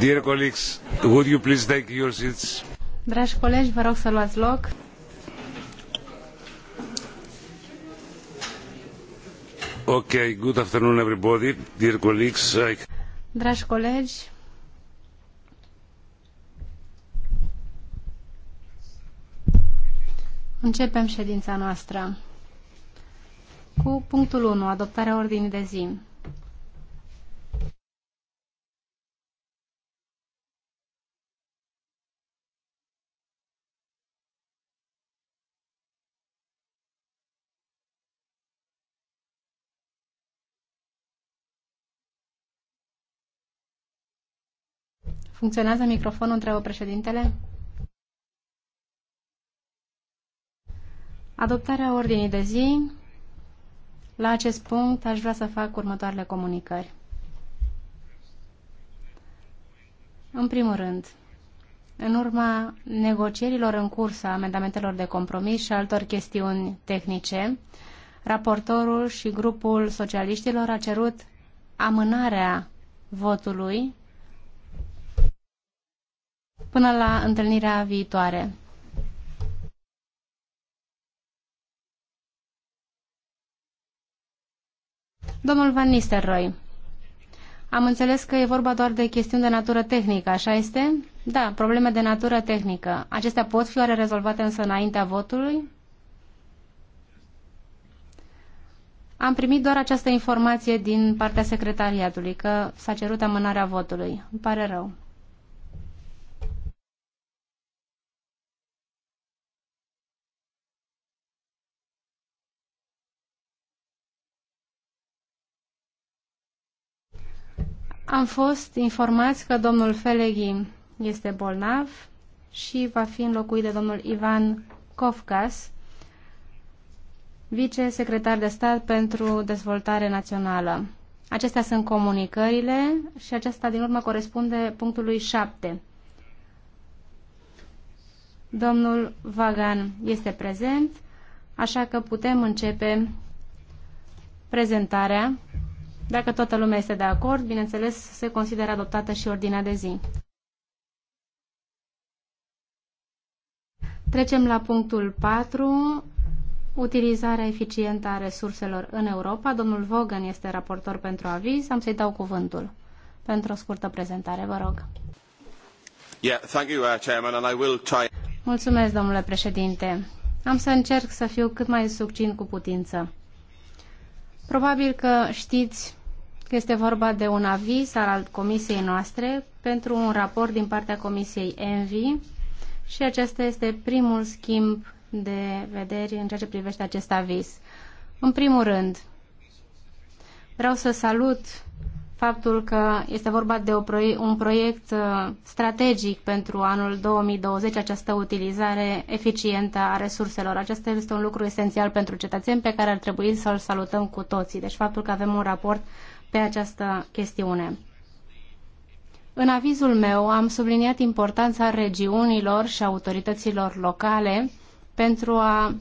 Dear colleagues, would you please take your seats? Dragi colegi, vă rog să luați loc. Okay, good afternoon everybody. Dear colleagues, I... Dragi colegi, începem ședința noastră cu punctul 1, adoptarea ordinii de zi. Funcționează microfonul, întreabă președintele? Adoptarea ordinii de zi, la acest punct aș vrea să fac următoarele comunicări. În primul rând, în urma negocierilor în curs a amendamentelor de compromis și altor chestiuni tehnice, raportorul și grupul socialiștilor a cerut amânarea votului până la întâlnirea viitoare. Domnul Van Nistelrooy, am înțeles că e vorba doar de chestiuni de natură tehnică, așa este? Da, probleme de natură tehnică. Acestea pot fi oare rezolvate însă înaintea votului? Am primit doar această informație din partea secretariatului, că s-a cerut amânarea votului. Îmi pare rău. Am fost informați că domnul Feleghi este bolnav și va fi înlocuit de domnul Ivan Kofkas, vicesecretar de stat pentru dezvoltare națională. Acestea sunt comunicările și aceasta din urmă corespunde punctului 7. Domnul Vagan este prezent, așa că putem începe prezentarea dacă toată lumea este de acord, bineînțeles, se consideră adoptată și ordinea de zi. Trecem la punctul 4, utilizarea eficientă a resurselor în Europa. Domnul Vogan este raportor pentru aviz. Am să-i dau cuvântul pentru o scurtă prezentare. Vă rog. Yeah, thank you, uh, chairman, and I will try... Mulțumesc, domnule președinte. Am să încerc să fiu cât mai succint cu putință. Probabil că știți este vorba de un aviz al comisiei noastre pentru un raport din partea comisiei ENVI și acesta este primul schimb de vederi în ceea ce privește acest aviz. În primul rând, vreau să salut faptul că este vorba de o proie- un proiect uh, strategic pentru anul 2020, această utilizare eficientă a resurselor. Acesta este un lucru esențial pentru cetățeni pe care ar trebui să-l salutăm cu toții. Deci faptul că avem un raport pe această chestiune. În avizul meu am subliniat importanța regiunilor și autorităților locale pentru a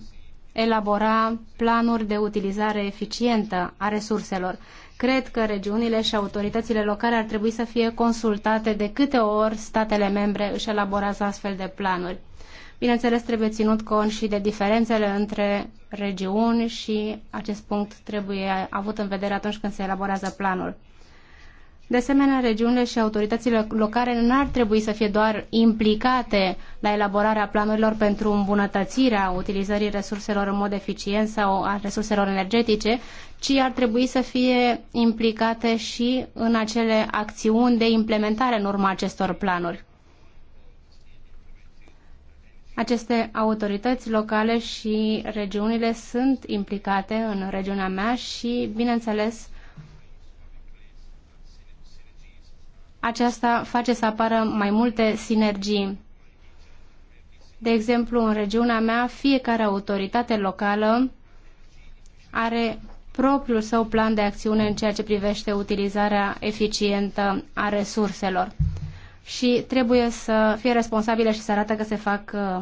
elabora planuri de utilizare eficientă a resurselor. Cred că regiunile și autoritățile locale ar trebui să fie consultate de câte ori statele membre își elaborează astfel de planuri. Bineînțeles, trebuie ținut cont și de diferențele între regiuni și acest punct trebuie avut în vedere atunci când se elaborează planul. De asemenea, regiunile și autoritățile locale nu ar trebui să fie doar implicate la elaborarea planurilor pentru îmbunătățirea utilizării resurselor în mod eficient sau a resurselor energetice, ci ar trebui să fie implicate și în acele acțiuni de implementare în urma acestor planuri. Aceste autorități locale și regiunile sunt implicate în regiunea mea și, bineînțeles, aceasta face să apară mai multe sinergii. De exemplu, în regiunea mea, fiecare autoritate locală are propriul său plan de acțiune în ceea ce privește utilizarea eficientă a resurselor și trebuie să fie responsabile și să arată că se fac uh,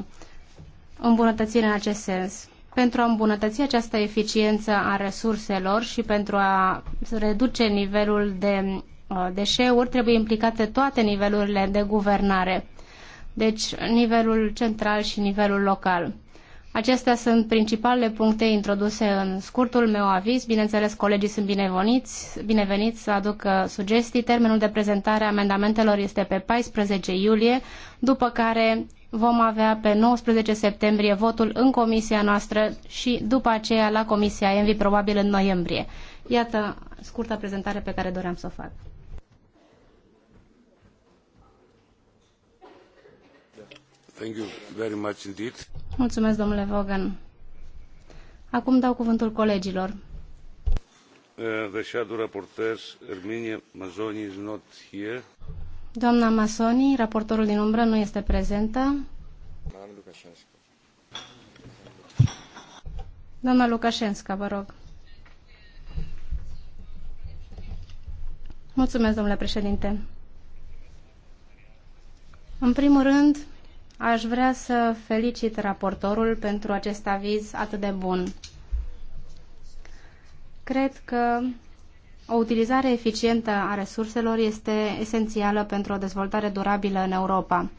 îmbunătățiri în acest sens. Pentru a îmbunătăți această eficiență a resurselor și pentru a reduce nivelul de uh, deșeuri, trebuie implicate toate nivelurile de guvernare, deci nivelul central și nivelul local. Acestea sunt principalele puncte introduse în scurtul meu aviz. Bineînțeles, colegii sunt bineveniți, bineveniți să aducă sugestii. Termenul de prezentare a amendamentelor este pe 14 iulie, după care vom avea pe 19 septembrie votul în comisia noastră și după aceea la comisia ENVI, probabil în noiembrie. Iată scurta prezentare pe care doream să o fac. Thank you very much indeed. Mulțumesc, domnule Vogan. Acum dau cuvântul colegilor. Eh, the shadow reporters, Erminie Mazzoni is not here. Doamna Masoni, raportorul din umbră, nu este prezentă. Doamna Lukashenska, vă rog. Mulțumesc, domnule președinte. În primul rând, Aș vrea să felicit raportorul pentru acest aviz atât de bun. Cred că o utilizare eficientă a resurselor este esențială pentru o dezvoltare durabilă în Europa.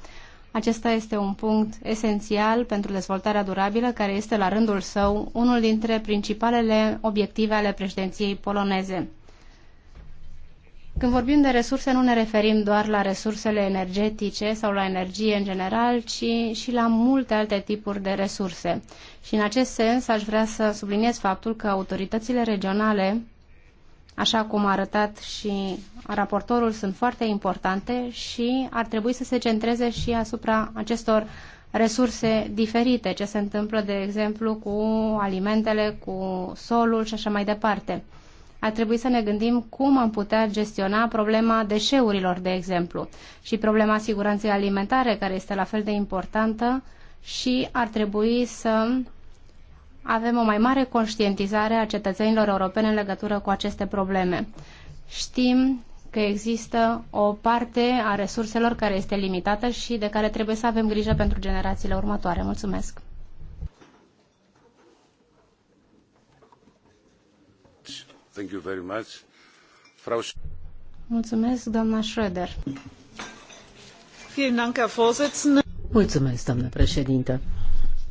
Acesta este un punct esențial pentru dezvoltarea durabilă, care este la rândul său unul dintre principalele obiective ale președinției poloneze. Când vorbim de resurse, nu ne referim doar la resursele energetice sau la energie în general, ci și la multe alte tipuri de resurse. Și în acest sens aș vrea să subliniez faptul că autoritățile regionale, așa cum a arătat și raportorul, sunt foarte importante și ar trebui să se centreze și asupra acestor resurse diferite, ce se întâmplă, de exemplu, cu alimentele, cu solul și așa mai departe ar trebui să ne gândim cum am putea gestiona problema deșeurilor, de exemplu, și problema siguranței alimentare, care este la fel de importantă și ar trebui să avem o mai mare conștientizare a cetățenilor europene în legătură cu aceste probleme. Știm că există o parte a resurselor care este limitată și de care trebuie să avem grijă pentru generațiile următoare. Mulțumesc! Thank you very much. Frau Mulțumesc, doamna Schroeder. Mulțumesc, doamnă președinte.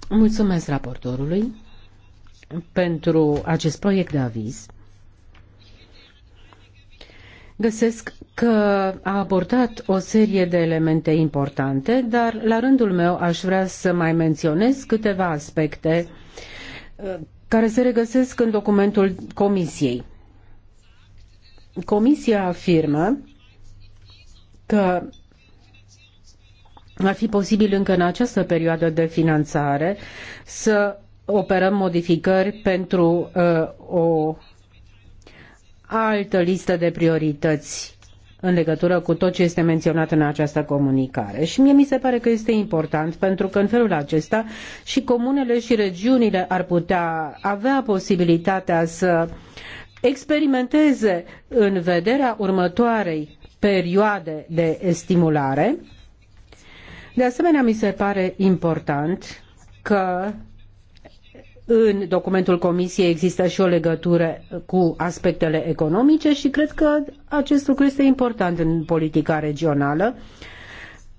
Mulțumesc raportorului pentru acest proiect de aviz. Găsesc că a abordat o serie de elemente importante, dar la rândul meu aș vrea să mai menționez câteva aspecte uh, care se regăsesc în documentul Comisiei. Comisia afirmă că ar fi posibil încă în această perioadă de finanțare să operăm modificări pentru uh, o altă listă de priorități în legătură cu tot ce este menționat în această comunicare. Și mie mi se pare că este important pentru că în felul acesta și comunele și regiunile ar putea avea posibilitatea să experimenteze în vederea următoarei perioade de stimulare. De asemenea, mi se pare important că în documentul Comisiei există și o legătură cu aspectele economice și cred că acest lucru este important în politica regională,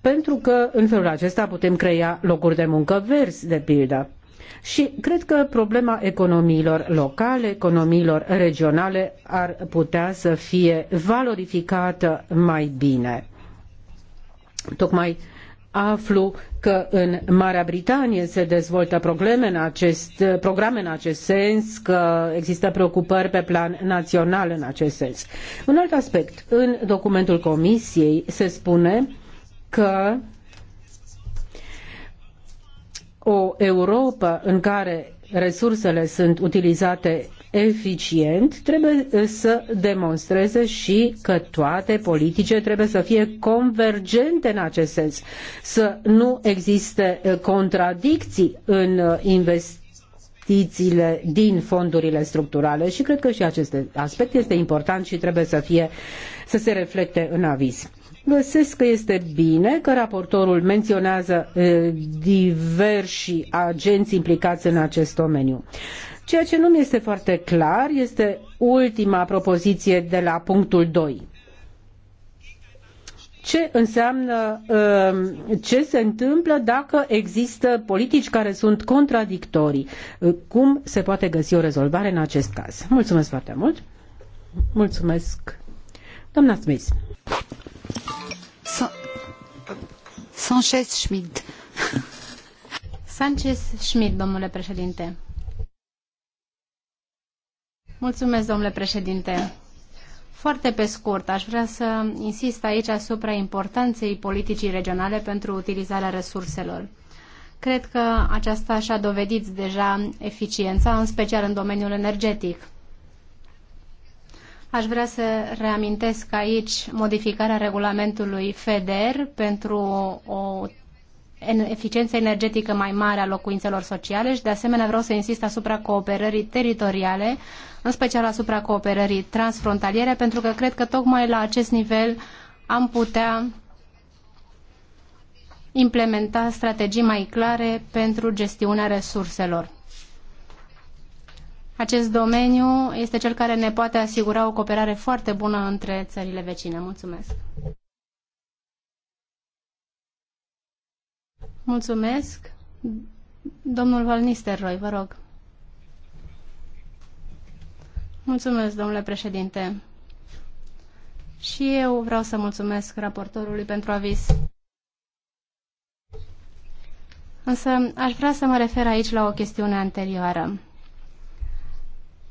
pentru că în felul acesta putem crea locuri de muncă verzi, de pildă. Și cred că problema economiilor locale, economiilor regionale ar putea să fie valorificată mai bine. Tocmai aflu că în Marea Britanie se dezvoltă probleme în acest, programe în acest sens, că există preocupări pe plan național în acest sens. Un alt aspect, în documentul Comisiei se spune că o Europa în care resursele sunt utilizate eficient, trebuie eh, să demonstreze și că toate politicile trebuie să fie convergente în acest sens, să nu existe eh, contradicții în eh, investițiile din fondurile structurale și cred că și acest aspect este important și trebuie să fie să se reflecte în aviz. Găsesc că este bine că raportorul menționează diversi agenți implicați în acest domeniu. Ceea ce nu mi este foarte clar este ultima propoziție de la punctul 2 ce înseamnă ce se întâmplă dacă există politici care sunt contradictorii. Cum se poate găsi o rezolvare în acest caz? Mulțumesc foarte mult. Mulțumesc. Doamna Smith. Sanchez Schmidt. Sanchez Schmidt, domnule președinte. Mulțumesc, domnule președinte. Foarte pe scurt, aș vrea să insist aici asupra importanței politicii regionale pentru utilizarea resurselor. Cred că aceasta și-a dovedit deja eficiența, în special în domeniul energetic. Aș vrea să reamintesc aici modificarea regulamentului FEDER pentru o eficiență energetică mai mare a locuințelor sociale și de asemenea vreau să insist asupra cooperării teritoriale, în special asupra cooperării transfrontaliere, pentru că cred că tocmai la acest nivel am putea implementa strategii mai clare pentru gestiunea resurselor. Acest domeniu este cel care ne poate asigura o cooperare foarte bună între țările vecine. Mulțumesc! Mulțumesc! Domnul Valnister Roy. vă rog. Mulțumesc, domnule președinte. Și eu vreau să mulțumesc raportorului pentru aviz. Însă aș vrea să mă refer aici la o chestiune anterioară.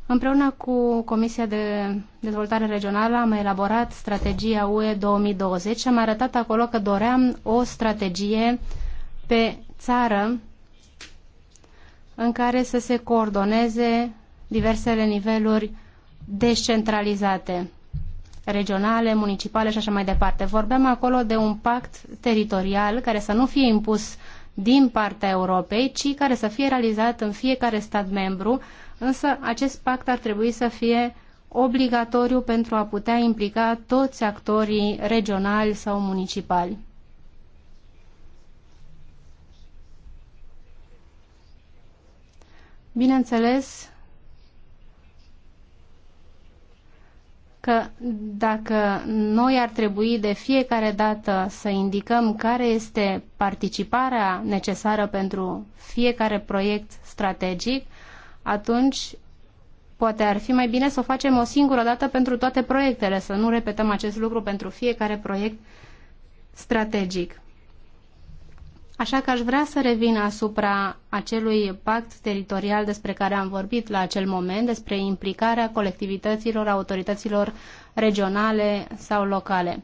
Împreună cu Comisia de Dezvoltare Regională am elaborat strategia UE 2020 și am arătat acolo că doream o strategie pe țară în care să se coordoneze diversele niveluri descentralizate, regionale, municipale și așa mai departe. Vorbeam acolo de un pact teritorial care să nu fie impus din partea Europei, ci care să fie realizat în fiecare stat membru, însă acest pact ar trebui să fie obligatoriu pentru a putea implica toți actorii regionali sau municipali. Bineînțeles că dacă noi ar trebui de fiecare dată să indicăm care este participarea necesară pentru fiecare proiect strategic, atunci poate ar fi mai bine să o facem o singură dată pentru toate proiectele, să nu repetăm acest lucru pentru fiecare proiect strategic. Așa că aș vrea să revin asupra acelui pact teritorial despre care am vorbit la acel moment, despre implicarea colectivităților, autorităților regionale sau locale.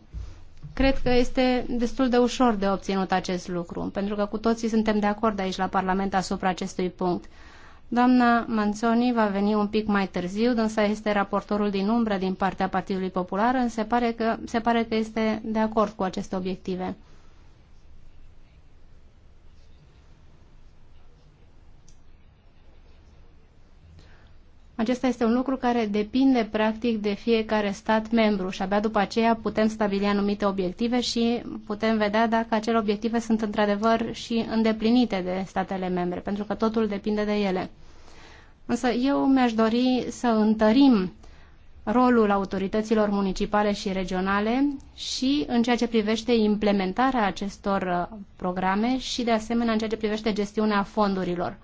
Cred că este destul de ușor de obținut acest lucru, pentru că cu toții suntem de acord aici la Parlament asupra acestui punct. Doamna Manzoni va veni un pic mai târziu, însă este raportorul din umbră din partea Partidului Popular, însă se pare că, se pare că este de acord cu aceste obiective. Acesta este un lucru care depinde practic de fiecare stat membru și abia după aceea putem stabili anumite obiective și putem vedea dacă acele obiective sunt într-adevăr și îndeplinite de statele membre, pentru că totul depinde de ele. Însă eu mi-aș dori să întărim rolul autorităților municipale și regionale și în ceea ce privește implementarea acestor uh, programe și de asemenea în ceea ce privește gestiunea fondurilor.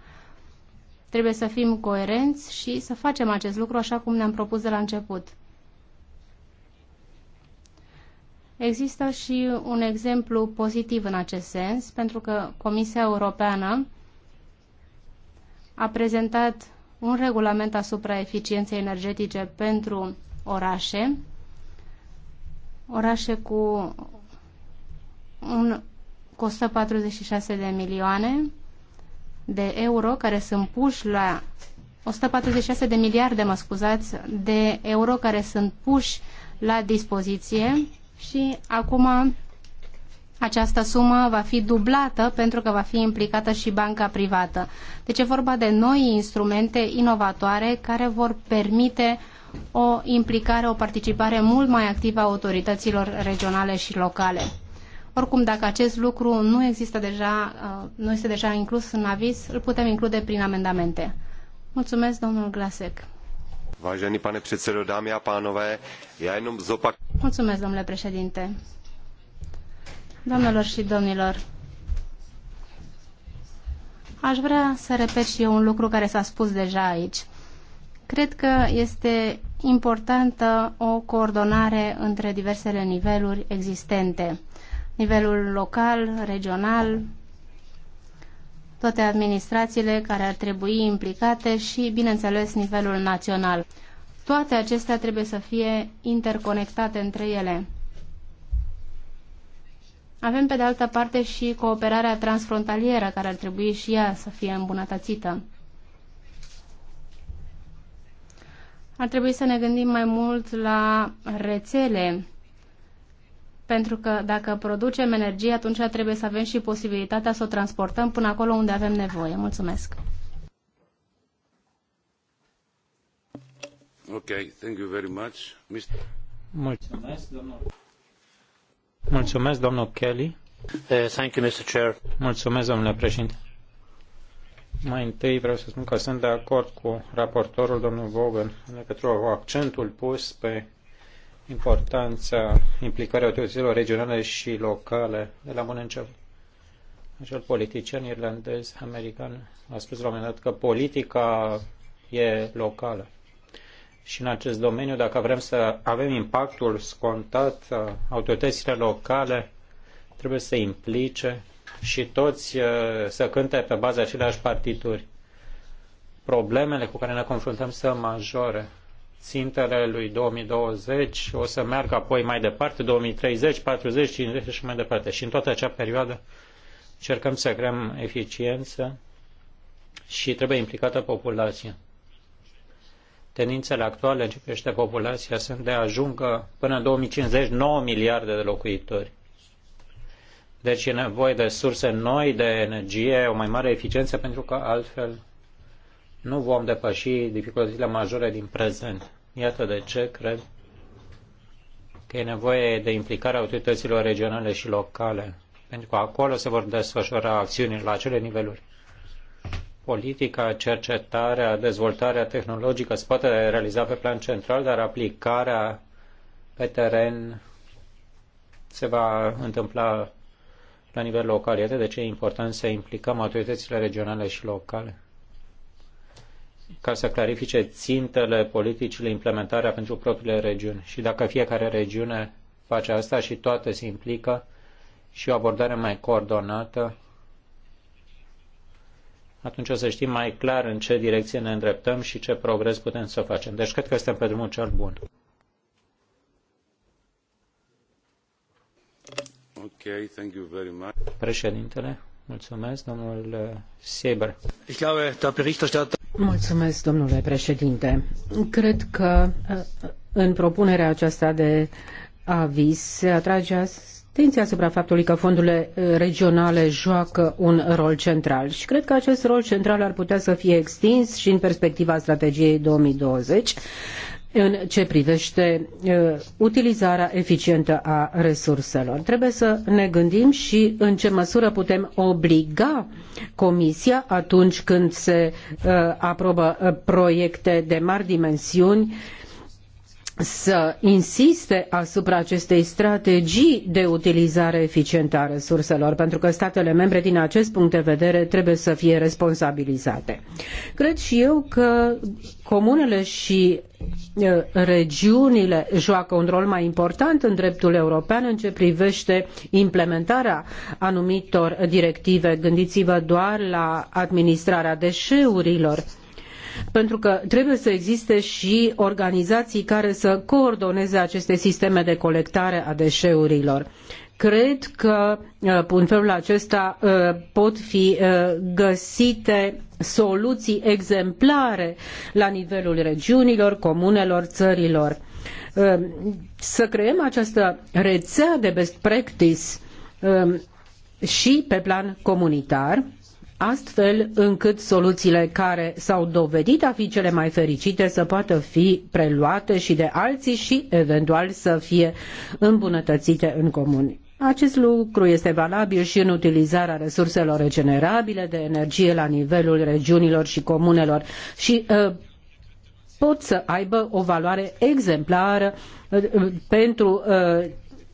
Trebuie să fim coerenți și să facem acest lucru așa cum ne-am propus de la început. Există și un exemplu pozitiv în acest sens, pentru că Comisia Europeană a prezentat un regulament asupra eficienței energetice pentru orașe, orașe cu un costă 46 de milioane de euro care sunt puși la 146 de miliarde, mă scuzați, de euro care sunt puși la dispoziție și acum această sumă va fi dublată pentru că va fi implicată și banca privată. Deci e vorba de noi instrumente inovatoare care vor permite o implicare, o participare mult mai activă a autorităților regionale și locale. Oricum, dacă acest lucru nu există deja, uh, nu este deja inclus în aviz, îl putem include prin amendamente. Mulțumesc, domnul Glasek. Vážený pane předsedo, dámy a pánové, já jenom zopak... Mulțumesc, domnule președinte. Domnilor și domnilor, aș vrea să repet și eu un lucru care s-a spus deja aici. Cred că este importantă o coordonare între diversele niveluri existente. Nivelul local, regional, toate administrațiile care ar trebui implicate și, bineînțeles, nivelul național. Toate acestea trebuie să fie interconectate între ele. Avem pe de altă parte și cooperarea transfrontalieră care ar trebui și ea să fie îmbunătățită. Ar trebui să ne gândim mai mult la rețele pentru că dacă producem energie, atunci trebuie să avem și posibilitatea să o transportăm până acolo unde avem nevoie. Mulțumesc. Ok, thank you very much. Mr. Mulțumesc, domnule. Mulțumesc, domnul Kelly. Eh, thank you, Mr. Chair. Mulțumesc, domnule președinte. Mai întâi vreau să spun că sunt de acord cu raportorul, domnul Vogan, în legătură cu accentul pus pe importanța implicării autorităților regionale și locale de la bun început. Acel politician irlandez, american, a spus la un moment dat că politica e locală și în acest domeniu, dacă vrem să avem impactul scontat, uh, autoritățile locale trebuie să implice și toți uh, să cânte pe baza aceleași partituri. Problemele cu care ne confruntăm sunt majore. Țintele lui 2020 o să meargă apoi mai departe, 2030, 40, 50 și mai departe. Și în toată acea perioadă încercăm să creăm eficiență și trebuie implicată populația Tendințele actuale în ce privește populația sunt de a ajungă până în 2050 9 miliarde de locuitori. Deci e nevoie de surse noi de energie, o mai mare eficiență, pentru că altfel nu vom depăși dificultățile majore din prezent. Iată de ce cred că e nevoie de implicarea autorităților regionale și locale, pentru că acolo se vor desfășura acțiuni la acele niveluri politica, cercetarea, dezvoltarea tehnologică se poate realiza pe plan central, dar aplicarea pe teren se va întâmpla la nivel local. Iată de ce e important să implicăm autoritățile regionale și locale ca să clarifice țintele politicile, implementarea pentru propriile regiuni. Și dacă fiecare regiune face asta și toate se implică și o abordare mai coordonată, atunci o să știm mai clar în ce direcție ne îndreptăm și ce progres putem să facem. Deci cred că suntem pe drumul cel bun. Okay, thank you very much. Președintele, mulțumesc, domnul uh, Sieber. Ich glaube, der Berichterstatter... Mulțumesc, domnule președinte. Cred că uh, în propunerea aceasta de aviz se atrage atenția asupra faptului că fondurile uh, regionale joacă un rol central și cred că acest rol central ar putea să fie extins și în perspectiva strategiei 2020 în ce privește uh, utilizarea eficientă a resurselor. Trebuie să ne gândim și în ce măsură putem obliga Comisia atunci când se uh, aprobă uh, proiecte de mari dimensiuni să insiste asupra acestei strategii de utilizare eficientă a resurselor, pentru că statele membre, din acest punct de vedere, trebuie să fie responsabilizate. Cred și eu că comunele și regiunile joacă un rol mai important în dreptul european în ce privește implementarea anumitor directive. Gândiți-vă doar la administrarea deșeurilor pentru că trebuie să existe și organizații care să coordoneze aceste sisteme de colectare a deșeurilor. Cred că uh, în felul acesta uh, pot fi uh, găsite soluții exemplare la nivelul regiunilor, comunelor, țărilor. Să creăm această rețea de best practice și pe plan comunitar astfel încât soluțiile care s-au dovedit a fi cele mai fericite să poată fi preluate și de alții și eventual să fie îmbunătățite în comun. Acest lucru este valabil și în utilizarea resurselor regenerabile de energie la nivelul regiunilor și comunelor și uh, pot să aibă o valoare exemplară uh, pentru uh,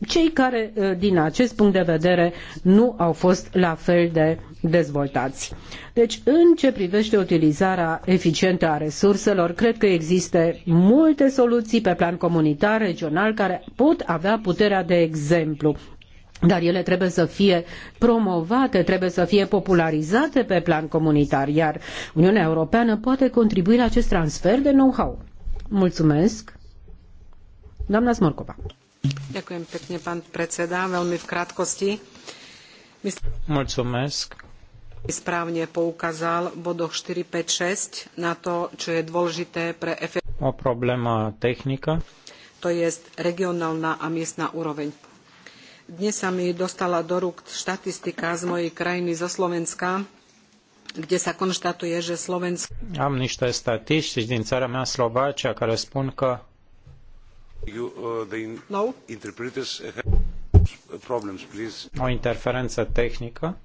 cei care, uh, din acest punct de vedere, nu au fost la fel de dezvoltați. Deci, în ce privește utilizarea eficientă a resurselor, cred că există multe soluții pe plan comunitar, regional, care pot avea puterea de exemplu dar ele trebuie să fie promovate, trebuie să fie popularizate pe plan comunitar, iar Uniunea Europeană poate contribui la acest transfer de know-how. Mulțumesc. Doamna Smorcova. Ďakujem pekne, pán veľmi Mulțumesc. Správne poukázal v bodoch four five six na to, čo je dôležité pre efekt. O To jest regionálna a miestna úroveň. Dnes sa mi dostala do rúk štatistika z mojej krajiny zo Slovenska, kde sa konštatuje, že Slovensko... Am niște statistici din țara mea, Slovacia, care spun că You, uh, O interferență tehnică.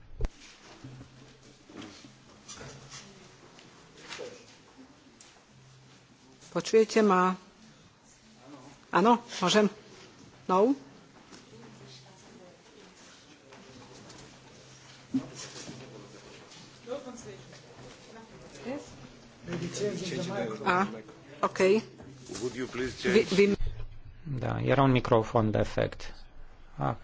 Počujete ma? Áno, môžem? No? Yes? A, ah, OK. Vy, vy... Da, era un microfon defect. Ah.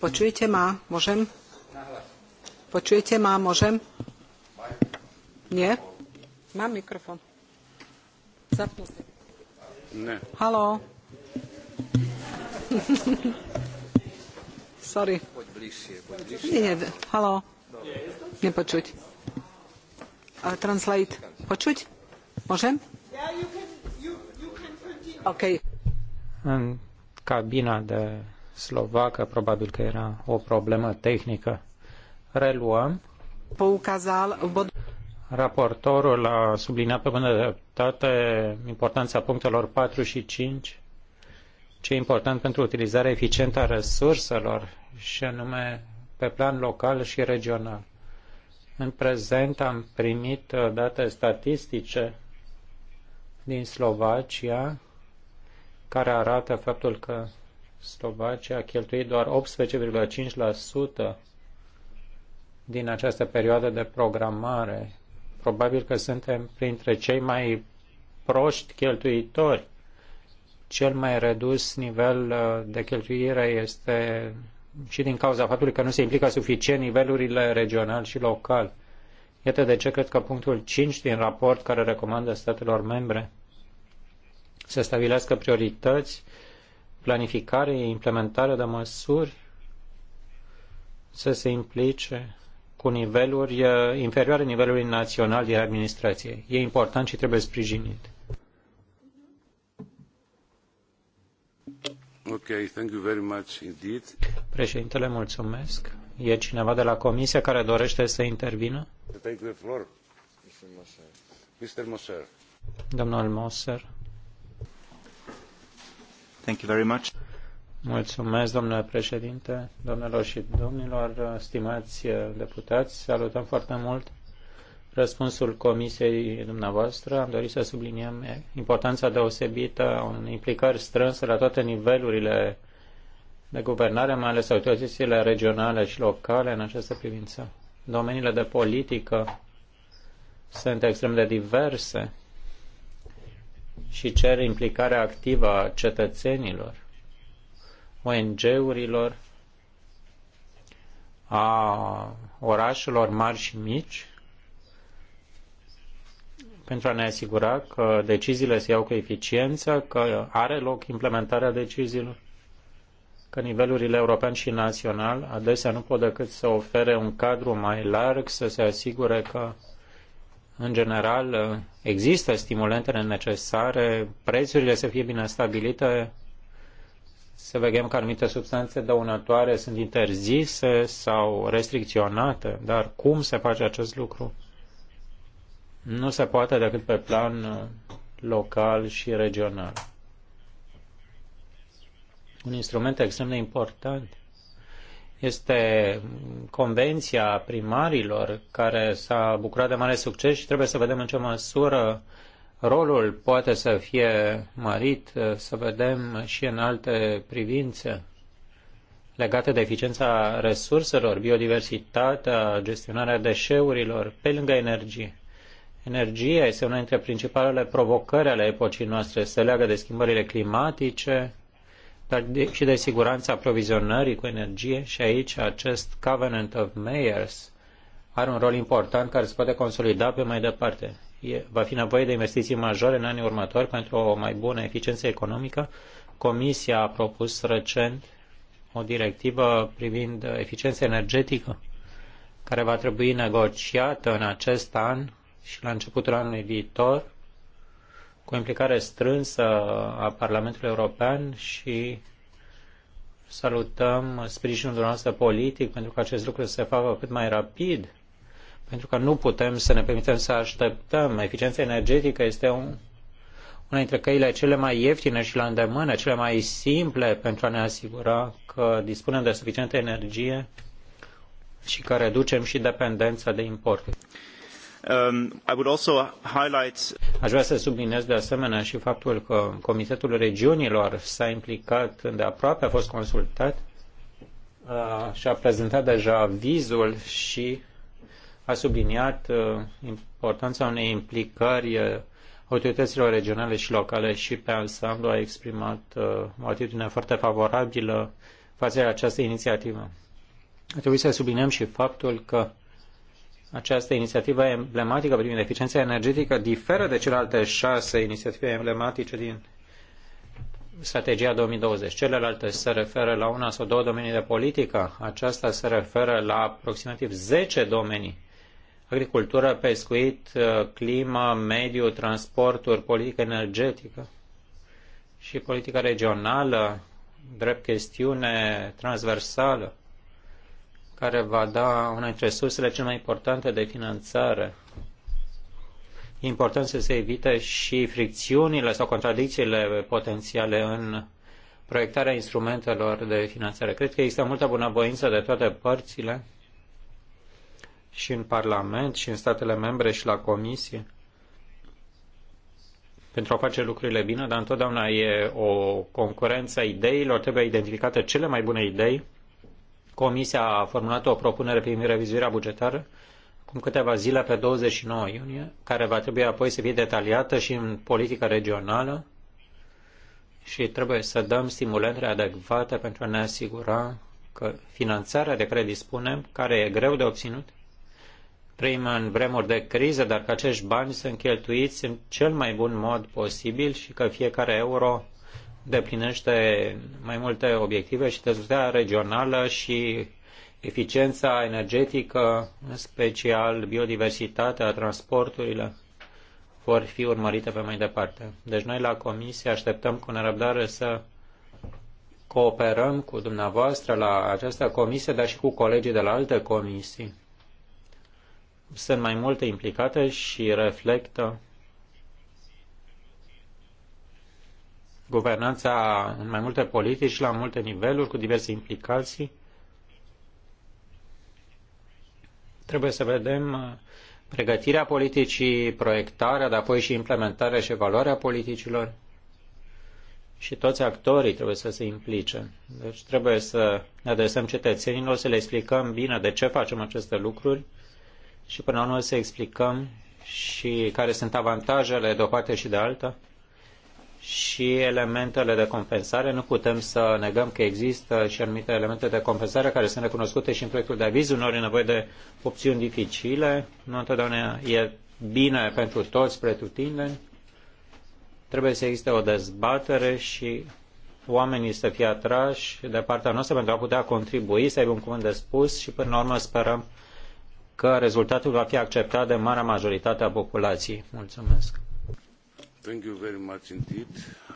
Počujete ma? Môžem? Počujete ma? Môžem? Nie? Mám mikrofon. Zapnutý. Ne. Halo sorry. Nije, halo. Ne počuti. Uh, translate. Počuti? Možem? Ok. În cabina de slovacă probabil că era o problemă tehnică. Reluăm. Poukazal bod... Raportorul a subliniat pe bună dreptate importanța punctelor 4 și 5 ce e important pentru utilizarea eficientă a resurselor și anume pe plan local și regional. În prezent am primit uh, date statistice din Slovacia care arată faptul că Slovacia a cheltuit doar 18,5% din această perioadă de programare. Probabil că suntem printre cei mai proști cheltuitori. Cel mai redus nivel uh, de cheltuire este și din cauza faptului că nu se implică suficient nivelurile regional și local. Iată de ce cred că punctul 5 din raport care recomandă statelor membre să stabilească priorități, planificare, implementare de măsuri, să se implice cu niveluri eh, inferioare nivelului național din administrație. E important și trebuie sprijinit. Okay, Președintele, mulțumesc. E cineva de la comisie care dorește să intervină? Take the floor. Mr. Moser. Domnul Moser. Thank you very much. Mulțumesc, domnule președinte, domnilor și domnilor, stimați deputați. Salutăm foarte mult răspunsul comisiei dumneavoastră, am dorit să subliniem importanța deosebită a unei implicări strânse la toate nivelurile de guvernare, mai ales autoritățile regionale și locale în această privință. Domeniile de politică sunt extrem de diverse și cer implicarea activă a cetățenilor, ONG-urilor, a orașelor mari și mici, pentru a ne asigura că deciziile se iau cu eficiență, că are loc implementarea deciziilor, că nivelurile european și național adesea nu pot decât să ofere un cadru mai larg, să se asigure că în general, există stimulentele necesare, prețurile să fie bine stabilite, să vedem că anumite substanțe dăunătoare sunt interzise sau restricționate, dar cum se face acest lucru? nu se poate decât pe plan uh, local și regional. Un instrument extrem de important este convenția primarilor care s-a bucurat de mare succes și trebuie să vedem în ce măsură rolul poate să fie mărit, uh, să vedem și în alte privințe legate de eficiența resurselor, biodiversitatea, gestionarea deșeurilor, pe lângă energie. Energia este una dintre principalele provocări ale epocii noastre. Se leagă de schimbările climatice, dar și de siguranța aprovizionării cu energie și aici acest Covenant of Mayors are un rol important care se poate consolida pe mai departe. E, va fi nevoie de investiții majore în anii următori pentru o mai bună eficiență economică. Comisia a propus recent o directivă privind eficiența energetică care va trebui negociată în acest an și la începutul anului viitor, cu implicare strânsă a Parlamentului European și salutăm sprijinul dumneavoastră politic pentru că acest lucru se facă cât mai rapid, pentru că nu putem să ne permitem să așteptăm. Eficiența energetică este un, una dintre căile cele mai ieftine și la îndemână, cele mai simple pentru a ne asigura că dispunem de suficientă energie și că reducem și dependența de importuri. Um, a Aș vrea să subliniez de asemenea și faptul că Comitetul Regiunilor s-a implicat îndeaproape, a fost consultat și a prezentat deja vizul și a subliniat importanța unei implicări autorităților regionale și locale și pe ansamblu a exprimat o atitudine foarte favorabilă față de această inițiativă. Trebuie să subliniem și faptul că această inițiativă emblematică privind eficiența energetică diferă de celelalte șase inițiative emblematice din strategia 2020. Celelalte se referă la una sau două domenii de politică. Aceasta se referă la aproximativ 10 domenii. Agricultură, pescuit, uh, climă, mediu, transporturi, politică energetică și politică regională, drept chestiune transversală care va da una dintre sursele cele mai importante de finanțare. E important să se evite și fricțiunile sau contradicțiile potențiale în proiectarea instrumentelor de finanțare. Cred că există multă bunăvoință de toate părțile și în Parlament și în statele membre și la Comisie pentru a face lucrurile bine, dar întotdeauna e o concurență a ideilor, trebuie identificate cele mai bune idei Comisia a formulat o propunere privind revizuirea bugetară acum câteva zile pe 29 iunie, care va trebui apoi să fie detaliată și în politica regională și trebuie să dăm stimulente adecvate pentru a ne asigura că finanțarea de care dispunem, care e greu de obținut, trăim în vremuri de criză, dar că acești bani sunt cheltuiți în cel mai bun mod posibil și că fiecare euro deplinește mai multe obiective și dezvoltarea regională și eficiența energetică, în special biodiversitatea, transporturile, vor fi urmărite pe mai departe. Deci noi la Comisie așteptăm cu nerăbdare să cooperăm cu dumneavoastră la această comisie, dar și cu colegii de la alte comisii. Sunt mai multe implicate și reflectă guvernanța în mai multe politici, la multe niveluri, cu diverse implicații. Trebuie să vedem uh, pregătirea politicii, proiectarea, dar apoi și implementarea și evaluarea politicilor. Și toți actorii trebuie să se implice. Deci trebuie să ne adresăm cetățenilor, să le explicăm bine de ce facem aceste lucruri și până la urmă să explicăm și care sunt avantajele de o parte și de alta și elementele de compensare. Nu putem să negăm că există și anumite elemente de compensare care sunt recunoscute și în proiectul de aviz. Uneori e nevoie de opțiuni dificile. Nu întotdeauna e bine pentru toți pretutindeni. Trebuie să existe o dezbatere și oamenii să fie atrași de partea noastră pentru a putea contribui, să aibă un cuvânt de spus și până la urmă sperăm că rezultatul va fi acceptat de marea majoritate a populației. Mulțumesc!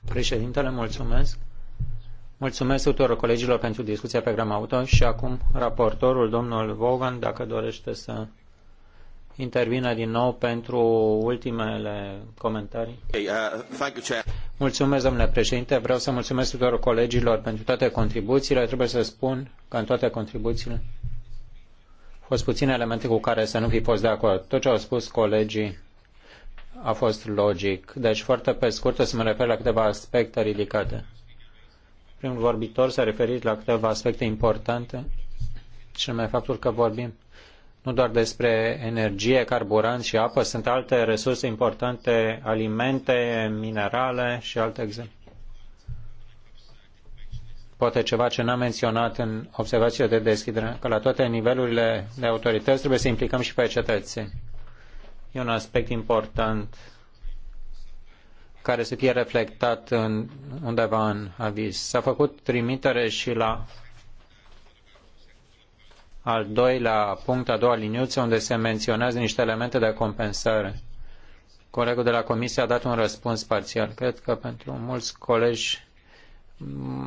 Președintele, mulțumesc. Mulțumesc tuturor colegilor pentru discuția pe Gram Auto și acum raportorul, domnul Vaughan, dacă dorește să intervină din nou pentru ultimele comentarii. Uh, mulțumesc, domnule președinte. Vreau să mulțumesc tuturor colegilor pentru toate contribuțiile. Trebuie să spun că în toate contribuțiile au fost puține elemente cu care să nu fi fost de acord. Tot ce au spus colegii a fost logic. Deci, foarte pe scurt, o să mă refer la câteva aspecte ridicate. Primul vorbitor s-a referit la câteva aspecte importante, și mai faptul că vorbim nu doar despre energie, carburant și apă, sunt alte resurse importante, alimente, minerale și alte exemple. Poate ceva ce n-am menționat în observațiile de deschidere, că la toate nivelurile de autorități trebuie să implicăm și pe cetățeni E un aspect important care să fie reflectat în, undeva în aviz. S-a făcut trimitere și la al doilea punct, a doua liniuță, unde se menționează niște elemente de compensare. Colegul de la Comisie a dat un răspuns parțial. Cred că pentru mulți colegi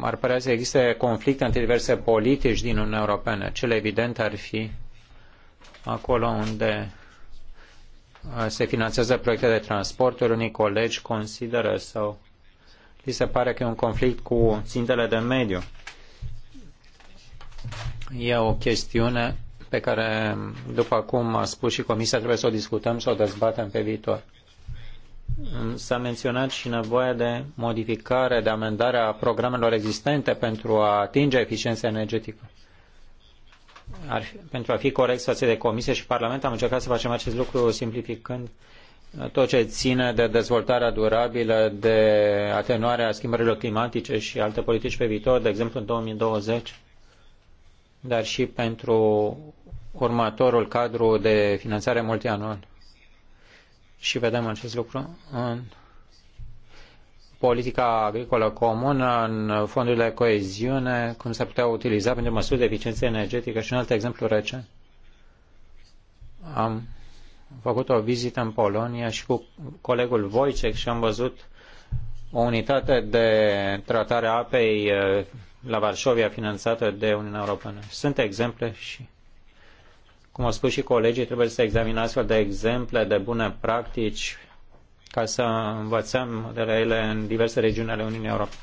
ar părea să existe conflicte între diverse politici din Uniunea Europeană. Cel evident ar fi acolo unde se finanțează proiecte de transporturi, unii colegi consideră sau li se pare că e un conflict cu țintele de mediu. E o chestiune pe care, după cum a spus și Comisia, trebuie să o discutăm, și o dezbatem pe viitor. S-a menționat și nevoia de modificare, de amendare a programelor existente pentru a atinge eficiența energetică ar, pentru a fi corect față de Comisie și Parlament, am încercat să facem acest lucru simplificând uh, tot ce ține de dezvoltarea durabilă, de atenuarea schimbărilor climatice și alte politici pe viitor, de exemplu în 2020, dar și pentru următorul cadru de finanțare multianual. Și vedem acest lucru în politica agricolă comună în fondurile de coeziune, cum se putea utiliza pentru măsuri de eficiență energetică și un alt exemplu recent. Am făcut o vizită în Polonia și cu colegul Wojciech și am văzut o unitate de tratare a apei eh, la Varșovia finanțată de Uniunea Europeană. Sunt exemple și, cum au spus și colegii, trebuie să examinați astfel de exemple de bune practici ca să învățăm de la ele în diverse regiuni ale Uniunii Europene.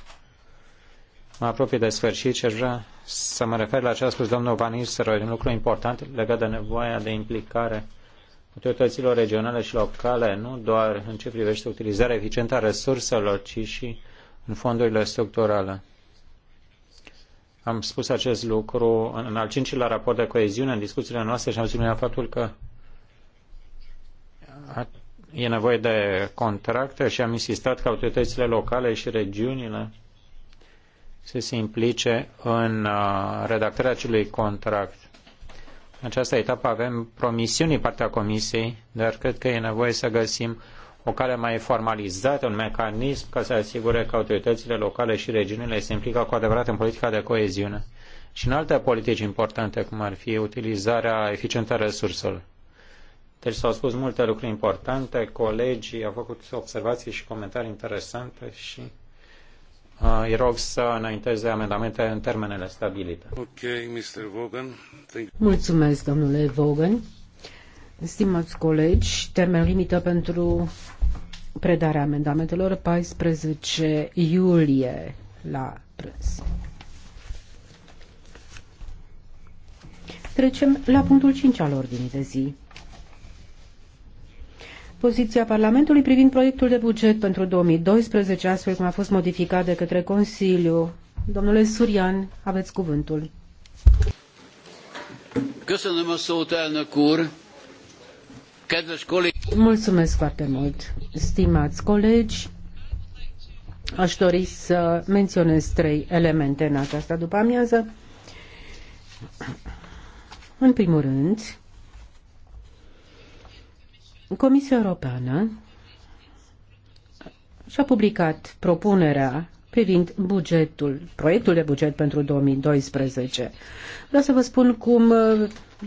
Mă apropii de sfârșit și aș vrea să mă refer la ce a spus domnul Van Nistelrooy, un lucru important legat de nevoia de implicare autorităților regionale și locale, nu doar în ce privește utilizarea eficientă a resurselor, ci și în fondurile structurale. Am spus acest lucru în al cincilea raport de coeziune, în discuțiile noastre și am subliniat faptul că e nevoie de contracte și am insistat că autoritățile locale și regiunile să se implice în uh, redactarea acelui contract. În această etapă avem promisiuni din partea Comisiei, dar cred că e nevoie să găsim o cale mai formalizată, un mecanism ca să asigure că autoritățile locale și regiunile se implică cu adevărat în politica de coeziune și în alte politici importante, cum ar fi utilizarea eficientă a resurselor. Deci s-au spus multe lucruri importante, colegii au făcut observații și comentarii interesante și uh, îi rog să înainteze amendamente în termenele stabilite. Okay, Mr. Vogan. Thank Mulțumesc, domnule Vaughan. Stimați colegi, termen limită pentru predarea amendamentelor 14 iulie la prânz. Trecem la punctul 5 al ordinii de zi poziția Parlamentului privind proiectul de buget pentru 2012, astfel cum a fost modificat de către Consiliu. Domnule Surian, aveți cuvântul. Mulțumesc foarte mult, stimați colegi. Aș dori să menționez trei elemente în această după amiază. În primul rând, Comisia Europeană și-a publicat propunerea privind bugetul, proiectul de buget pentru 2012. Vreau să vă spun cum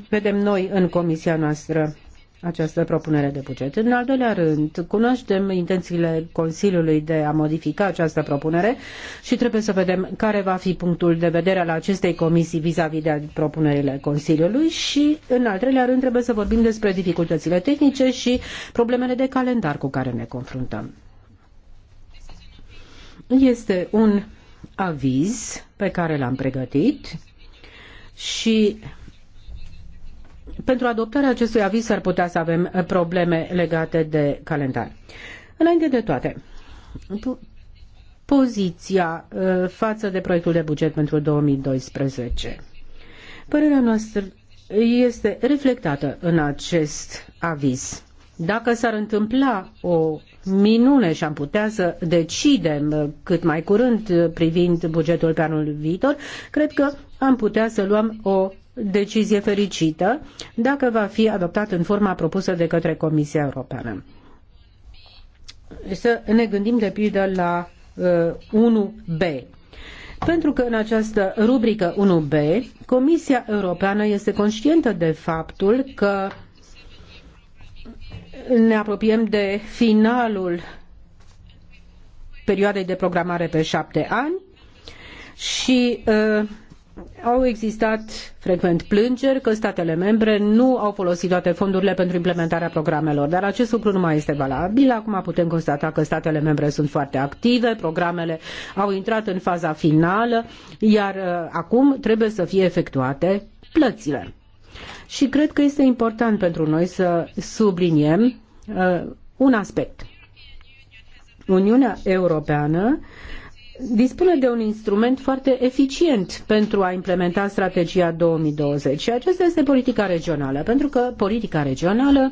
vedem noi în comisia noastră această propunere de buget. În al doilea rând, cunoaștem intențiile Consiliului de a modifica această propunere și trebuie să vedem care va fi punctul de vedere al acestei comisii vis-a-vis -vis de propunerile Consiliului și, în al treilea rând, trebuie să vorbim despre dificultățile tehnice și problemele de calendar cu care ne confruntăm. Este un aviz pe care l-am pregătit și pentru adoptarea acestui aviz ar putea să avem eh, probleme legate de calendar. Înainte de toate, poziția eh, față de proiectul de buget pentru 2012. Părerea noastră este reflectată în acest aviz. Dacă s-ar întâmpla o minune și am putea să decidem eh, cât mai curând privind bugetul pe anul viitor, cred că am putea să luăm o decizie fericită dacă va fi adoptat în forma propusă de către Comisia Europeană. Să ne gândim de pildă la uh, 1B. Pentru că în această rubrică 1B, Comisia Europeană este conștientă de faptul că ne apropiem de finalul perioadei de programare pe șapte ani și uh, au existat frecvent plângeri că statele membre nu au folosit toate fondurile pentru implementarea programelor, dar acest lucru nu mai este valabil. Acum putem constata că statele membre sunt foarte active, programele au intrat în faza finală, iar uh, acum trebuie să fie efectuate plățile. Și cred că este important pentru noi să subliniem uh, un aspect. Uniunea Europeană dispune de un instrument foarte eficient pentru a implementa strategia 2020 și aceasta este politica regională, pentru că politica regională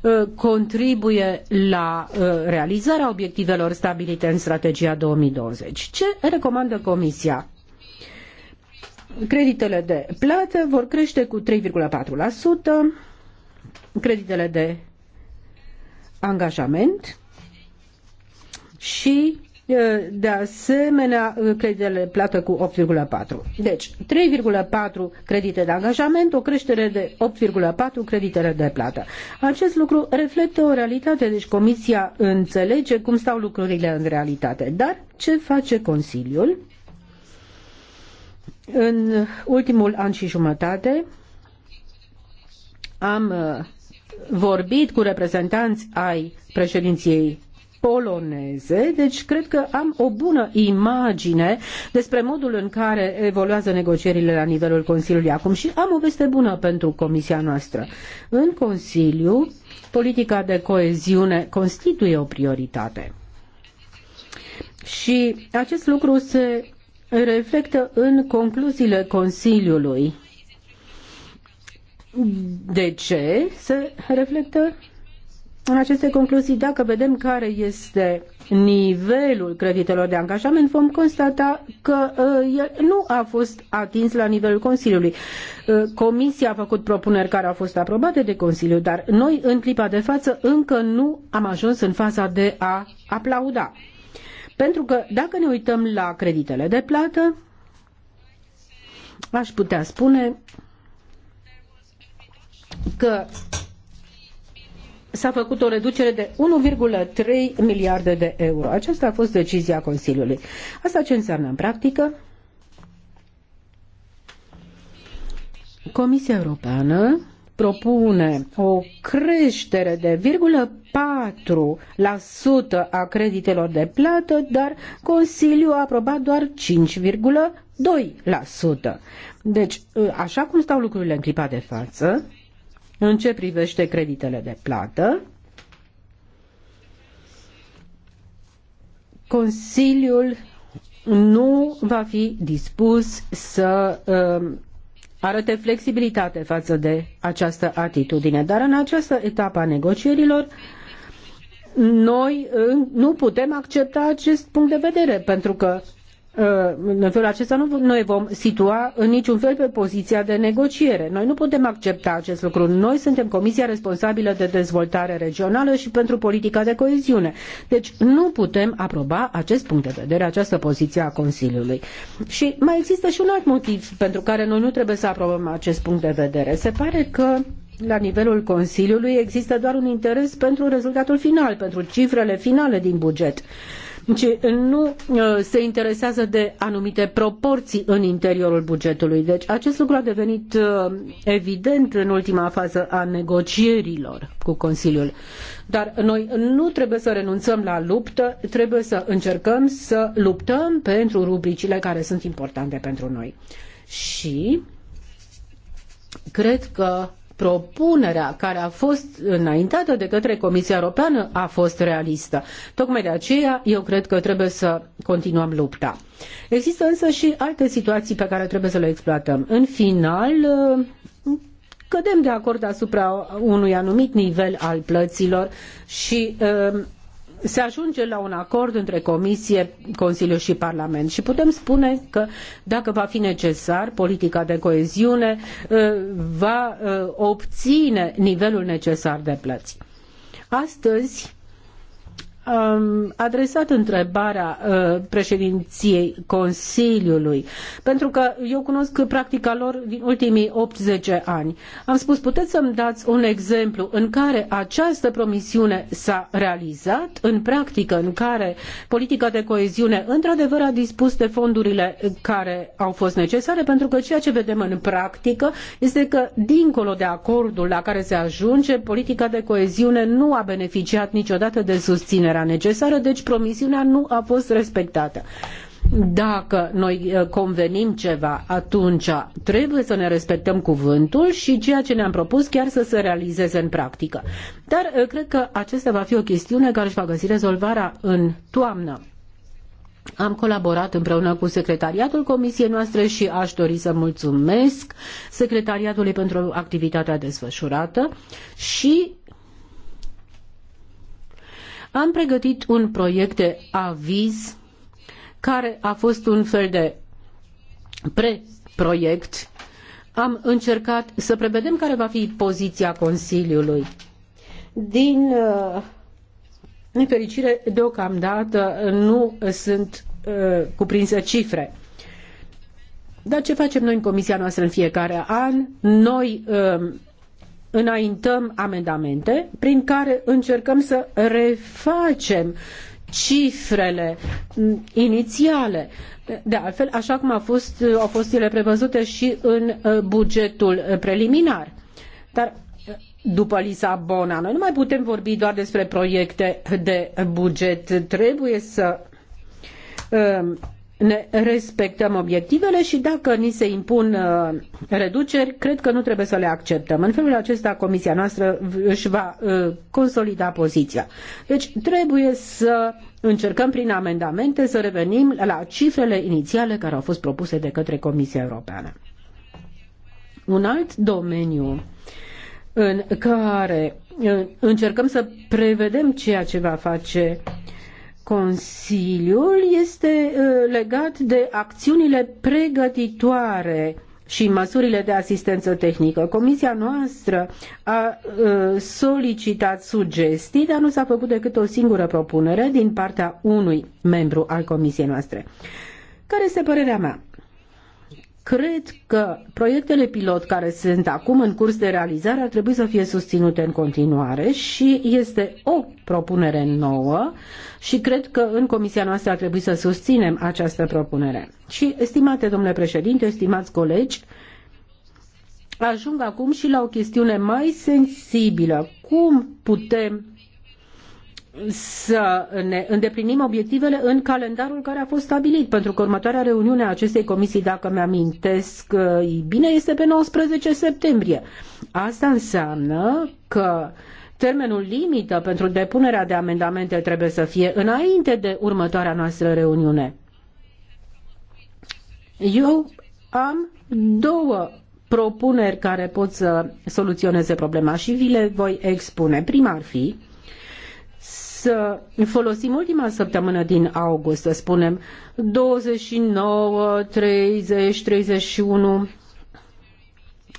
uh, contribuie la uh, realizarea obiectivelor stabilite în strategia 2020. Ce recomandă Comisia? Creditele de plată vor crește cu 3,4%, creditele de angajament și de asemenea, creditele plată cu 8,4. Deci, 3,4 credite de angajament, o creștere de 8,4 creditele de plată. Acest lucru reflectă o realitate, deci Comisia înțelege cum stau lucrurile în realitate. Dar ce face Consiliul? În ultimul an și jumătate am vorbit cu reprezentanți ai președinției poloneze, deci cred că am o bună imagine despre modul în care evoluează negocierile la nivelul Consiliului acum și am o veste bună pentru comisia noastră. În Consiliu, politica de coeziune constituie o prioritate. Și acest lucru se reflectă în concluziile Consiliului. De ce se reflectă? în aceste concluzii, dacă vedem care este nivelul creditelor de angajament, vom constata că uh, el nu a fost atins la nivelul Consiliului. Uh, comisia a făcut propuneri care au fost aprobate de Consiliu, dar noi, în clipa de față, încă nu am ajuns în faza de a aplauda. Pentru că, dacă ne uităm la creditele de plată, aș putea spune că s-a făcut o reducere de 1,3 miliarde de euro. Aceasta a fost decizia Consiliului. Asta ce înseamnă în practică? Comisia Europeană propune o creștere de 0,4% a creditelor de plată, dar Consiliul a aprobat doar 5,2%. Deci, așa cum stau lucrurile în clipa de față, în ce privește creditele de plată, Consiliul nu va fi dispus să uh, um, arăte flexibilitate față de această atitudine. Dar în această etapă a negocierilor, noi nu putem accepta acest punct de vedere, pentru că în felul acesta nu noi vom situa în niciun fel pe poziția de negociere. Noi nu putem accepta acest lucru. Noi suntem Comisia responsabilă de dezvoltare regională și pentru politica de coeziune. Deci nu putem aproba acest punct de vedere, această poziție a Consiliului. Și mai există și un alt motiv pentru care noi nu trebuie să aprobăm acest punct de vedere. Se pare că la nivelul Consiliului există doar un interes pentru rezultatul final, pentru cifrele finale din buget ci nu ă, se interesează de anumite proporții în interiorul bugetului. Deci acest lucru a devenit ă, evident în ultima fază a negocierilor cu Consiliul. Dar noi nu trebuie să renunțăm la luptă, trebuie să încercăm să luptăm pentru rubricile care sunt importante pentru noi. Și cred că propunerea care a fost înaintată de către Comisia Europeană a fost realistă. Tocmai de aceea eu cred că trebuie să continuăm lupta. Există însă și alte situații pe care trebuie să le exploatăm. În final, cădem de acord asupra unui anumit nivel al plăților și um, se ajunge la un acord între Comisie, Consiliu și Parlament și putem spune că dacă va fi necesar, politica de coeziune uh, va uh, obține nivelul necesar de plăți. Astăzi, am adresat întrebarea uh, președinției Consiliului, pentru că eu cunosc practica lor din ultimii 80 ani. Am spus, puteți să-mi dați un exemplu în care această promisiune s-a realizat, în practică, în care politica de coeziune într-adevăr a dispus de fondurile care au fost necesare, pentru că ceea ce vedem în practică este că, dincolo de acordul la care se ajunge, politica de coeziune nu a beneficiat niciodată de susținere era necesară, deci promisiunea nu a fost respectată. Dacă noi eh, convenim ceva, atunci trebuie să ne respectăm cuvântul și ceea ce ne-am propus chiar să se realizeze în practică. Dar eh, cred că acesta va fi o chestiune care își va găsi rezolvarea în toamnă. Am colaborat împreună cu secretariatul comisiei noastre și aș dori să mulțumesc secretariatului pentru activitatea desfășurată și am pregătit un proiect de aviz care a fost un fel de preproiect. Am încercat să prevedem care va fi poziția Consiliului. Din uh, nefericire, deocamdată nu sunt uh, cuprinse cifre. Dar ce facem noi în comisia noastră în fiecare an? Noi uh, înaintăm amendamente prin care încercăm să refacem cifrele mm, inițiale. De altfel, așa cum au fost, au fost ele prevăzute și în uh, bugetul uh, preliminar. Dar uh, după Lisabona, noi nu mai putem vorbi doar despre proiecte de buget. Trebuie să um, ne respectăm obiectivele și dacă ni se impun uh, reduceri, cred că nu trebuie să le acceptăm. În felul acesta, comisia noastră își va uh, consolida poziția. Deci trebuie să încercăm prin amendamente să revenim la cifrele inițiale care au fost propuse de către Comisia Europeană. Un alt domeniu în care uh, încercăm să prevedem ceea ce va face Consiliul este uh, legat de acțiunile pregătitoare și măsurile de asistență tehnică. Comisia noastră a uh, solicitat sugestii, dar nu s-a făcut decât o singură propunere din partea unui membru al comisiei noastre. Care este părerea mea? Cred că proiectele pilot care sunt acum în curs de realizare ar trebui să fie susținute în continuare și este o propunere nouă și cred că în comisia noastră ar trebui să susținem această propunere. Și, estimate domnule președinte, estimați colegi, ajung acum și la o chestiune mai sensibilă. Cum putem să ne îndeplinim obiectivele în calendarul care a fost stabilit, pentru că următoarea reuniune a acestei comisii, dacă mi-amintesc uh, bine, este pe 19 septembrie. Asta înseamnă că termenul limită pentru depunerea de amendamente trebuie să fie înainte de următoarea noastră reuniune. Eu am două propuneri care pot să soluționeze problema și vi le voi expune. Prima ar fi să folosim ultima săptămână din august, să spunem 29, 30, 31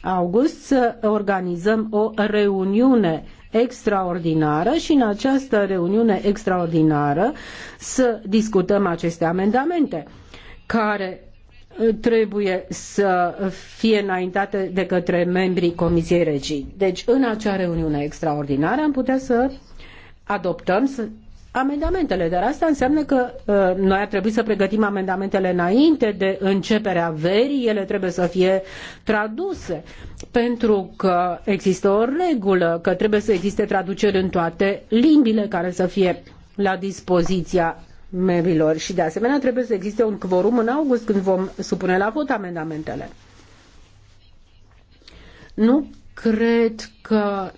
august să organizăm o reuniune extraordinară și în această reuniune extraordinară să discutăm aceste amendamente care trebuie să fie înaintate de către membrii Comisiei Regii. Deci, în acea reuniune extraordinară am putea să adoptăm amendamentele, dar asta înseamnă că uh, noi ar trebui să pregătim amendamentele înainte de începerea verii, ele trebuie să fie traduse, pentru că există o regulă, că trebuie să existe traduceri în toate limbile care să fie la dispoziția membrilor și de asemenea trebuie să existe un quorum în august când vom supune la vot amendamentele. Nu cred că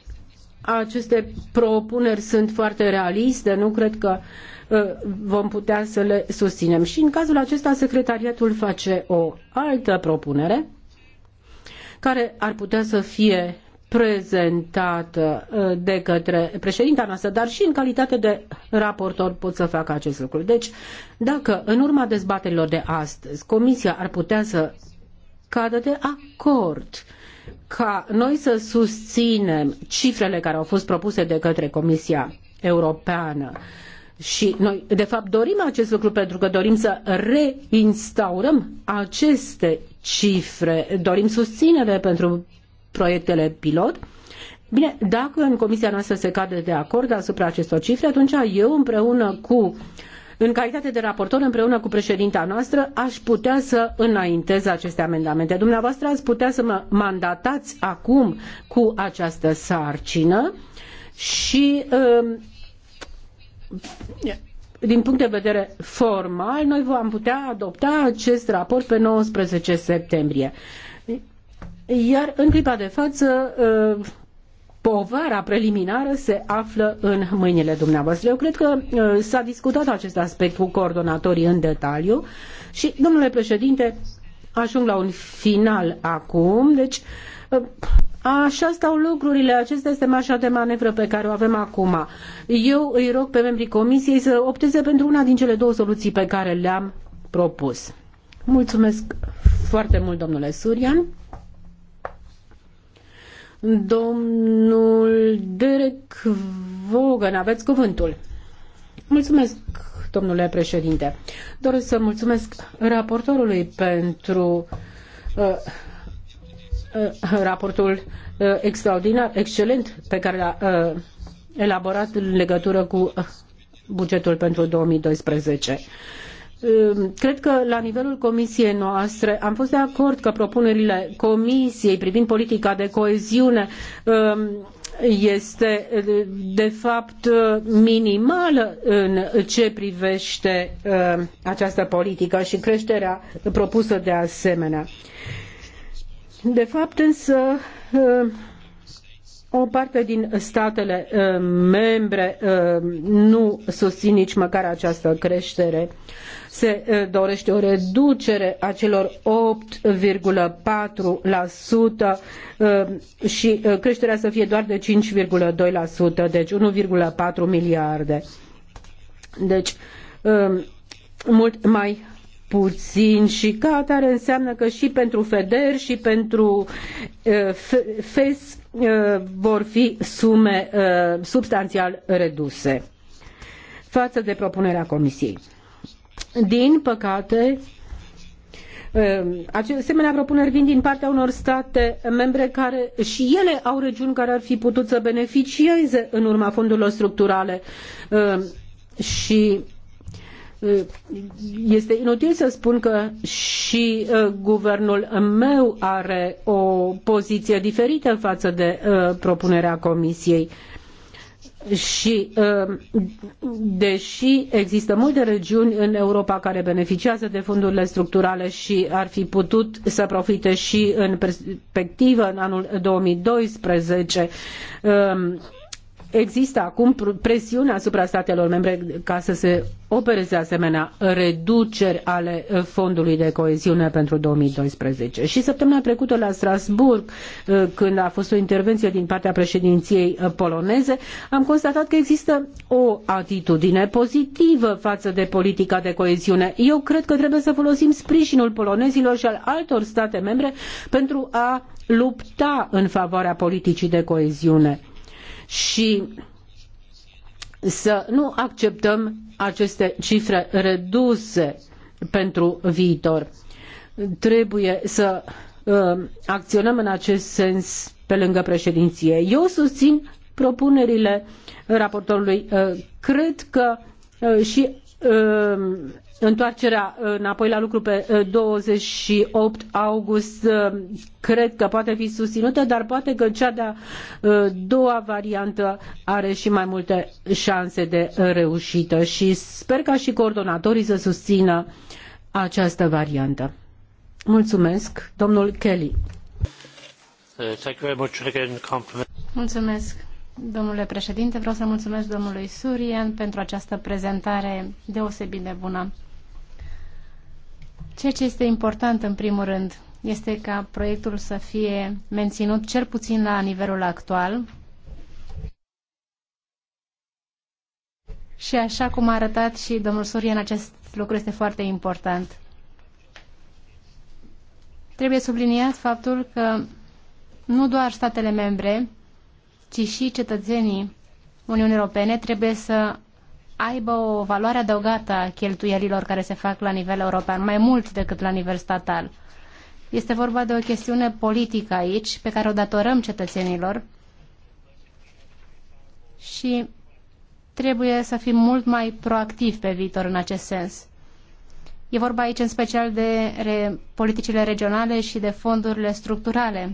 aceste propuneri sunt foarte realiste, nu cred că uh, vom putea să le susținem. Și în cazul acesta, secretariatul face o altă propunere care ar putea să fie prezentată uh, de către președinta noastră, dar și în calitate de raportor pot să fac acest lucru. Deci, dacă în urma dezbaterilor de astăzi Comisia ar putea să cadă de acord ca noi să susținem cifrele care au fost propuse de către Comisia Europeană. Și noi, de fapt, dorim acest lucru pentru că dorim să reinstaurăm aceste cifre, dorim susținere pentru proiectele pilot. Bine, dacă în comisia noastră se cade de acord asupra acestor cifre, atunci eu împreună cu uh, în calitate de raportor, împreună cu președinta noastră, aș putea să înaintez aceste amendamente. Dumneavoastră ați putea să mă mandatați acum cu această sarcină și um, din punct de vedere formal, noi vom putea adopta acest raport pe 19 septembrie. Iar în clipa de față, uh, povara preliminară se află în mâinile dumneavoastră. Eu cred că uh, s-a discutat acest aspect cu coordonatorii în detaliu și, domnule președinte, ajung la un final acum, deci uh, Așa stau lucrurile. Acesta este marșa de manevră pe care o avem acum. Eu îi rog pe membrii comisiei să opteze pentru una din cele două soluții pe care le-am propus. Mulțumesc foarte mult, domnule Surian. Domnul Derek Vogan, aveți cuvântul. Mulțumesc, domnule președinte. Doresc să mulțumesc raportorului pentru uh, uh, raportul uh, extraordinar, excelent, pe care l-a uh, elaborat în legătură cu uh, bugetul pentru 2012. Ehm, cred că la nivelul comisiei noastre am fost de acord că propunerile comisiei privind politica de coeziune ehm, este de fapt minimală în ce privește ehm, această politică și creșterea propusă de asemenea. De fapt însă o parte din statele membre nu susțin nici măcar această creștere se dorește o reducere a celor 8,4% și creșterea să fie doar de 5,2%, deci 1,4 miliarde. Deci, mult mai puțin și ca atare înseamnă că și pentru FEDER și pentru FES vor fi sume substanțial reduse față de propunerea Comisiei. Din păcate, um, asemenea propuneri vin din partea unor state membre care și ele au regiuni care ar fi putut să beneficieze în urma fondurilor structurale um, și uh, este inutil să spun că și uh, guvernul meu are o poziție diferită față de uh, propunerea Comisiei și uh, deși există multe regiuni în Europa care beneficiază de fondurile structurale și ar fi putut să profite și în perspectivă în anul 2012 există acum presiune asupra statelor membre ca să se opereze asemenea reduceri ale fondului de coeziune pentru 2012. Și săptămâna trecută la Strasbourg, uh, când a fost o intervenție din partea președinției uh, poloneze, am constatat că există o atitudine pozitivă față de politica de coeziune. Eu cred că trebuie să folosim sprijinul polonezilor și al altor state membre pentru a lupta în favoarea politicii de coeziune și să nu acceptăm aceste cifre reduse pentru viitor. Trebuie să uh, acționăm în acest sens pe lângă președinție. Eu susțin propunerile raportorului. Uh, cred că uh, și întoarcerea uh, înapoi la lucru pe 28 uh, august uh, cred că poate fi susținută, dar poate că cea de-a doua variantă are și mai multe șanse de reușită și sper ca și coordonatorii să susțină această variantă. Mulțumesc, domnul Kelly. Mulțumesc. Domnule președinte, vreau să mulțumesc domnului Surian pentru această prezentare deosebit de bună. Ceea ce este important, în primul rând, este ca proiectul să fie menținut cel puțin la nivelul actual și așa cum a arătat și domnul Surian, acest lucru este foarte important. Trebuie subliniat faptul că nu doar statele membre, ci și cetățenii Uniunii Europene trebuie să aibă o valoare adăugată a cheltuielilor care se fac la nivel european, mai mult decât la nivel statal. Este vorba de o chestiune politică aici, pe care o datorăm cetățenilor și trebuie să fim mult mai proactivi pe viitor în acest sens. E vorba aici în special de re- politicile regionale și de fondurile structurale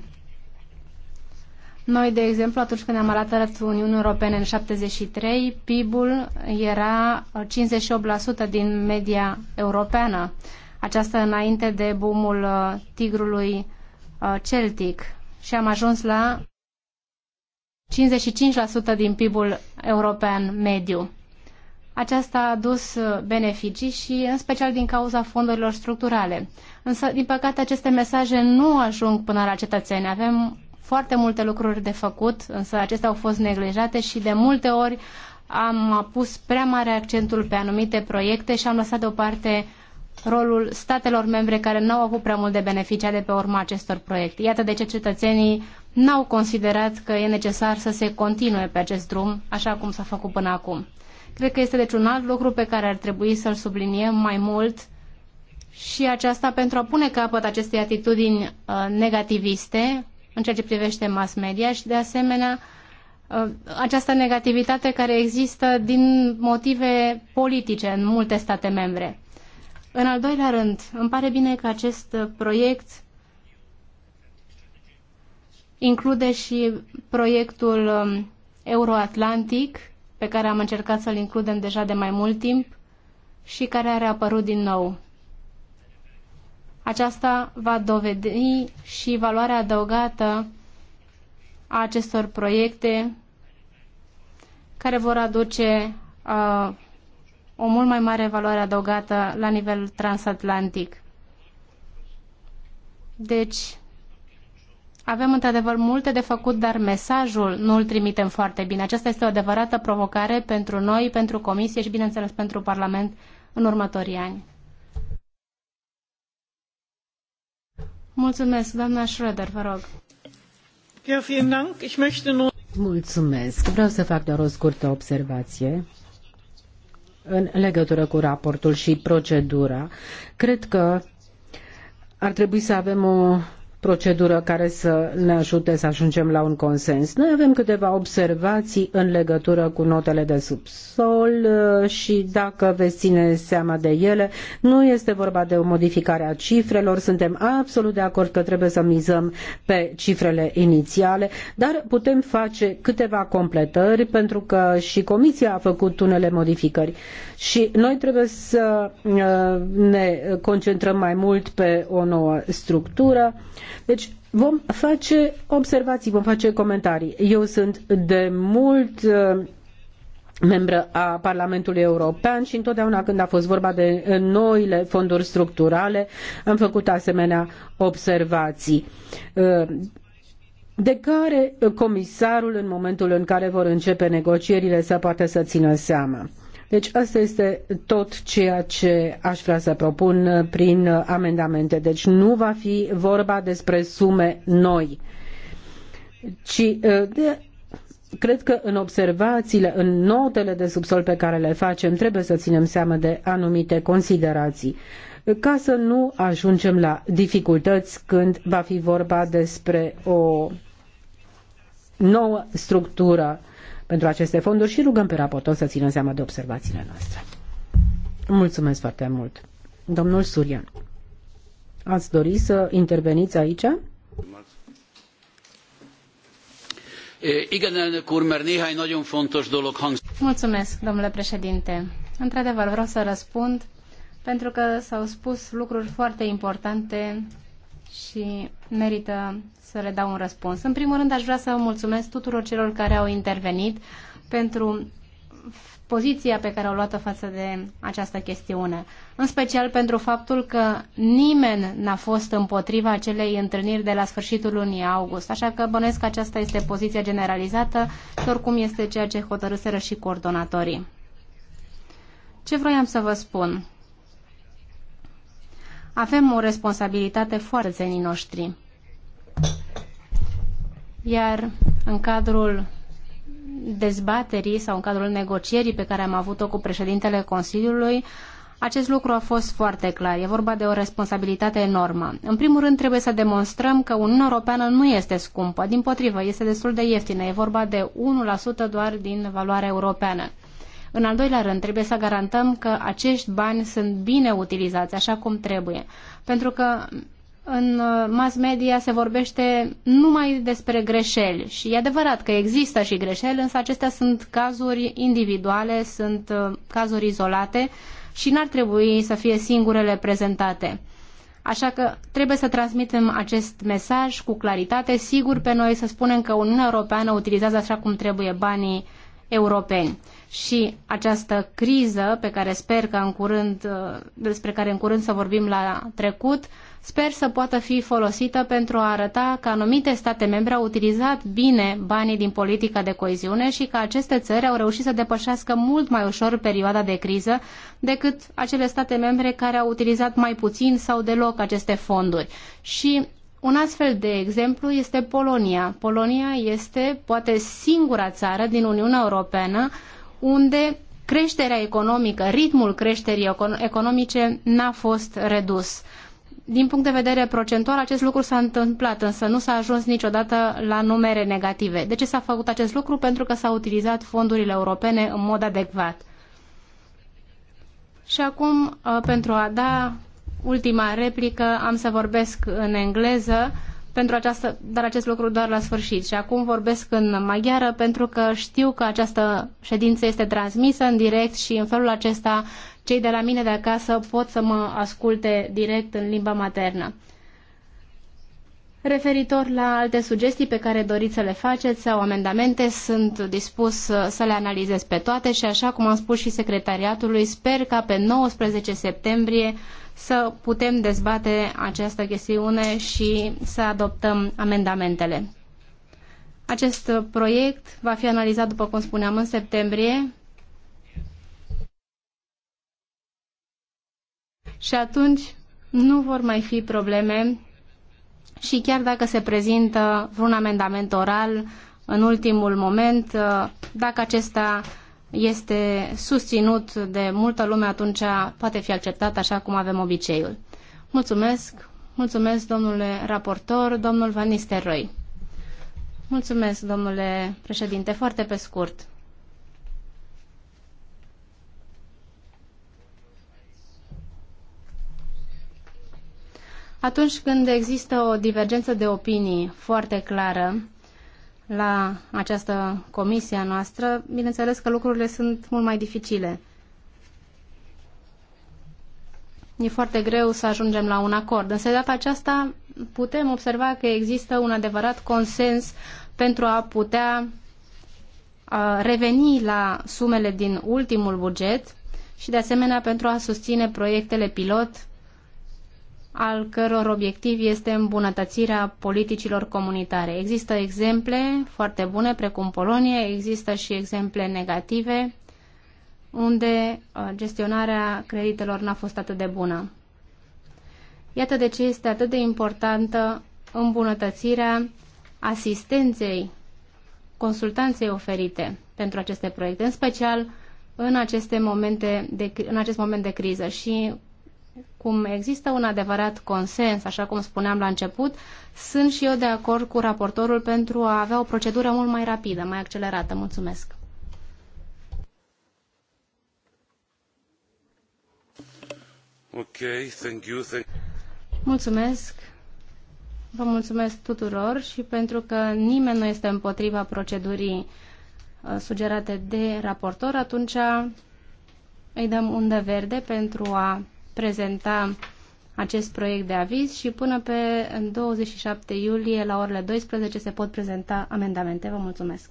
noi, de exemplu, atunci când am arătat Uniunii Europene în 73, PIB-ul era 58% uh, din media europeană. Aceasta înainte de boomul uh, tigrului uh, celtic și am ajuns la 55% din PIB-ul european mediu. Aceasta a adus beneficii și în special din cauza fondurilor structurale. Însă, din păcate, aceste mesaje nu ajung până la cetățeni. Avem foarte multe lucruri de făcut, însă acestea au fost neglijate și de multe ori am pus prea mare accentul pe anumite proiecte și am lăsat deoparte rolul statelor membre care nu au avut prea mult de beneficia de pe urma acestor proiecte. Iată de ce cetățenii n-au considerat că e necesar să se continue pe acest drum, așa cum s-a făcut până acum. Cred că este deci un alt lucru pe care ar trebui să-l subliniem mai mult și aceasta pentru a pune capăt acestei atitudini uh, negativiste în ceea ce privește mass media și de asemenea uh, această negativitate care există din motive politice în multe state membre. În al doilea rând, îmi pare bine că acest proiect include și proiectul um, Euroatlantic, pe care am încercat să-l includem deja de mai mult timp și care are apărut din nou aceasta va dovedi și valoarea adăugată a acestor proiecte care vor aduce uh, o mult mai mare valoare adăugată la nivel transatlantic. Deci, avem într-adevăr multe de făcut, dar mesajul nu îl trimitem foarte bine. Aceasta este o adevărată provocare pentru noi, pentru Comisie și, bineînțeles, pentru Parlament în următorii ani. Mulțumesc, doamna Schroeder, vă rog. Ja, Mulțumesc. Vreau să fac doar o scurtă observație în legătură cu raportul și procedura. Cred că ar trebui să avem o procedură care să ne ajute să ajungem la un consens. Noi avem câteva observații în legătură cu notele de subsol uh, și dacă veți ține seama de ele, nu este vorba de o modificare a cifrelor, suntem absolut de acord că trebuie să mizăm pe cifrele inițiale, dar putem face câteva completări pentru că și Comisia a făcut unele modificări și noi trebuie să uh, ne concentrăm mai mult pe o nouă structură. Uh, deci vom face observații, vom face comentarii. Eu sunt de mult uh, membră a Parlamentului European și întotdeauna când a fost vorba de uh, noile fonduri structurale am făcut asemenea observații uh, de care comisarul în momentul în care vor începe negocierile să poată să țină seama. Deci asta este tot ceea ce aș vrea să propun prin amendamente. Deci nu va fi vorba despre sume noi, ci uh, de cred că în observațiile, în notele de subsol pe care le facem, trebuie să ținem seama de anumite considerații ca să nu ajungem la dificultăți când va fi vorba despre o nouă structură pentru aceste fonduri și rugăm pe raportor să țină seama de observațiile noastre. Mulțumesc foarte mult. Domnul Surian, ați dori să interveniți aici? Eh, Mulțumesc, domnule președinte. Într-adevăr, vreau să răspund pentru că s-au spus lucruri foarte importante și merită să le dau un răspuns. În primul rând, aș vrea să mulțumesc tuturor celor care au intervenit pentru poziția pe care au luat-o față de această chestiune. În special pentru faptul că nimeni n-a fost împotriva acelei întâlniri de la sfârșitul lunii august, așa că bănuiesc că aceasta este poziția generalizată și oricum este ceea ce hotărâseră și coordonatorii. Ce vroiam să vă spun? Avem o responsabilitate foarte zenii noștri. Iar în cadrul dezbaterii sau în cadrul negocierii pe care am avut-o cu președintele Consiliului, acest lucru a fost foarte clar. E vorba de o responsabilitate enormă. În primul rând, trebuie să demonstrăm că Uniunea Europeană nu este scumpă. Din potrivă, este destul de ieftină. E vorba de 1% doar din valoarea europeană. În al doilea rând, trebuie să garantăm că acești bani sunt bine utilizați, așa cum trebuie. Pentru că în uh, mass media se vorbește numai despre greșeli și e adevărat că există și greșeli, însă acestea sunt cazuri individuale, sunt uh, cazuri izolate și n-ar trebui să fie singurele prezentate. Așa că trebuie să transmitem acest mesaj cu claritate, sigur pe noi să spunem că Uniunea Europeană utilizează așa cum trebuie banii europeni și această criză pe care sper că în curând, uh, despre care în curând să vorbim la trecut, sper să poată fi folosită pentru a arăta că anumite state membre au utilizat bine banii din politica de coeziune și că aceste țări au reușit să depășească mult mai ușor perioada de criză decât acele state membre care au utilizat mai puțin sau deloc aceste fonduri. Și un astfel de exemplu este Polonia. Polonia este poate singura țară din Uniunea Europeană unde creșterea economică, ritmul creșterii economice n-a fost redus. Din punct de vedere procentual, acest lucru s-a întâmplat, însă nu s-a ajuns niciodată la numere negative. De ce s-a făcut acest lucru? Pentru că s-au utilizat fondurile europene în mod adecvat. Și acum, uh, pentru a da ultima replică, am să vorbesc în engleză pentru această, dar acest lucru doar la sfârșit. Și acum vorbesc în maghiară pentru că știu că această ședință este transmisă în direct și în felul acesta cei de la mine de acasă pot să mă asculte direct în limba maternă. Referitor la alte sugestii pe care doriți să le faceți sau amendamente, sunt dispus să le analizez pe toate și așa cum am spus și secretariatului, sper ca pe 19 septembrie să putem dezbate această chestiune și să adoptăm amendamentele. Acest proiect va fi analizat, după cum spuneam, în septembrie și atunci nu vor mai fi probleme și chiar dacă se prezintă vreun amendament oral în ultimul moment, dacă acesta este susținut de multă lume, atunci poate fi acceptat așa cum avem obiceiul. Mulțumesc, mulțumesc domnule raportor, domnul Van Nistelrooy. Mulțumesc, domnule președinte, foarte pe scurt. Atunci când există o divergență de opinii foarte clară la această comisie a noastră, bineînțeles că lucrurile sunt mult mai dificile. E foarte greu să ajungem la un acord. Însă, de data aceasta, putem observa că există un adevărat consens pentru a putea reveni la sumele din ultimul buget și, de asemenea, pentru a susține proiectele pilot al căror obiectiv este îmbunătățirea politicilor comunitare. Există exemple foarte bune, precum Polonia, există și exemple negative, unde uh, gestionarea creditelor n-a fost atât de bună. Iată de ce este atât de importantă îmbunătățirea asistenței, consultanței oferite pentru aceste proiecte, în special în, aceste momente de, în acest moment de criză. Și cum există un adevărat consens, așa cum spuneam la început, sunt și eu de acord cu raportorul pentru a avea o procedură mult mai rapidă, mai accelerată. Mulțumesc! Okay, thank you, thank... Mulțumesc! Vă mulțumesc tuturor și pentru că nimeni nu este împotriva procedurii uh, sugerate de raportor, atunci uh, îi dăm undă verde pentru a prezenta acest proiect de aviz și până pe 27 iulie la orele 12 se pot prezenta amendamente. Vă mulțumesc!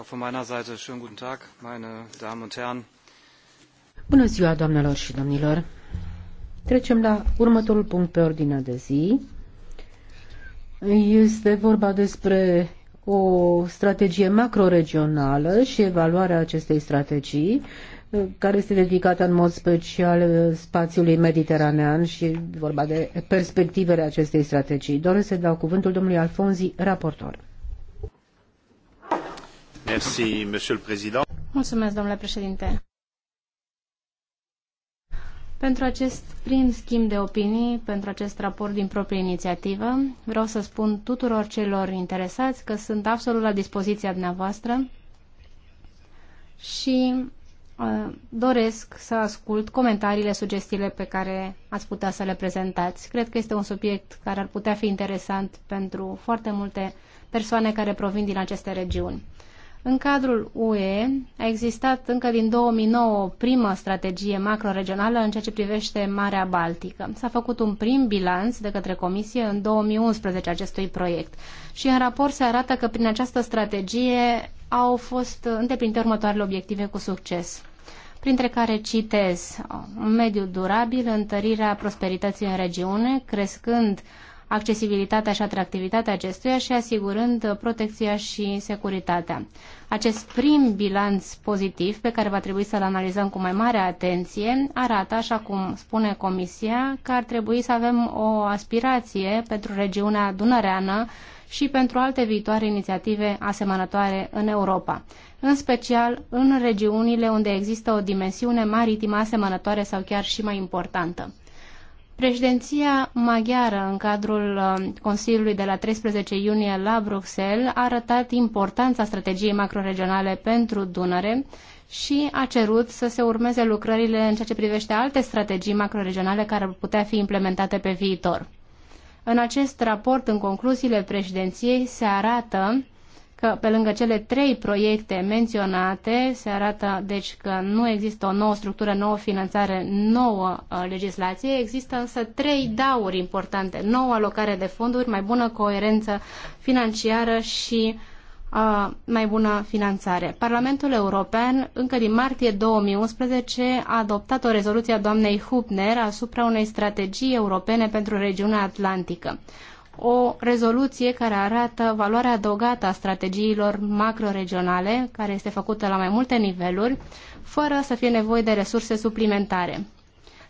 auch von meiner Seite schönen guten Tag, meine Damen und Herren. Bună ziua, doamnelor și domnilor. Trecem la următorul punct pe ordinea de zi. Este vorba despre o strategie macroregională și evaluarea acestei strategii care este dedicată în mod special spațiului mediteranean și vorba de perspectivele acestei strategii. Doresc să dau cuvântul domnului Alfonzi, raportor domnule președinte. Pentru acest prim schimb de opinii, pentru acest raport din proprie inițiativă, vreau să spun tuturor celor interesați că sunt absolut la dispoziția dumneavoastră și uh, doresc să ascult comentariile, sugestiile pe care ați putea să le prezentați. Cred că este un subiect care ar putea fi interesant pentru foarte multe persoane care provin din aceste regiuni. În cadrul UE a existat încă din 2009 o primă strategie macroregională în ceea ce privește Marea Baltică. S-a făcut un prim bilanț de către Comisie în 2011 acestui proiect și în raport se arată că prin această strategie au fost îndeplinite următoarele obiective cu succes printre care citez un mediu durabil, întărirea prosperității în regiune, crescând uh, accesibilitatea și atractivitatea acestuia și asigurând protecția și securitatea. Acest prim bilanț pozitiv, pe care va trebui să-l analizăm cu mai mare atenție, arată, așa cum spune Comisia, că ar trebui să avem o aspirație pentru regiunea dunăreană și pentru alte viitoare inițiative asemănătoare în Europa, în special în regiunile unde există o dimensiune maritimă asemănătoare sau chiar și mai importantă. Președinția maghiară în cadrul um, Consiliului de la 13 iunie la Bruxelles a arătat importanța strategiei macroregionale pentru Dunăre și a cerut să se urmeze lucrările în ceea ce privește alte strategii macroregionale care ar putea fi implementate pe viitor. În acest raport, în concluziile președinției, se arată că pe lângă cele trei proiecte menționate se arată deci că nu există o nouă structură, nouă finanțare, nouă uh, legislație, există însă trei dauri importante, nouă alocare de fonduri, mai bună coerență financiară și uh, mai bună finanțare. Parlamentul European încă din martie 2011 a adoptat o rezoluție a doamnei Hubner asupra unei strategii europene pentru regiunea atlantică o rezoluție care arată valoarea adăugată a strategiilor macroregionale, care este făcută la mai multe niveluri, fără să fie nevoie de resurse suplimentare.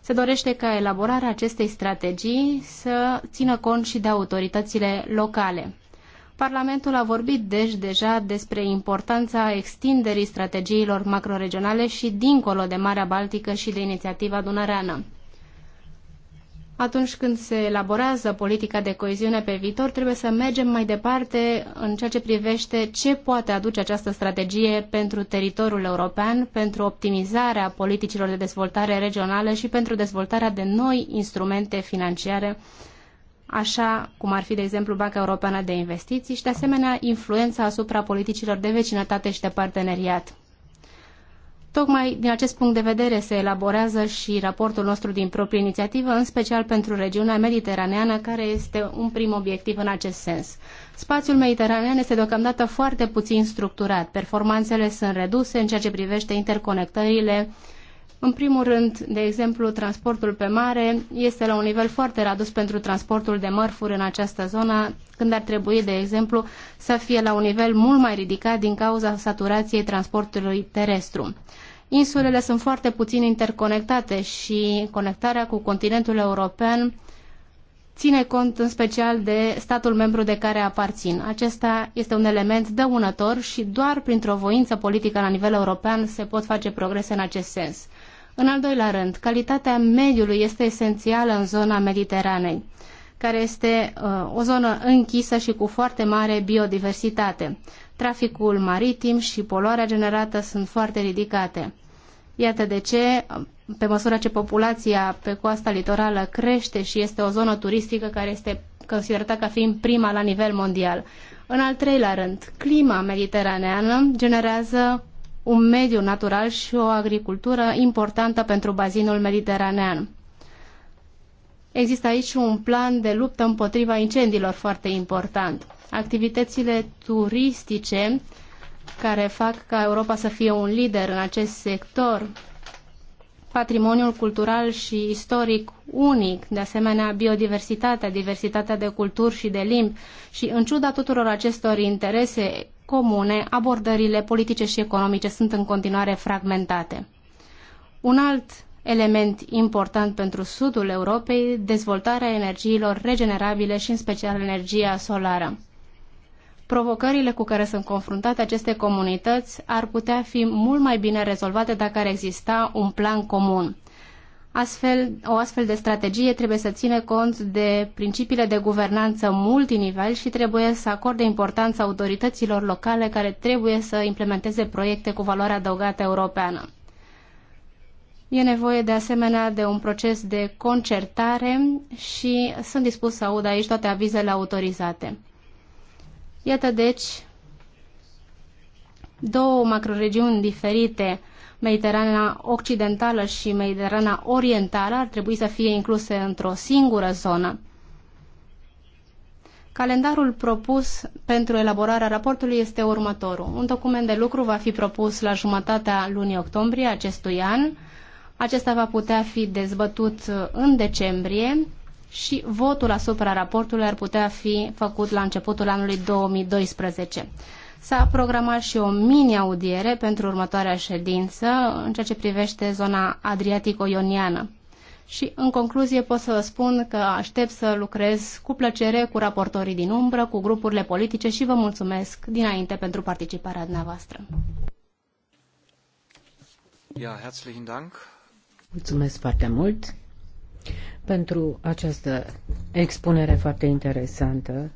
Se dorește ca elaborarea acestei strategii să țină cont și de autoritățile locale. Parlamentul a vorbit deci deja despre importanța extinderii strategiilor macroregionale și dincolo de Marea Baltică și de inițiativa dunăreană atunci când se elaborează politica de coeziune pe viitor, trebuie să mergem mai departe în ceea ce privește ce poate aduce această strategie pentru teritoriul european, pentru optimizarea politicilor de dezvoltare regională și pentru dezvoltarea de noi instrumente financiare, așa cum ar fi, de exemplu, Banca Europeană de Investiții și, de asemenea, influența asupra politicilor de vecinătate și de parteneriat. Tocmai din acest punct de vedere se elaborează și raportul nostru din proprie inițiativă, în special pentru regiunea mediteraneană, care este un prim obiectiv în acest sens. Spațiul mediteranean este deocamdată foarte puțin structurat, performanțele sunt reduse în ceea ce privește interconectările, uh, în primul rând, de exemplu, transportul pe mare este la un nivel foarte redus pentru transportul de mărfuri în această zonă, când ar trebui, de exemplu, să fie la un nivel mult mai ridicat din cauza saturației transportului terestru. Insulele sunt foarte puțin interconectate și conectarea cu continentul european ține cont în special de statul membru de care aparțin. Acesta este un element dăunător și doar printr-o voință politică la nivel european se pot face progrese în acest sens. În al doilea rând, calitatea mediului este esențială în zona Mediteranei, care este uh, o zonă închisă și cu foarte mare biodiversitate. Traficul maritim și poluarea generată sunt foarte ridicate. Iată de ce, pe măsură ce populația pe coasta litorală crește și este o zonă turistică care este considerată ca fiind prima la nivel mondial. În al treilea rând, clima mediteraneană generează un mediu natural și o agricultură importantă pentru bazinul mediteranean. Există aici un plan de luptă împotriva incendiilor foarte important. Activitățile turistice care fac ca Europa să fie un lider în acest sector, patrimoniul cultural și istoric unic, de asemenea biodiversitatea, diversitatea de culturi și de limbi și în ciuda tuturor acestor interese comune, abordările politice și economice sunt în continuare fragmentate. Un alt element important pentru sudul Europei, dezvoltarea energiilor regenerabile și în special energia solară. Provocările cu care sunt confruntate aceste comunități ar putea fi mult mai bine rezolvate dacă ar exista un plan comun. Astfel, o astfel de strategie trebuie să ține cont de principiile de guvernanță multinivel și trebuie să acorde importanță autorităților locale care trebuie să implementeze proiecte cu valoare adăugată europeană. E nevoie de asemenea de un proces de concertare și sunt dispus să aud aici toate avizele autorizate. Iată deci două macroregiuni diferite Mediterana Occidentală și Mediterana Orientală ar trebui să fie incluse într-o singură zonă. Calendarul propus pentru elaborarea raportului este următorul. Un document de lucru va fi propus la jumătatea lunii octombrie acestui an. Acesta va putea fi dezbătut în decembrie și votul asupra raportului ar putea fi făcut la începutul anului 2012. S-a programat și o mini-audiere pentru următoarea ședință în ceea ce privește zona adriatico-ioniană. Și în concluzie pot să vă spun că aștept să lucrez cu plăcere cu raportorii din umbră, cu grupurile politice și vă mulțumesc dinainte pentru participarea dumneavoastră. Ja, herzlichen Dank. Mulțumesc foarte mult pentru această expunere foarte interesantă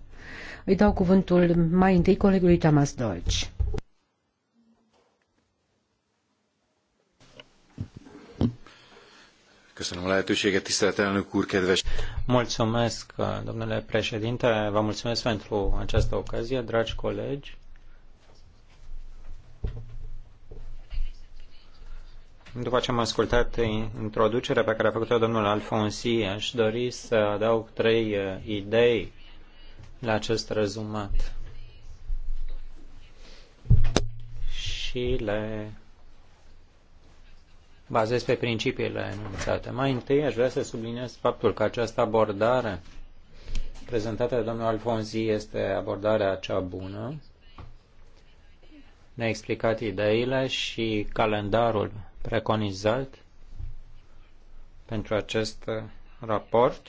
îi dau cuvântul mai întâi colegului Thomas Deutsch. Mulțumesc, domnule președinte. Vă mulțumesc pentru această ocazie, dragi colegi. După ce am ascultat introducerea pe care a făcut-o domnul Alfonsi, aș dori să adaug trei eh, idei la acest rezumat și le bazez pe principiile enunțate. Mai întâi aș vrea să subliniez faptul că această abordare prezentată de domnul Alfonzi este abordarea cea bună. Ne-a explicat ideile și calendarul preconizat pentru acest raport.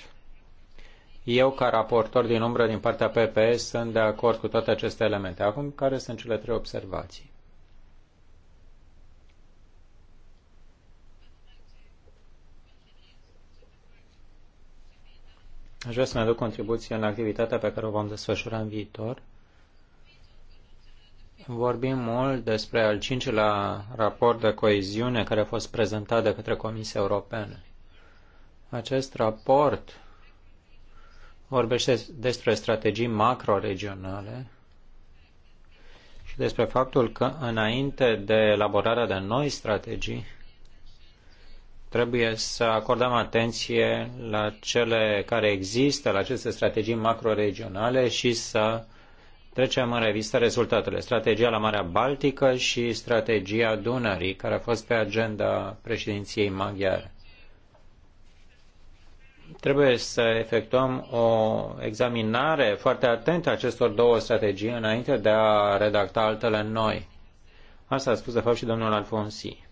Eu, ca raportor din umbră din partea PPS, sunt de acord cu toate aceste elemente. Acum, care sunt cele trei observații? Aș vrea să-mi aduc contribuție în activitatea pe care o vom desfășura în viitor. Vorbim mult despre al cincilea raport de coeziune care a fost prezentat de către Comisia Europeană. Acest raport vorbește despre strategii macro-regionale și despre faptul că înainte de elaborarea de noi strategii trebuie să acordăm atenție la cele care există, la aceste strategii macro-regionale și să trecem în revistă rezultatele. Strategia la Marea Baltică și strategia Dunării, care a fost pe agenda președinției maghiare. Trebuie să efectuăm o examinare foarte atentă a acestor două strategii înainte de a redacta altele noi. Asta a spus de fapt și domnul Alfonsi.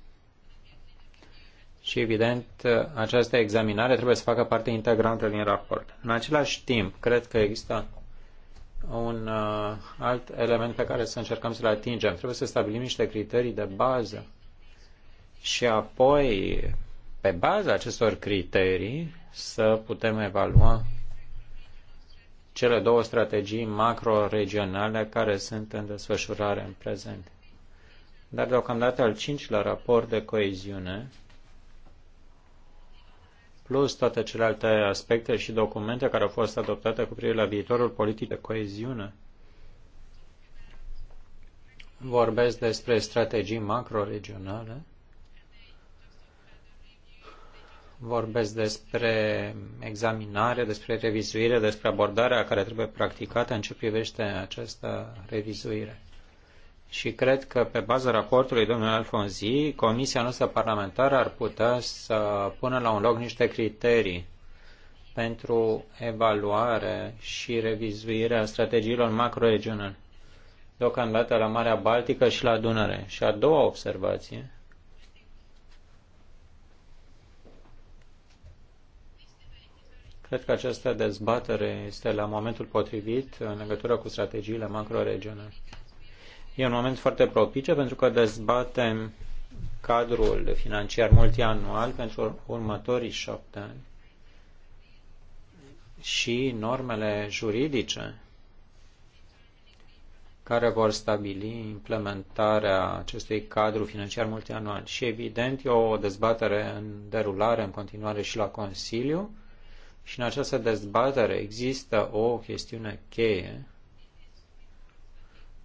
Și evident, această examinare trebuie să facă parte integrantă din raport. În același timp, cred că există un uh, alt element pe care să încercăm să-l atingem. Trebuie să stabilim niște criterii de bază și apoi pe baza acestor criterii să putem evalua cele două strategii macro-regionale care sunt în desfășurare în prezent. Dar deocamdată al cincilea raport de coeziune, plus toate celelalte aspecte și documente care au fost adoptate cu privire la viitorul politic de coeziune, vorbesc despre strategii macro-regionale vorbesc despre examinare, despre revizuire, despre abordarea care trebuie practicată în ce privește această revizuire. Și cred că pe baza raportului domnului Alfonzi, Comisia noastră parlamentară ar putea să pună la un loc niște criterii pentru evaluare și revizuirea strategiilor macroregionale, deocamdată la Marea Baltică și la Dunăre. Și a doua observație, Cred că această dezbatere este la momentul potrivit în legătură cu strategiile macroregionale. E un moment foarte propice pentru că dezbatem cadrul financiar multianual pentru următorii șapte ani și normele juridice care vor stabili implementarea acestui cadru financiar multianual. Și evident e o dezbatere în derulare în continuare și la Consiliu și în această dezbatere există o chestiune cheie.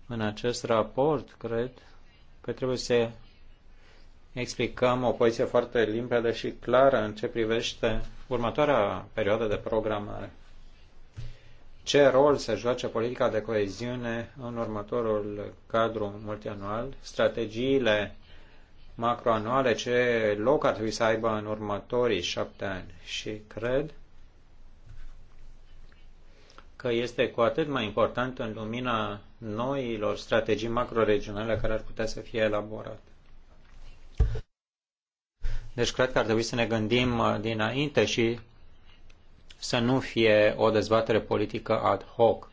În acest raport, cred că trebuie să explicăm o poziție foarte limpede și clară în ce privește următoarea perioadă de programare. Ce rol se joace politica de coeziune în următorul cadru multianual, strategiile macroanuale, ce loc ar trebui să aibă în următorii șapte ani. Și cred că este cu atât mai important în lumina noilor strategii macroregionale care ar putea să fie elaborate. Deci cred că ar trebui să ne gândim uh, dinainte și să nu fie o dezbatere politică ad hoc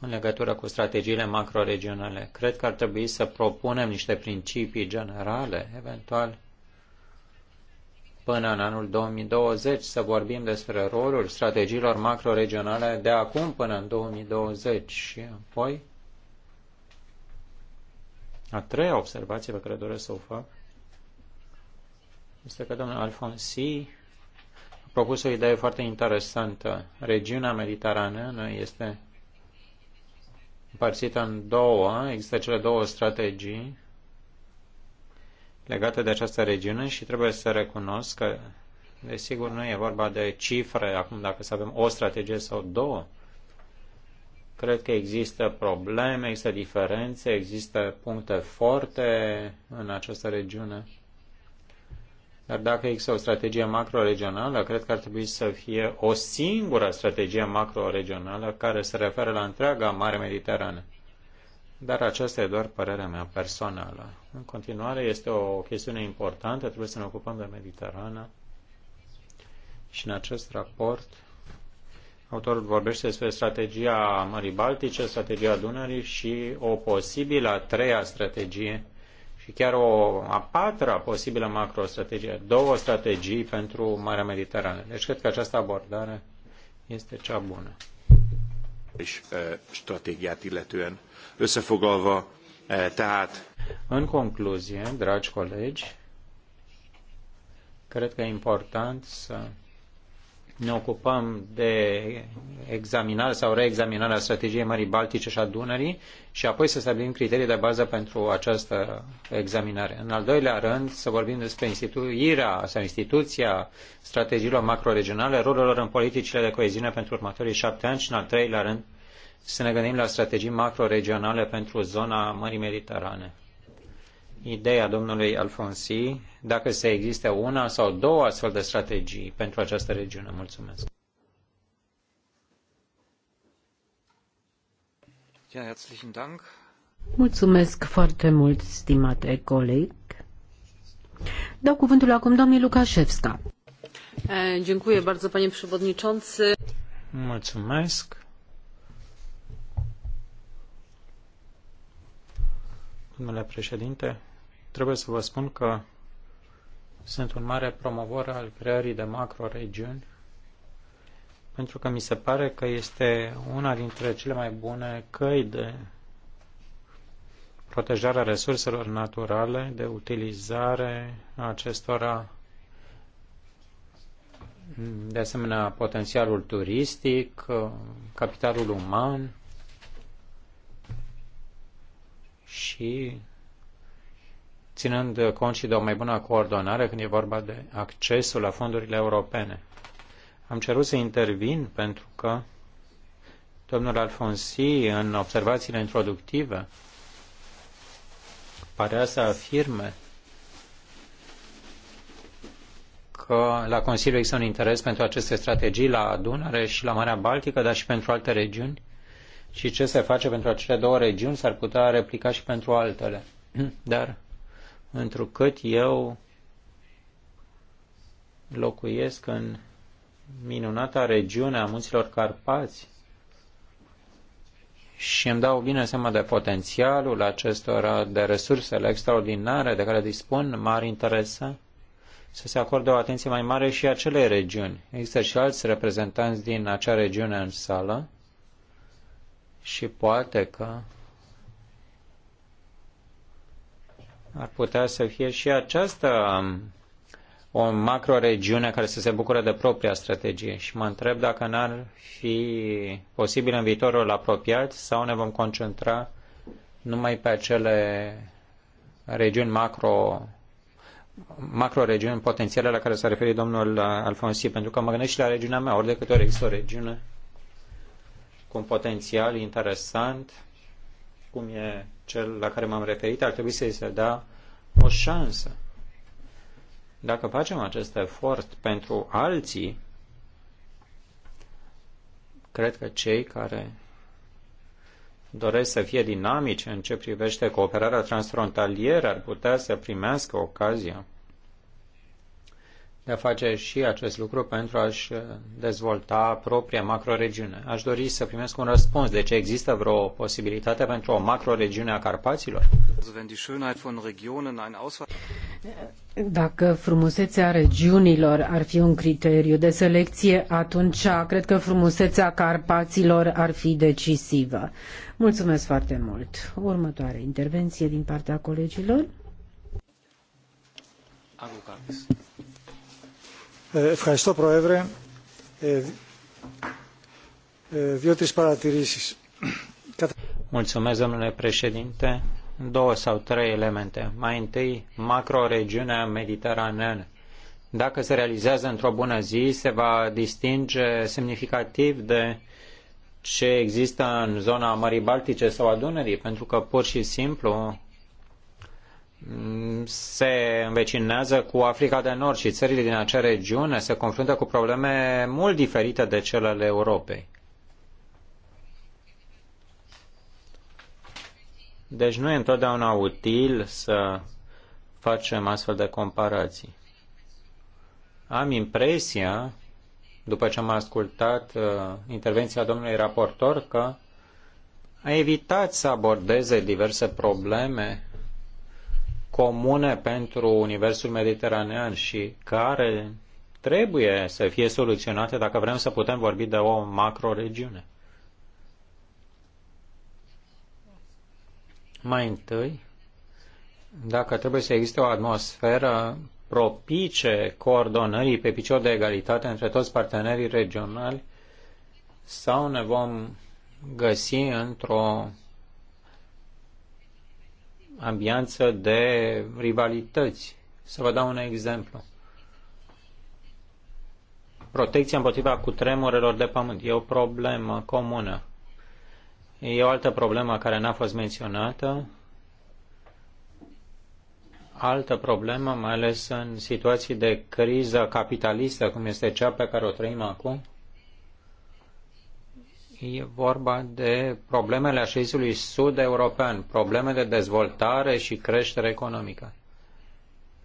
în legătură cu strategiile macroregionale. Cred că ar trebui să propunem niște principii generale, eventual până în anul 2020 să vorbim despre rolul strategiilor macroregionale de acum până în 2020 și apoi a treia observație pe care doresc să o fac este că domnul Alfonsi a propus o idee foarte interesantă. Regiunea Mediterană este împărțită în două, există cele două strategii legată de această regiune și trebuie să recunosc că, desigur, nu e vorba de cifre, acum dacă să avem o strategie sau două. Cred că există probleme, există diferențe, există puncte forte în această regiune. Dar dacă există o strategie macro-regională, cred că ar trebui să fie o singură strategie macro-regională care se referă la întreaga Mare Mediterană. Dar aceasta e doar părerea mea personală. În continuare, este o chestiune importantă, trebuie să ne ocupăm de Mediterana și în acest raport autorul vorbește despre strategia Mării Baltice, strategia Dunării și o posibilă a treia strategie și chiar o a patra posibilă macrostrategie, două strategii pentru Marea Mediterană. Deci cred că această abordare este cea bună és stratégiát illetően. Összefoglalva, tehát... În concluzie, dragi colegi, cred că e important să ne ocupăm de examinarea sau reexaminarea strategiei Mării Baltice și a Dunării și apoi să stabilim criterii de bază pentru această examinare. În al doilea rând, să vorbim despre instituirea sau instituția strategiilor macroregionale, rolul lor în politicile de coeziune pentru următorii șapte ani și, în al treilea rând, să ne gândim la strategii macroregionale pentru zona Mării Mediterane ideea domnului Alfonsi dacă se există una sau două astfel de strategii pentru această regiune. Mulțumesc. Mulțumesc foarte mult, stimate coleg. Dau cuvântul acum domnului Lukaszewska. Dziękuję bardzo, panie przewodniczący. Mulțumesc. Domnule președinte, trebuie să vă spun că sunt un mare promovor al creării de macroregiuni pentru că mi se pare că este una dintre cele mai bune căi de protejarea resurselor naturale, de utilizare a acestora, de asemenea potențialul turistic, capitalul uman și ținând cont și de o mai bună coordonare când e vorba de accesul la fondurile europene. Am cerut să intervin pentru că domnul Alfonsi, în observațiile introductive, parea să afirme că la Consiliu există un interes pentru aceste strategii la Dunăre și la Marea Baltică, dar și pentru alte regiuni și ce se face pentru acele două regiuni s-ar putea replica și pentru altele. Dar întrucât eu locuiesc în minunata regiune a munților Carpați și îmi dau bine seama de potențialul acestora, de resursele extraordinare de care dispun, mari interese, să se acorde o atenție mai mare și acelei regiuni. Există și alți reprezentanți din acea regiune în sală și poate că Ar putea să fie și aceasta um, o macroregiune care să se bucure de propria strategie și mă întreb dacă n-ar fi posibil în viitorul apropiat sau ne vom concentra numai pe acele regiuni macro macroregiuni potențiale la care s-a referit domnul uh, Alfonsi, pentru că mă gândesc și la regiunea mea, ori de câte ori există o regiune cu un potențial interesant, cum e cel la care m-am referit, ar trebui să-i se dea o șansă. Dacă facem acest efort pentru alții, cred că cei care doresc să fie dinamici în ce privește cooperarea transfrontalieră ar putea să primească ocazia de a face și acest lucru pentru a-și uh, dezvolta propria macroregiune. Aș dori să primesc un răspuns. de ce există vreo posibilitate pentru o macroregiune a Carpaților? Dacă frumusețea regiunilor ar fi un criteriu de selecție, atunci cred că frumusețea Carpaților ar fi decisivă. Mulțumesc foarte mult. Următoare intervenție din partea colegilor. Avocatis. Ευχαριστώ Πρόεδρε. Δύο-τρεις παρατηρήσεις. Mulțumesc, domnule președinte. Două sau trei elemente. Mai întâi, macroregiunea mediteraneană. Dacă se realizează într-o bună zi, se va distinge semnificativ de ce există în zona Mării Baltice sau a Dunării, pentru că pur și simplu Mm, se învecinează cu Africa de Nord și țările din acea regiune se confruntă cu probleme mult diferite de cele ale Europei. Deci nu e întotdeauna util să facem astfel de comparații. Am impresia, după ce am ascultat uh, intervenția domnului raportor, că a evitat să abordeze diverse probleme comune pentru universul mediteranean și care trebuie să fie soluționate dacă vrem să putem vorbi de o macroregiune. Mai întâi, dacă trebuie să existe o atmosferă propice coordonării pe picior de egalitate între toți partenerii regionali sau ne vom găsi într-o ambianță de rivalități. Să vă dau un exemplu. Protecția împotriva cutremurelor de pământ e o problemă comună. E o altă problemă care n-a fost menționată. Altă problemă, mai ales în situații de criză capitalistă, cum este cea pe care o trăim acum, E vorba de problemele așezului sud-european, probleme de dezvoltare și creștere economică.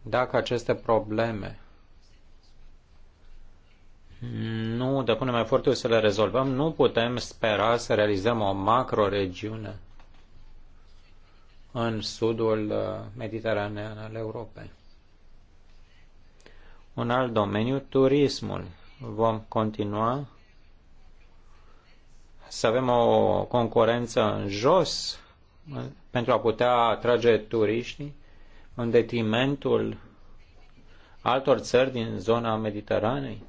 Dacă aceste probleme nu depunem efortul să le rezolvăm, nu putem spera să realizăm o macroregiune în sudul uh, mediteranean al Europei. Un alt domeniu, turismul. Vom continua să avem o concurență în jos pentru a putea atrage turiștii în detrimentul altor țări din zona Mediteranei?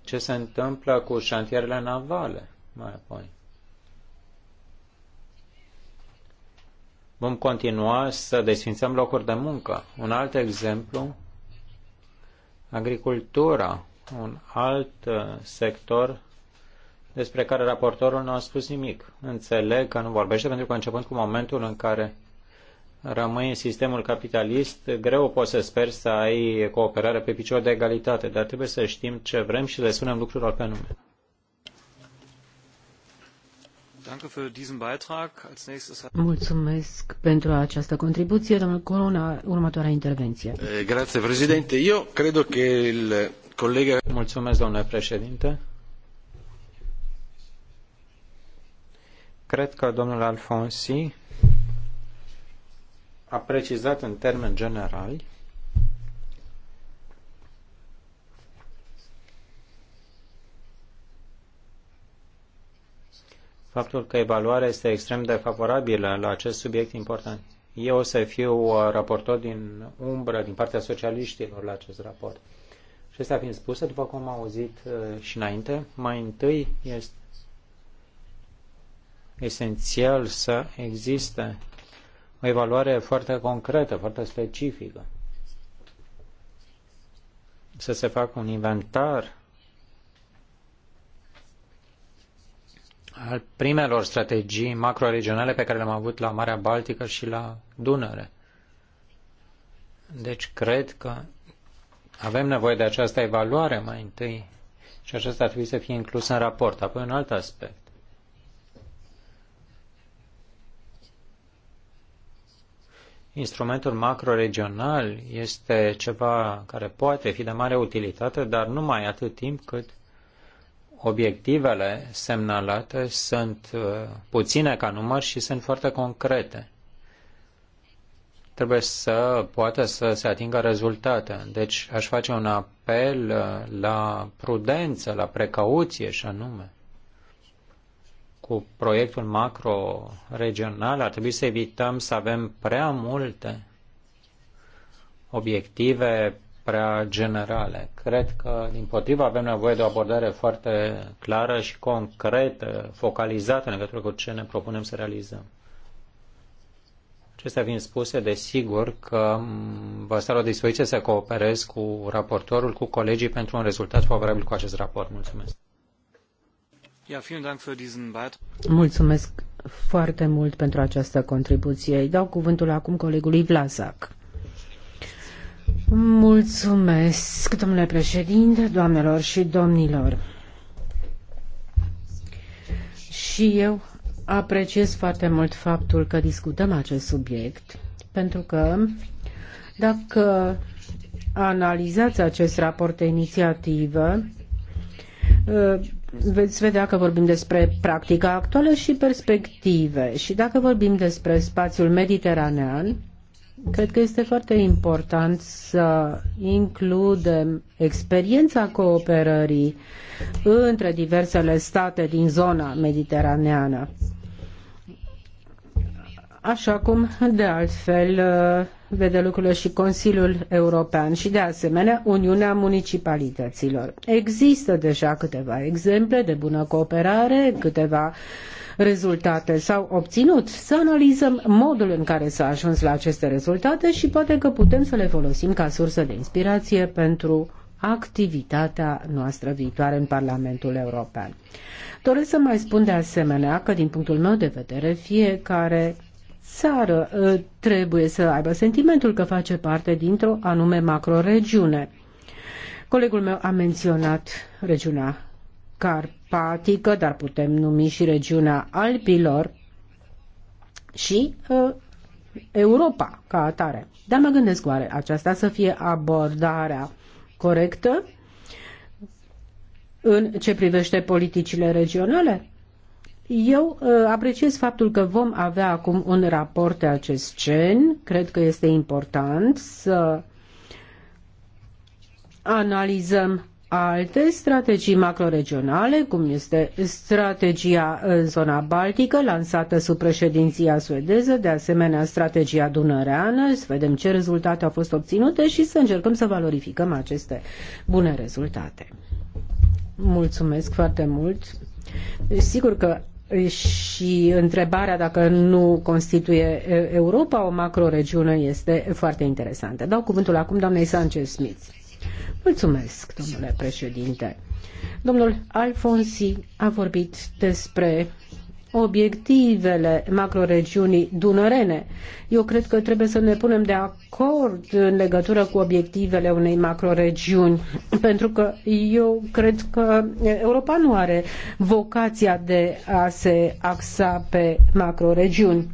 Ce se întâmplă cu șantierele navale mai apoi? Vom continua să desfințăm locuri de muncă. Un alt exemplu, agricultura un alt uh, sector despre care raportorul nu a spus nimic. Înțeleg că nu vorbește pentru că începând cu momentul în care rămâi în sistemul capitalist, greu poți să speri să ai cooperare pe picior de egalitate, dar trebuie să știm ce vrem și le spunem lucrurilor pe nume. Mulțumesc pentru această contribuție, domnul Corona, următoarea intervenție. Eh, grazie, președinte. Eu cred că Colegă... Mulțumesc, domnule președinte. Cred că domnul Alfonsi a precizat în termeni generali faptul că evaluarea este extrem de favorabilă la acest subiect important. Eu o să fiu uh, raportor din umbră, din partea socialiștilor la acest raport. Acestea fiind spuse, după cum am auzit uh, și înainte, mai întâi este esențial să existe o evaluare foarte concretă, foarte specifică. Să se facă un inventar al primelor strategii macroregionale pe care le-am avut la Marea Baltică și la Dunăre. Deci cred că avem nevoie de această evaluare mai întâi și aceasta ar trebui să fie inclus în raport. Apoi un alt aspect. Instrumentul macroregional este ceva care poate fi de mare utilitate, dar numai atât timp cât obiectivele semnalate sunt uh, puține ca număr și sunt foarte concrete trebuie să poată să se atingă rezultate. Deci aș face un apel uh, la prudență, la precauție și anume. Cu proiectul macro-regional ar trebui să evităm să avem prea multe obiective prea generale. Cred că, din potrivă, avem nevoie de o abordare foarte clară și concretă, focalizată în legătură cu ce ne propunem să realizăm. Acestea fiind spuse, desigur că vă stau la dispoziție să cooperez cu raportorul, cu colegii pentru un rezultat favorabil cu acest raport. Mulțumesc! Mulțumesc foarte mult pentru această contribuție. Îi dau cuvântul acum colegului Vlasac. Mulțumesc, domnule președinte, doamnelor și domnilor. Și eu Apreciez foarte mult faptul că discutăm acest subiect, pentru că dacă analizați acest raport de inițiativă, uh, veți vedea că vorbim despre practica actuală și perspective. Și dacă vorbim despre spațiul mediteranean, cred că este foarte important să includem experiența cooperării între diversele state din zona mediteraneană așa cum de altfel vede lucrurile și Consiliul European și de asemenea Uniunea Municipalităților. Există deja câteva exemple de bună cooperare, câteva rezultate s-au obținut. Să analizăm modul în care s-a ajuns la aceste rezultate și poate că putem să le folosim ca sursă de inspirație pentru activitatea noastră viitoare în Parlamentul European. Doresc să mai spun de asemenea că, din punctul meu de vedere, fiecare țară ă, trebuie să aibă sentimentul că face parte dintr-o anume macroregiune. Colegul meu a menționat regiunea carpatică, dar putem numi și regiunea Alpilor și uh, Europa ca atare. Dar mă gândesc oare aceasta să fie abordarea corectă în ce privește politicile regionale? Eu uh, apreciez faptul că vom avea acum un raport de acest gen. Cred că este important să analizăm alte strategii macroregionale, cum este strategia în uh, zona baltică, lansată sub președinția suedeză, de asemenea strategia dunăreană, să vedem ce rezultate au fost obținute și să încercăm să valorificăm aceste bune rezultate. Mulțumesc foarte mult! Deci, sigur că și întrebarea dacă nu constituie Europa o macroregiune este foarte interesantă. Dau cuvântul acum doamnei Sanchez Smith. Mulțumesc, domnule președinte. Domnul Alfonsi a vorbit despre obiectivele macroregiunii dunărene. Eu cred că trebuie să ne punem de acord în legătură cu obiectivele unei macroregiuni, pentru că eu cred că Europa nu are vocația de a se axa pe macroregiuni.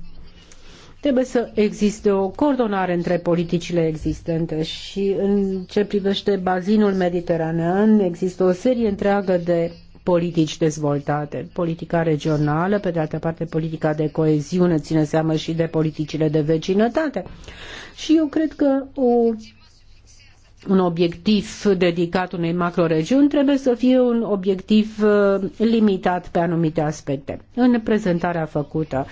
Trebuie să existe o coordonare între politicile existente și în ce privește bazinul mediteranean există o serie întreagă de politici dezvoltate. Politica regională, pe de altă parte politica de coeziune ține seamă și de politicile de vecinătate. Și eu cred că o un obiectiv dedicat unei macroregiuni trebuie să fie un obiectiv uh, limitat pe anumite aspecte. În prezentarea făcută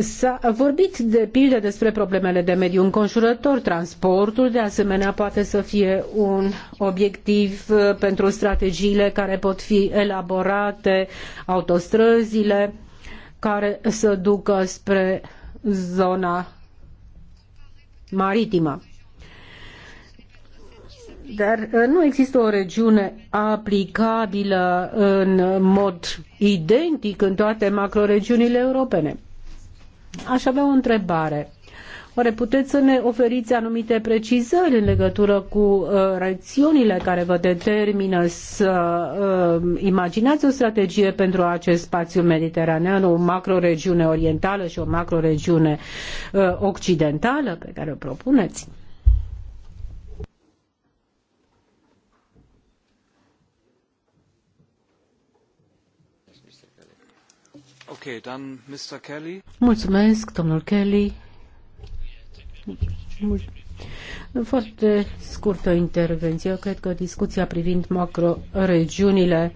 S-a vorbit de pildă despre problemele de mediu înconjurător, transportul de asemenea poate să fie un obiectiv uh, pentru strategiile care pot fi elaborate, autostrăzile care să ducă spre zona maritimă. Dar uh, nu există o regiune aplicabilă în mod identic în toate macroregiunile europene. Aș avea o întrebare. Oare puteți să ne oferiți anumite precizări în legătură cu uh, reacțiunile care vă determină să uh, imaginați o strategie pentru acest spațiu mediteranean, o macroregiune orientală și o macroregiune uh, occidentală pe care o propuneți? Okay, then Mr. Kelly. Mulțumesc, domnul Kelly. foarte scurtă intervenție. Eu cred că discuția privind macroregiunile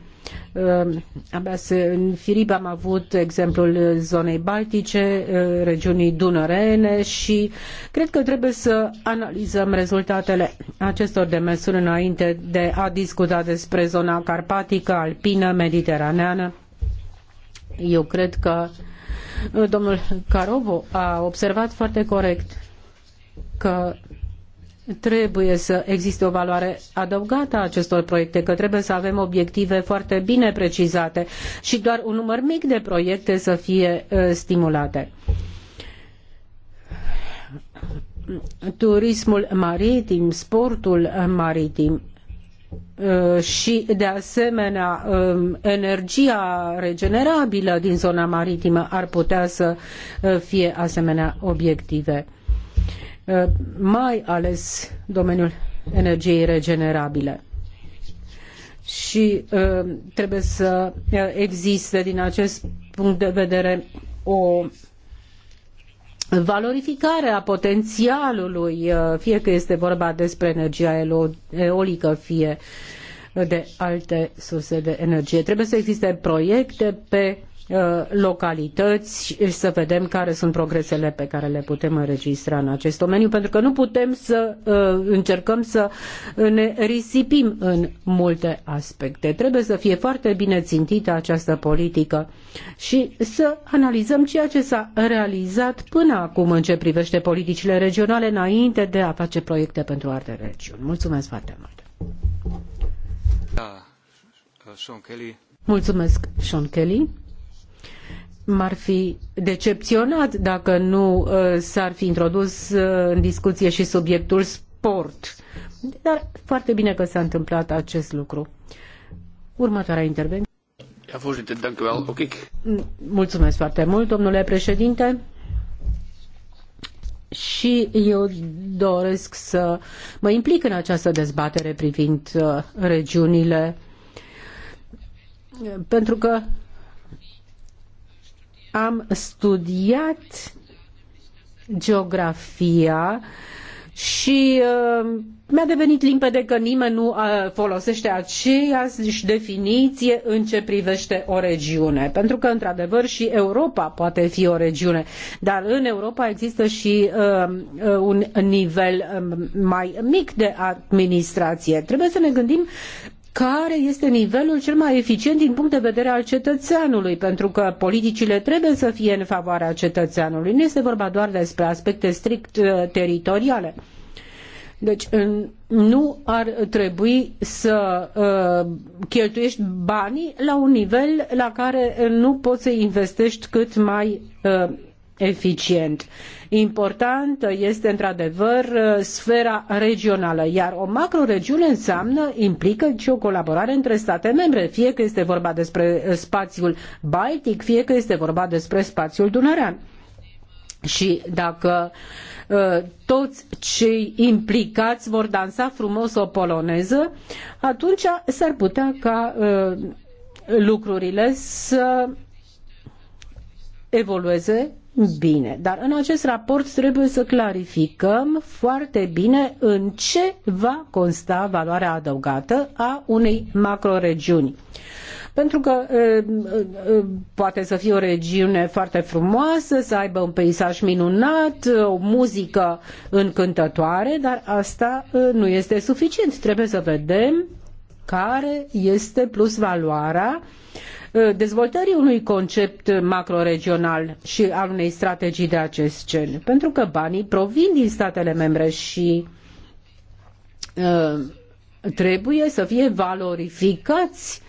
um, Abia se, înfirib. am avut exemplul zonei baltice, uh, regiunii dunărene și cred că trebuie să analizăm rezultatele acestor demersuri înainte de a discuta despre zona carpatică, alpină, mediteraneană eu cred că uh, domnul Carovo a observat foarte corect că trebuie să existe o valoare adăugată a acestor proiecte, că trebuie să avem obiective foarte bine precizate și doar un număr mic de proiecte să fie uh, stimulate. Turismul maritim, sportul maritim Uh, și de asemenea um, energia regenerabilă din zona maritimă ar putea să uh, fie asemenea obiective. Uh, mai ales domeniul energiei regenerabile și trebuie să existe din acest punct de vedere o valorificarea potențialului, uh, fie că este vorba despre energia eolică, fie de alte surse de energie. Trebuie să existe proiecte pe Uh, localități și să vedem care sunt progresele pe care le putem înregistra în acest domeniu, pentru că nu putem să uh, încercăm să ne risipim în multe aspecte. Trebuie să fie foarte bine țintită această politică și să analizăm ceea ce s-a realizat până acum în ce privește politicile regionale înainte de a face proiecte pentru alte regiuni. Mulțumesc foarte mult! Da, Sean Kelly. Mulțumesc, Sean Kelly m-ar fi decepționat dacă nu uh, s-ar fi introdus uh, în discuție și subiectul sport. Dar foarte bine că s-a întâmplat acest lucru. Următoarea intervenție. Mm, mulțumesc foarte mult, domnule președinte. Și eu doresc să mă implic în această dezbatere privind uh, regiunile, pentru că am studiat geografia și uh, mi-a devenit limpede că nimeni nu uh, folosește aceeași definiție în ce privește o regiune. Pentru că, într-adevăr, și Europa poate fi o regiune, dar în Europa există și uh, un nivel um, mai mic de administrație. Trebuie să ne gândim care este nivelul cel mai eficient din punct de vedere al cetățeanului, pentru că politicile trebuie să fie în favoarea cetățeanului. Nu este vorba doar despre aspecte strict uh, teritoriale. Deci nu ar trebui să uh, cheltuiești banii la un nivel la care nu poți să investești cât mai uh, eficient. Importantă este într-adevăr sfera regională, iar o macroregiune înseamnă, implică și o colaborare între state membre, fie că este vorba despre spațiul Baltic, fie că este vorba despre spațiul Dunărean. Și dacă ă, toți cei implicați vor dansa frumos o poloneză, atunci s-ar putea ca ă, lucrurile să evolueze Bine, dar în acest raport trebuie să clarificăm foarte bine în ce va consta valoarea adăugată a unei macroregiuni. Pentru că poate să fie o regiune foarte frumoasă, să aibă un peisaj minunat, o muzică încântătoare, dar asta nu este suficient. Trebuie să vedem care este plus valoarea Uh, dezvoltării unui concept macroregional și al unei strategii de acest gen, pentru că banii provin din statele membre și uh, trebuie să fie valorificați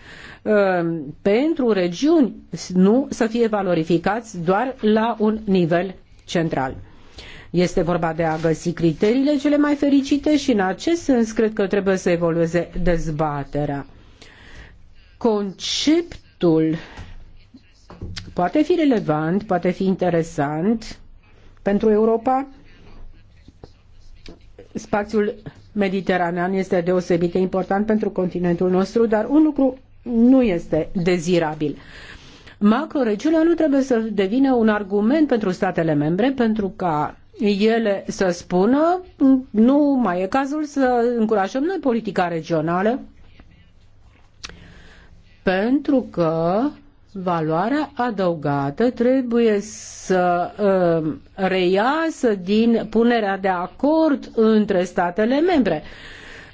uh, pentru regiuni, nu să fie valorificați doar la un nivel central. Este vorba de a găsi criteriile cele mai fericite și în acest sens cred că trebuie să evolueze dezbaterea. Concept proiectul poate fi relevant, poate fi interesant pentru Europa. Spațiul mediteranean este deosebit de important pentru continentul nostru, dar un lucru nu este dezirabil. Macroregiunea nu trebuie să devină un argument pentru statele membre pentru ca ele să spună nu mai e cazul să încurajăm noi politica regională pentru că valoarea adăugată trebuie să uh, reiasă din punerea de acord între statele membre.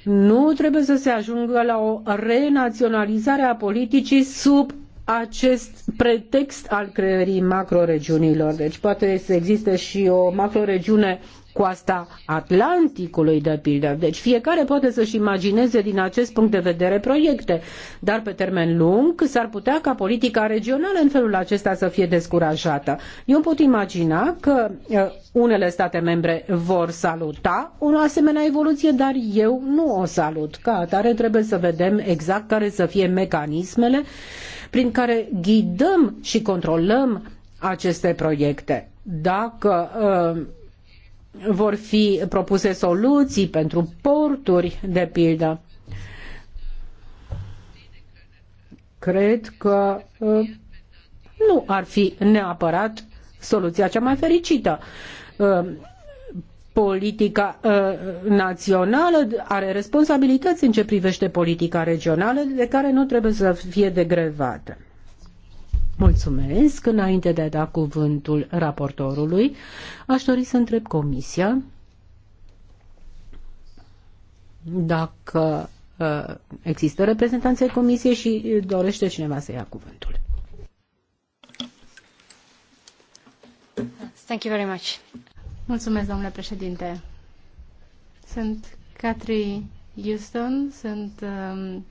Nu trebuie să se ajungă la o renaționalizare a politicii sub acest pretext al creării macroregiunilor. Deci poate să existe și o macroregiune coasta Atlanticului, de pildă. Deci fiecare poate să-și imagineze din acest punct de vedere proiecte, dar pe termen lung s-ar putea ca politica regională în felul acesta să fie descurajată. Eu pot imagina că uh, unele state membre vor saluta o asemenea evoluție, dar eu nu o salut. Ca atare trebuie să vedem exact care să fie mecanismele prin care ghidăm și controlăm aceste proiecte. Dacă uh, vor fi propuse soluții pentru porturi, de pildă. Cred că uh, nu ar fi neapărat soluția cea mai fericită. Uh, politica uh, națională are responsabilități în ce privește politica regională de care nu trebuie să fie degrevată. Mulțumesc. Înainte de a da cuvântul raportorului, aș dori să întreb Comisia dacă uh, există reprezentanții Comisiei și dorește cineva să ia cuvântul. Thank you very much. Mulțumesc, domnule președinte. Sunt Catri Houston, sunt um,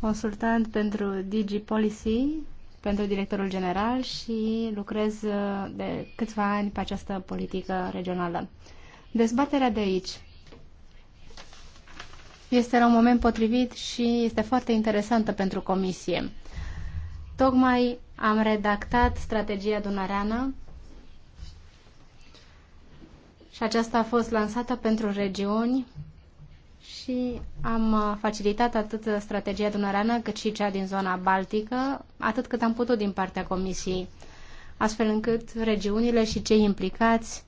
consultant pentru Policy pentru directorul general și lucrez uh, de câțiva ani pe această politică regională. Dezbaterea de aici este la un moment potrivit și este foarte interesantă pentru comisie. Tocmai am redactat strategia dunăreană și aceasta a fost lansată pentru regiuni și am uh, facilitat atât strategia dunăreană cât și cea din zona baltică, atât cât am putut din partea Comisiei, astfel încât regiunile și cei implicați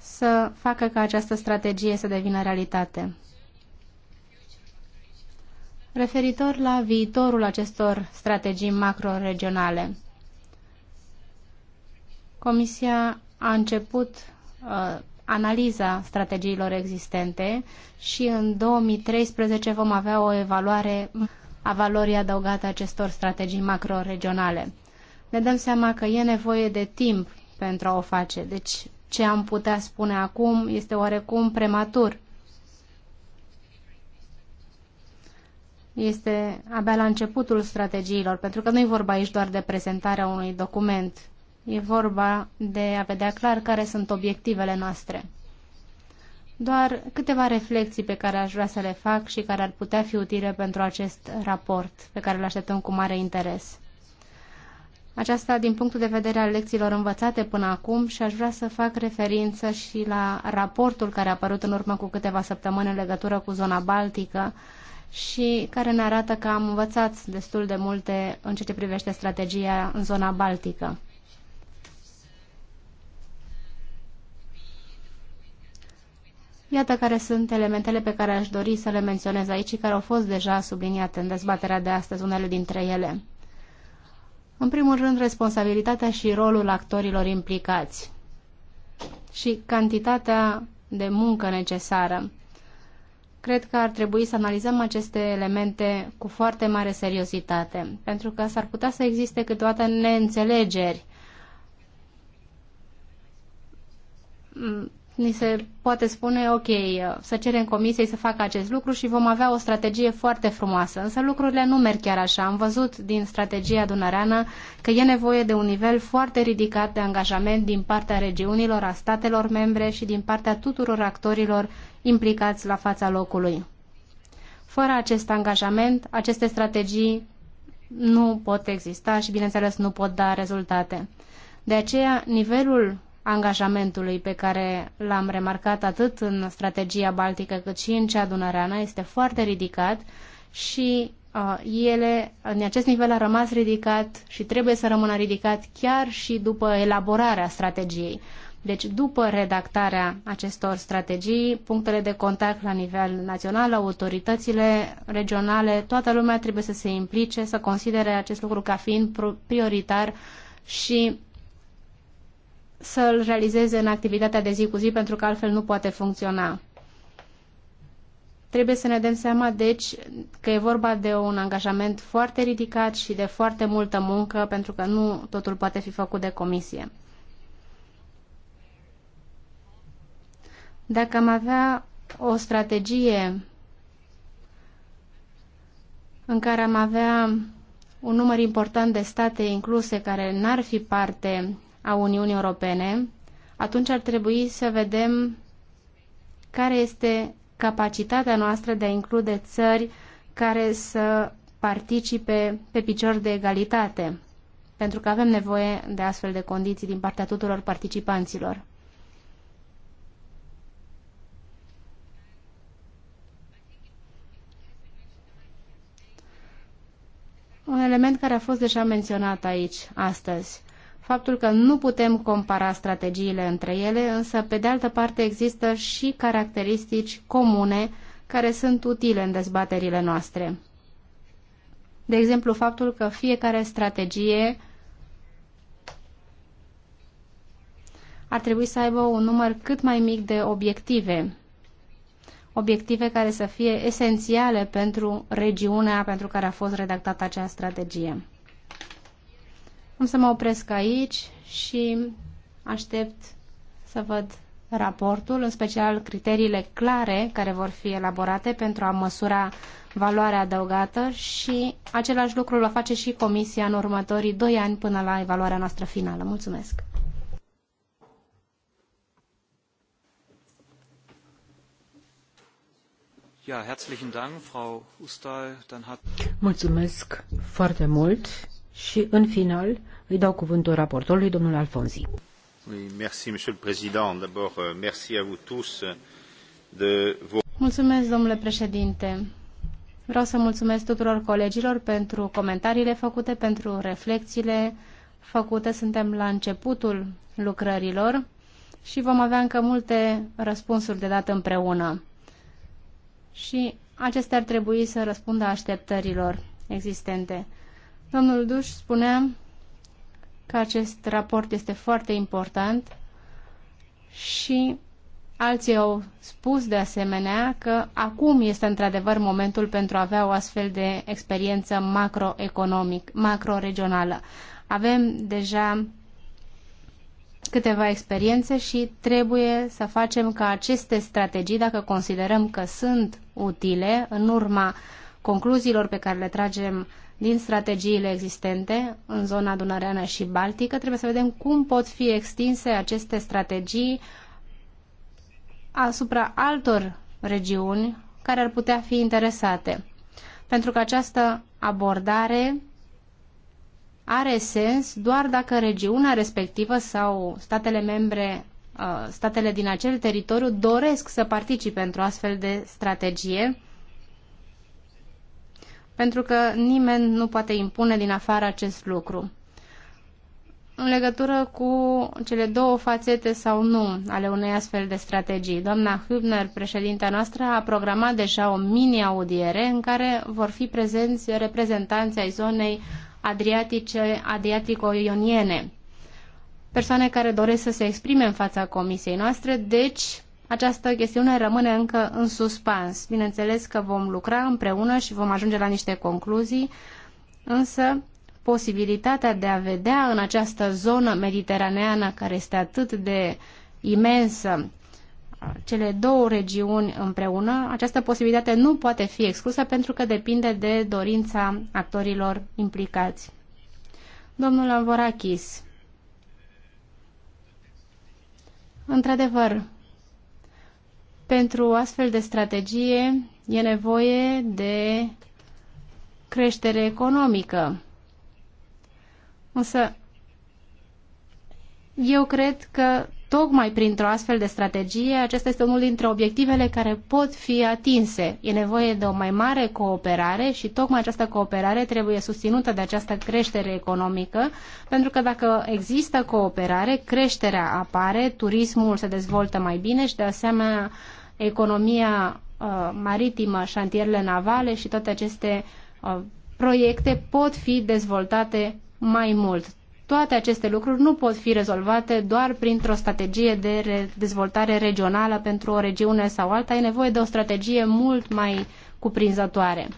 să facă ca această strategie să devină realitate. Referitor la viitorul acestor strategii macroregionale, Comisia a început uh, analiza strategiilor existente și în 2013 vom avea o evaluare a valorii adăugate acestor strategii macroregionale. Ne dăm seama că e nevoie de timp pentru a o face, deci ce am putea spune acum este oarecum prematur. Este abia la începutul strategiilor, pentru că nu i vorba aici doar de prezentarea unui document E vorba de a vedea clar care sunt obiectivele noastre. Doar câteva reflexii pe care aș vrea să le fac și care ar putea fi utile pentru acest raport, pe care îl așteptăm cu mare interes. Aceasta din punctul de vedere al lecțiilor învățate până acum și aș vrea să fac referință și la raportul care a apărut în urmă cu câteva săptămâni în legătură cu zona baltică și care ne arată că am învățat destul de multe în ce privește strategia în zona baltică. Iată care sunt elementele pe care aș dori să le menționez aici și care au fost deja subliniate în dezbaterea de astăzi, unele dintre ele. În primul rând, responsabilitatea și rolul actorilor implicați și cantitatea de muncă necesară. Cred că ar trebui să analizăm aceste elemente cu foarte mare seriozitate, pentru că s-ar putea să existe câteodată neînțelegeri ni se poate spune, ok, să cerem comisiei să facă acest lucru și vom avea o strategie foarte frumoasă. Însă lucrurile nu merg chiar așa. Am văzut din strategia dunăreană că e nevoie de un nivel foarte ridicat de angajament din partea regiunilor, a statelor membre și din partea tuturor actorilor implicați la fața locului. Fără acest angajament, aceste strategii nu pot exista și, bineînțeles, nu pot da rezultate. De aceea, nivelul angajamentului pe care l-am remarcat atât în strategia baltică cât și în cea dunăreană este foarte ridicat și uh, ele, în acest nivel a rămas ridicat și trebuie să rămână ridicat chiar și după elaborarea strategiei. Deci, după redactarea acestor strategii, punctele de contact la nivel național, autoritățile regionale, toată lumea trebuie să se implice, să considere acest lucru ca fiind prioritar și să-l realizeze în activitatea de zi cu zi, pentru că altfel nu poate funcționa. Trebuie să ne dăm seama, deci, că e vorba de un angajament foarte ridicat și de foarte multă muncă, pentru că nu totul poate fi făcut de comisie. Dacă am avea o strategie în care am avea un număr important de state incluse care n-ar fi parte a Uniunii Europene, atunci ar trebui să vedem care este capacitatea noastră de a include țări care să participe pe picior de egalitate, pentru că avem nevoie de astfel de condiții din partea tuturor participanților. Un element care a fost deja menționat aici astăzi faptul că nu putem compara strategiile între ele, însă, pe de altă parte, există și caracteristici comune care sunt utile în dezbaterile noastre. De exemplu, faptul că fiecare strategie ar trebui să aibă un număr cât mai mic de obiective, obiective care să fie esențiale pentru regiunea pentru care a fost redactată acea strategie. Am să mă opresc aici și aștept să văd raportul, în special criteriile clare care vor fi elaborate pentru a măsura valoarea adăugată și același lucru va face și Comisia în următorii doi ani până la evaluarea noastră finală. Mulțumesc! Mulțumesc foarte mult și în final îi dau cuvântul raportorului, domnul Alfonzi. Euh, mulțumesc, domnule președinte. Vreau să mulțumesc tuturor colegilor pentru comentariile făcute, pentru reflexiile făcute. Suntem la începutul lucrărilor și vom avea încă multe răspunsuri de dat împreună. Și acestea ar trebui să răspundă așteptărilor existente. Domnul Duș spunea că acest raport este foarte important și alții au spus de asemenea că acum este într-adevăr momentul pentru a avea o astfel de experiență macroeconomic, macroregională. Avem deja câteva experiențe și trebuie să facem ca aceste strategii, dacă considerăm că sunt utile, în urma concluziilor pe care le tragem din strategiile existente în zona dunăreană și baltică. Trebuie să vedem cum pot fi extinse aceste strategii asupra altor regiuni care ar putea fi interesate. Pentru că această abordare are sens doar dacă regiunea respectivă sau statele membre, uh, statele din acel teritoriu doresc să participe într-o astfel de strategie pentru că nimeni nu poate impune din afară acest lucru. În legătură cu cele două fațete sau nu ale unei astfel de strategii, doamna Hübner, președinta noastră, a programat deja o mini-audiere în care vor fi prezenți reprezentanții ai zonei adriatice, adriatico-ioniene, persoane care doresc să se exprime în fața comisiei noastre, deci această chestiune rămâne încă în suspans. Bineînțeles că vom lucra împreună și vom ajunge la niște concluzii, însă posibilitatea de a vedea în această zonă mediteraneană care este atât de imensă cele două regiuni împreună, această posibilitate nu poate fi exclusă pentru că depinde de dorința actorilor implicați. Domnul Anvorachis, într-adevăr, pentru o astfel de strategie e nevoie de creștere economică. Însă, eu cred că tocmai printr-o astfel de strategie, acesta este unul dintre obiectivele care pot fi atinse. E nevoie de o mai mare cooperare și tocmai această cooperare trebuie susținută de această creștere economică, pentru că dacă există cooperare, creșterea apare, turismul se dezvoltă mai bine și de asemenea economia uh, maritimă, șantierele navale și toate aceste uh, proiecte pot fi dezvoltate mai mult. Toate aceste lucruri nu pot fi rezolvate doar printr-o strategie de dezvoltare regională pentru o regiune sau alta. E nevoie de o strategie mult mai cuprinzătoare.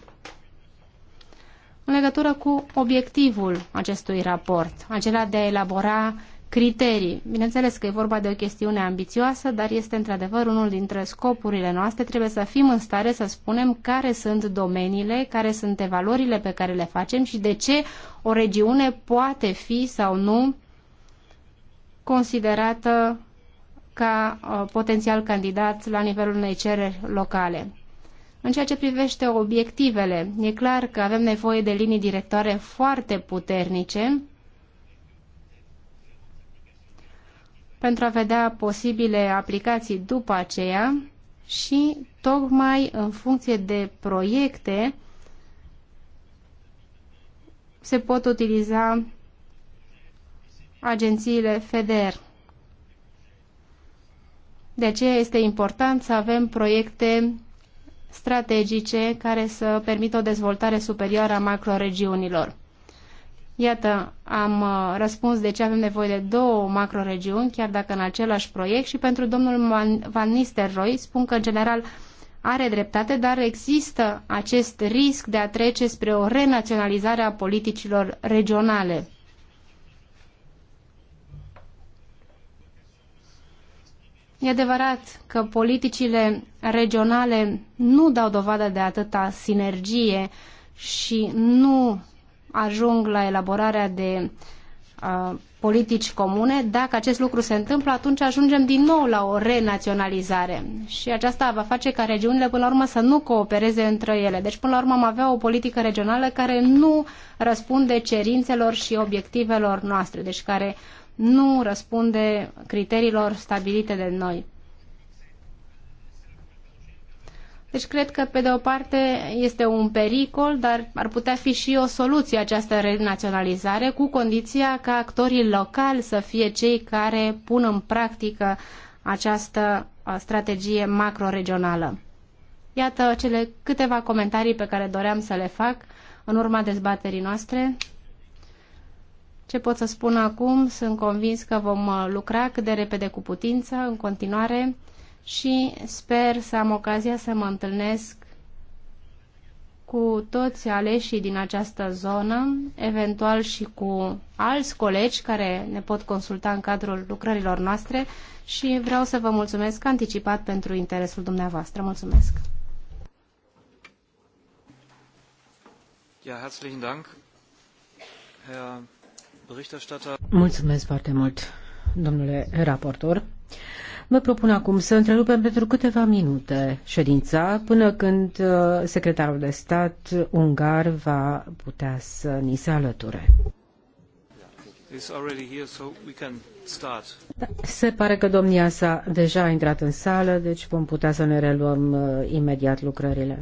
În legătură cu obiectivul acestui raport, acela de a elabora criterii. Bineînțeles că e vorba de o chestiune ambițioasă, dar este într-adevăr unul dintre scopurile noastre. Trebuie să fim în stare să spunem care sunt domeniile, care sunt evaluările pe care le facem și de ce o regiune poate fi sau nu considerată ca uh, potențial candidat la nivelul unei cereri locale. În ceea ce privește obiectivele, e clar că avem nevoie de linii directoare foarte puternice pentru a vedea posibile aplicații după aceea și tocmai în funcție de proiecte se pot utiliza agențiile FEDER. De aceea este important să avem proiecte strategice care să permită o dezvoltare superioară a macroregiunilor. Iată, am uh, răspuns de ce avem nevoie de două macroregiuni, chiar dacă în același proiect și pentru domnul Van Nistelrooy spun că, în general, are dreptate, dar există acest risc de a trece spre o renaționalizare a politicilor regionale. E adevărat că politicile regionale nu dau dovadă de atâta sinergie și nu ajung la elaborarea de uh, politici comune, dacă acest lucru se întâmplă, atunci ajungem din nou la o renaționalizare. Și aceasta va face ca regiunile, până la urmă, să nu coopereze între ele. Deci, până la urmă, am avea o politică regională care nu răspunde cerințelor și obiectivelor noastre, deci care nu răspunde criteriilor stabilite de noi. Deci cred că, pe de o parte, este un pericol, dar ar putea fi și o soluție această renaționalizare, cu condiția ca actorii locali să fie cei care pun în practică această uh, strategie macroregională. Iată cele câteva comentarii pe care doream să le fac în urma dezbaterii noastre. Ce pot să spun acum? Sunt convins că vom uh, lucra cât de repede cu putință în continuare și sper să am ocazia să mă întâlnesc cu toți aleșii din această zonă, eventual și cu alți colegi care ne pot consulta în cadrul lucrărilor noastre și vreau să vă mulțumesc anticipat pentru interesul dumneavoastră. Mulțumesc! Mulțumesc foarte mult, domnule raportor. Vă propun acum să întrerupem pentru câteva minute ședința până când uh, secretarul de stat ungar va putea să ni se alăture. Da, se pare că domnia sa deja a intrat în sală, deci vom putea să ne reluăm uh, imediat lucrările.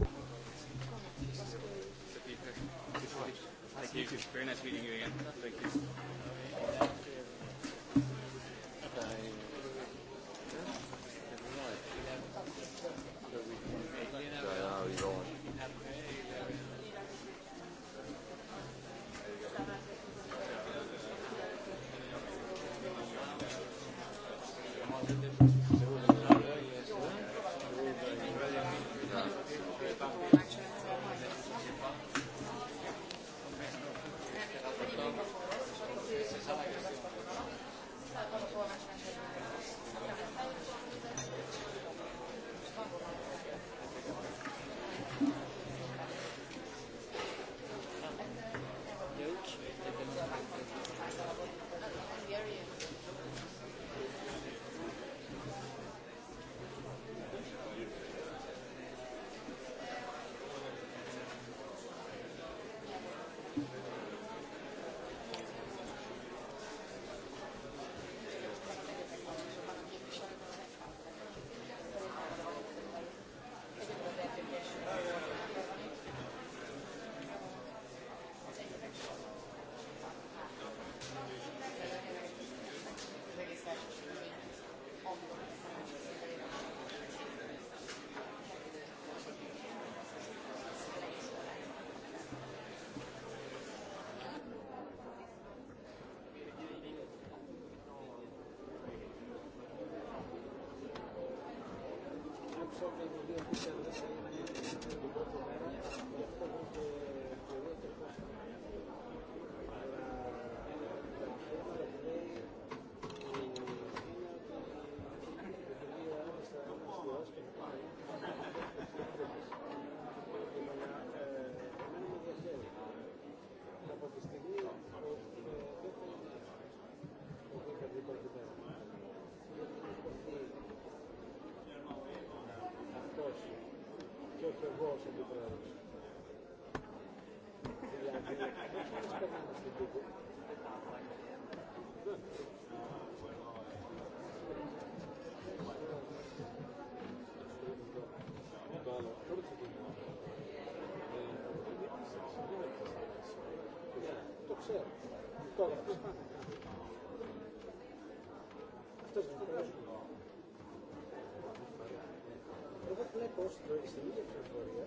postdoor is de moeder voor je.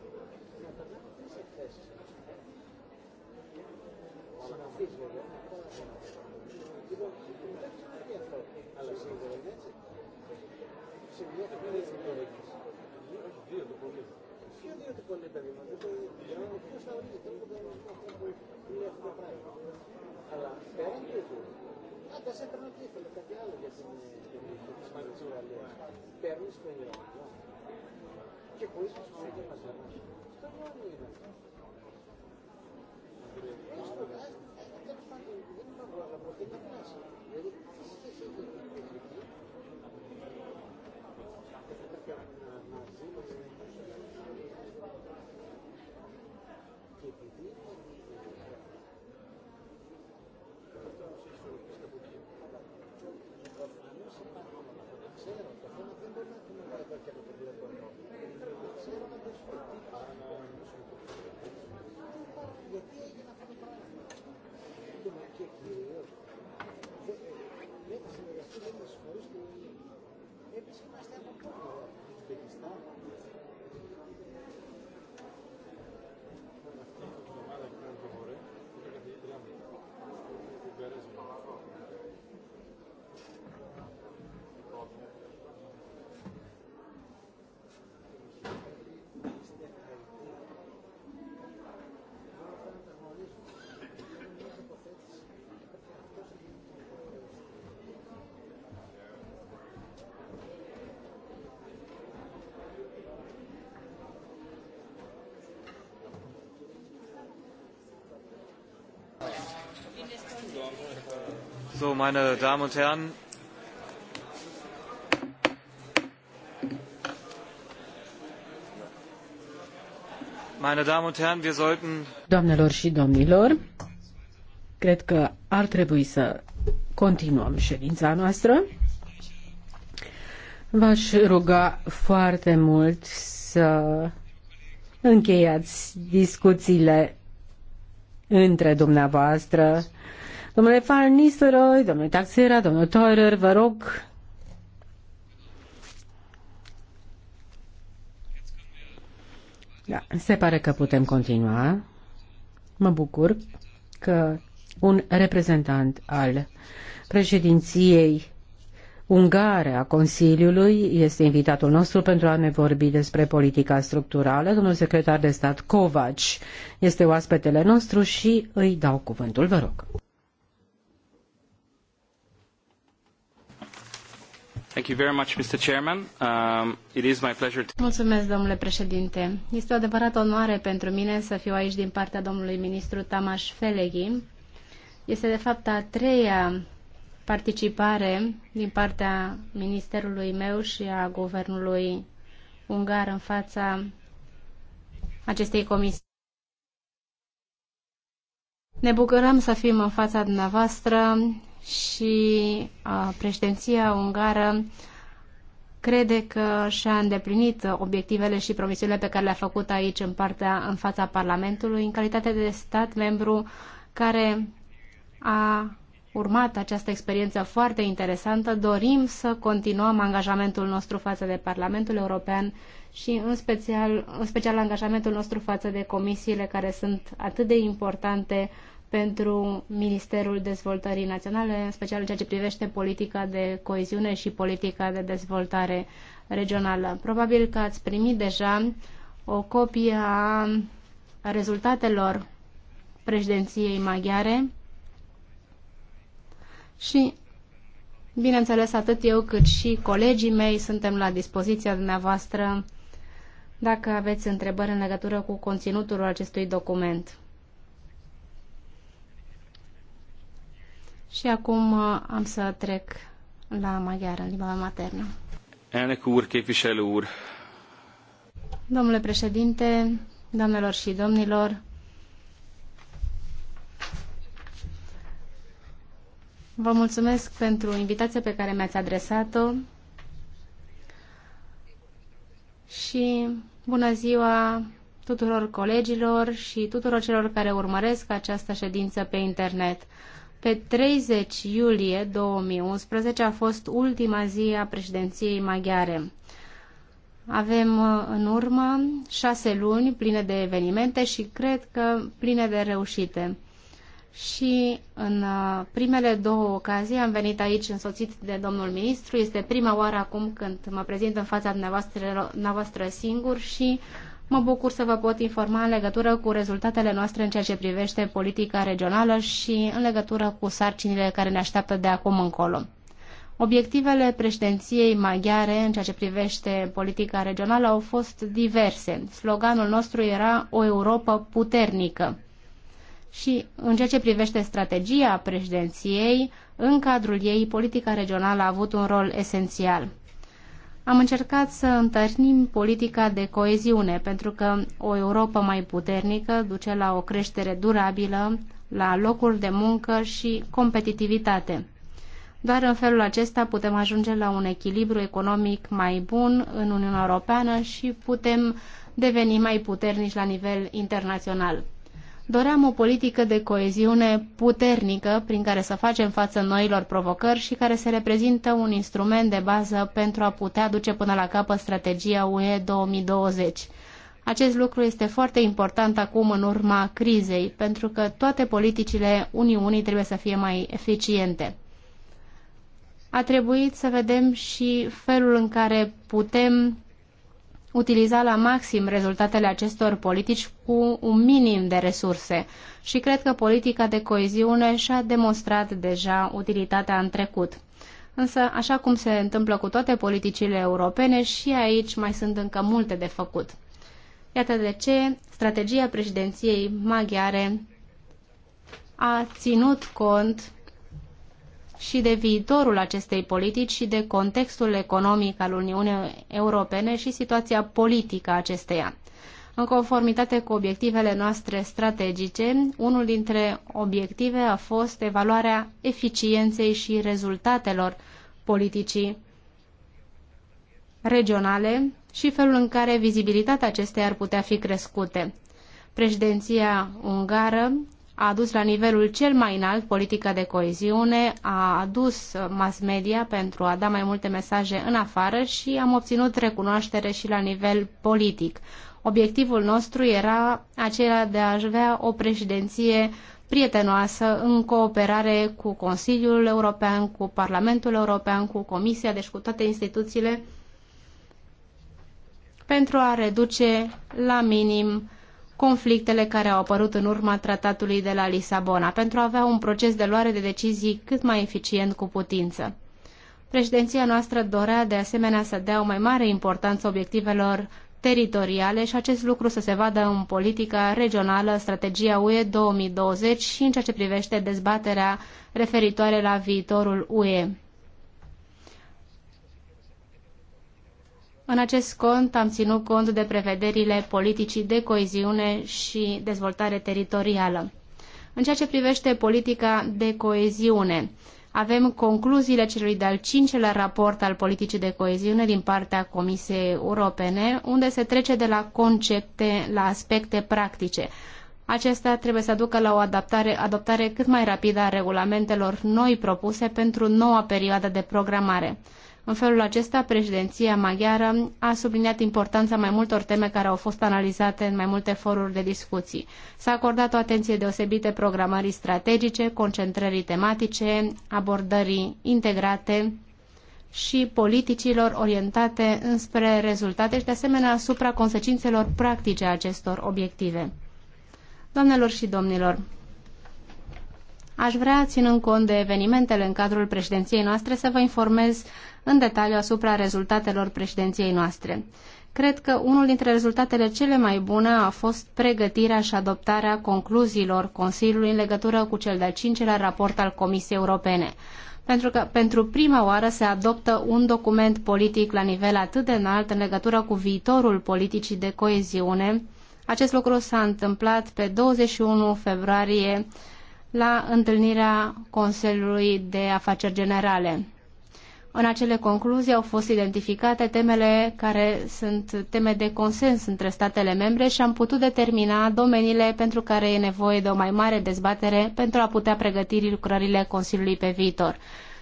En dan vandaag is het test. Vanaf is weer, hè? Je wordt contact met je voor. Alles zien we net. Ze moet het niet verwerken. Vier de politie. Vier de politie bij iemand. Ποιο θα βρει, δεν μπορεί να βρει αυτό το πράγμα. Αλλά πέραν του Άντε, σε έπαιρνα τι ήθελε, κάτι άλλο για την κουλτούρα. Παίρνει στο Ιωάννη και χωρίς τους συνεργασίες μας. Αυτό είναι άλλο είναι. Έστω, δεν υπάρχει, δεν υπάρχει, δεν υπάρχει, δεν υπάρχει, δεν υπάρχει, δεν υπάρχει, So, meine Damen und Herren, meine Damen und Herren, wir sollten Doamnelor și domnilor, cred că ar trebui să continuăm ședința noastră. V-aș ruga foarte mult să încheiați discuțiile între dumneavoastră Domnule Van domnule Taxera, domnule Teurer, vă rog. Da, se pare că putem continua. Mă bucur că un reprezentant al președinției ungare a Consiliului este invitatul nostru pentru a ne vorbi despre politica structurală. Domnul secretar de stat Covaci este oaspetele nostru și îi dau cuvântul, vă rog. Thank you very much, Mr. Chairman. Um, it is my pleasure to... Mulțumesc, domnule președinte. Este o adevărată onoare pentru mine să fiu aici din partea domnului ministru Tamas Feleghi. Este, de fapt, a treia participare din partea ministerului meu și a guvernului ungar în fața acestei comisii. Ne bucurăm să fim în fața dumneavoastră și președinția ungară crede că și-a îndeplinit obiectivele și promisiunile pe care le-a făcut aici în, partea, în fața Parlamentului în calitate de stat membru care a urmat această experiență foarte interesantă, dorim să continuăm angajamentul nostru față de Parlamentul European și în special, în special angajamentul nostru față de comisiile care sunt atât de importante uh, pentru Ministerul Dezvoltării Naționale, în special în ceea ce privește politica de coeziune și politica de dezvoltare regională. Probabil că ați primit deja o copie a rezultatelor președinției maghiare și, bineînțeles, atât eu cât și colegii mei suntem la dispoziția dumneavoastră dacă aveți întrebări în legătură cu conținutul acestui document. Și acum uh, am să trec la maghiară, în limba mea maternă. Elnök úr, képviselő úr. Domnule președinte, doamnelor și domnilor, vă mulțumesc pentru invitația pe care mi-ați adresat-o și bună ziua tuturor colegilor și tuturor celor care urmăresc această ședință pe internet. Pe 30 iulie 2011 a fost ultima zi a președinției maghiare. Avem uh, în urmă șase luni pline de evenimente și cred că pline de reușite. Și în uh, primele două ocazii am venit aici însoțit de domnul ministru. Este prima oară acum când mă prezint în fața dumneavoastră, singur și uh, Mă bucur să vă pot informa în legătură cu rezultatele noastre în ceea ce privește politica regională și în legătură cu sarcinile care ne așteaptă de acum încolo. Obiectivele președinției maghiare în ceea ce privește politica regională au fost diverse. Sloganul nostru era o Europa puternică. Și în ceea ce privește strategia președinției, în cadrul ei, politica regională a avut un rol esențial. Am încercat să întărnim politica de coeziune, pentru că o Europa mai puternică duce la o creștere durabilă, la locuri de muncă și competitivitate. Doar în felul acesta putem ajunge la un echilibru economic mai bun în Uniunea Europeană și putem deveni mai puternici la nivel internațional doream o politică de coeziune puternică prin care să facem față noilor provocări și care să reprezintă un instrument de bază pentru a putea duce până la capăt strategia UE 2020. Acest lucru este foarte important acum în urma crizei, pentru că toate politicile Uniunii trebuie să fie mai eficiente. A trebuit să vedem și felul în care putem utiliza la maxim rezultatele acestor politici cu un minim de resurse și cred că politica de coeziune și-a demonstrat deja utilitatea în trecut. Însă, așa cum se întâmplă cu toate politicile europene, și aici mai sunt încă multe de făcut. Iată de ce strategia președinției maghiare a ținut cont și de viitorul acestei politici și de contextul economic al Uniunii Europene și situația politică a acesteia. În conformitate cu obiectivele noastre strategice, unul dintre obiective a fost evaluarea eficienței și rezultatelor politicii regionale și felul în care vizibilitatea acesteia ar putea fi crescute. Președinția ungară a adus la nivelul cel mai înalt politica de coeziune, a adus mass media pentru a da mai multe mesaje în afară și am obținut recunoaștere și la nivel politic. Obiectivul nostru era acela de a avea o președinție prietenoasă în cooperare cu Consiliul European, cu Parlamentul European, cu Comisia, deci cu toate instituțiile, pentru a reduce la minim conflictele care au apărut în urma tratatului de la Lisabona, pentru a avea un proces de luare de decizii cât mai eficient cu putință. Președinția noastră dorea de asemenea să dea o mai mare importanță obiectivelor teritoriale și acest lucru să se vadă în politica regională, strategia UE 2020 și în ceea ce privește dezbaterea referitoare la viitorul UE. În acest cont am ținut cont de prevederile politicii de coeziune și dezvoltare teritorială. În ceea ce privește politica de coeziune, avem concluziile celui de-al cincelea raport al politicii de coeziune din partea Comisiei Europene, unde se trece de la concepte la aspecte practice. Acestea trebuie să aducă la o adaptare, adoptare cât mai rapidă a regulamentelor noi propuse pentru noua perioadă de programare. În felul acesta, președinția maghiară a subliniat importanța mai multor teme care au fost analizate în mai multe foruri de discuții. S-a acordat o atenție deosebită programării strategice, concentrării tematice, abordării integrate și politicilor orientate înspre rezultate și, de asemenea, asupra consecințelor practice a acestor obiective. Doamnelor și domnilor, aș vrea, ținând cont de evenimentele în cadrul președinției noastre, să vă informez în detaliu asupra rezultatelor președinției noastre. Cred că unul dintre rezultatele cele mai bune a fost pregătirea și adoptarea concluziilor Consiliului în legătură cu cel de-al cincilea raport al Comisiei Europene pentru că pentru prima oară se adoptă un document politic la nivel atât de înalt în legătură cu viitorul politicii de coeziune. Acest lucru s-a întâmplat pe 21 februarie la întâlnirea Consiliului de Afaceri Generale. În acele concluzii au fost identificate temele care sunt teme de consens între statele membre și am putut determina domeniile pentru care e nevoie de o mai mare dezbatere pentru a putea pregăti lucrările Consiliului pe viitor.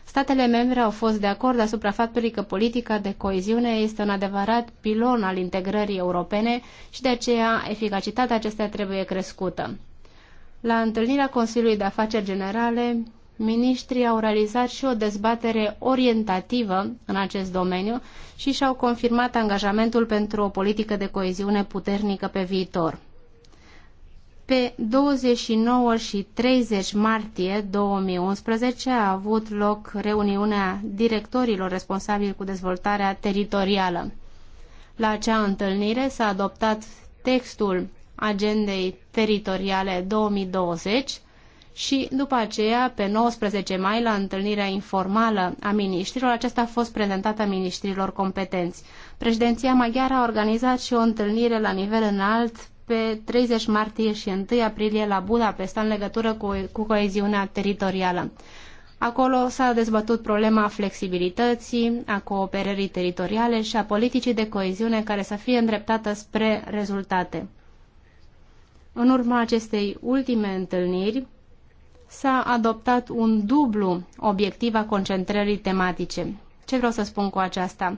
Statele membre au fost de acord asupra faptului că politica de coeziune este un adevărat pilon al integrării europene și de aceea eficacitatea acestea trebuie crescută. La întâlnirea Consiliului de Afaceri Generale, Ministrii au realizat și o dezbatere orientativă în acest domeniu și și-au confirmat angajamentul pentru o politică de coeziune puternică pe viitor. Pe 29 și 30 martie 2011 a avut loc reuniunea directorilor responsabili cu dezvoltarea teritorială. La acea întâlnire s-a adoptat textul Agendei Teritoriale 2020, și după aceea, pe 19 mai, la întâlnirea informală a miniștrilor, acesta a fost prezentată a miniștrilor competenți. Președinția maghiară a organizat și o întâlnire la nivel înalt pe 30 martie și 1 aprilie la Budapesta în legătură cu, cu coeziunea teritorială. Acolo s-a dezbătut problema flexibilității, a cooperării teritoriale și a politicii de coeziune care să fie îndreptată spre rezultate. În urma acestei ultime întâlniri, s-a adoptat un dublu obiectiv a concentrării tematice. Ce vreau să spun cu aceasta?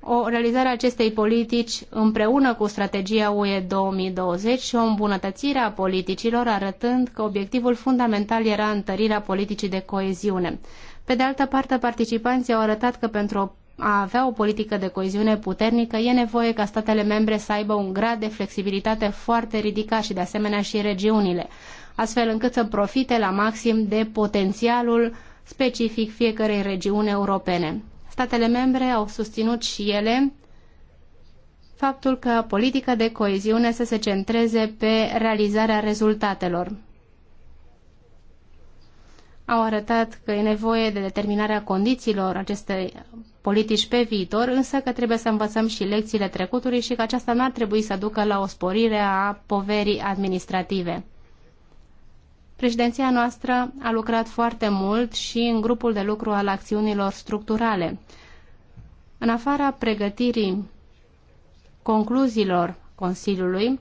O realizare a acestei politici împreună cu strategia UE 2020 și o îmbunătățire a politicilor, arătând că obiectivul fundamental era întărirea politicii de coeziune. Pe de altă parte, participanții au arătat că pentru a avea o politică de coeziune puternică, e nevoie ca statele membre să aibă un grad de flexibilitate foarte ridicat și de asemenea și regiunile astfel încât să profite la maxim de potențialul specific fiecărei regiuni europene. Statele membre au susținut și ele faptul că politica de coeziune să se centreze pe realizarea rezultatelor. Au arătat că e nevoie de determinarea condițiilor acestei politici pe viitor, însă că trebuie să învățăm și lecțiile trecutului și că aceasta nu ar trebui să ducă la o sporire a poverii administrative. Președinția noastră a lucrat foarte mult și în grupul de lucru al acțiunilor structurale. În afara pregătirii concluziilor Consiliului,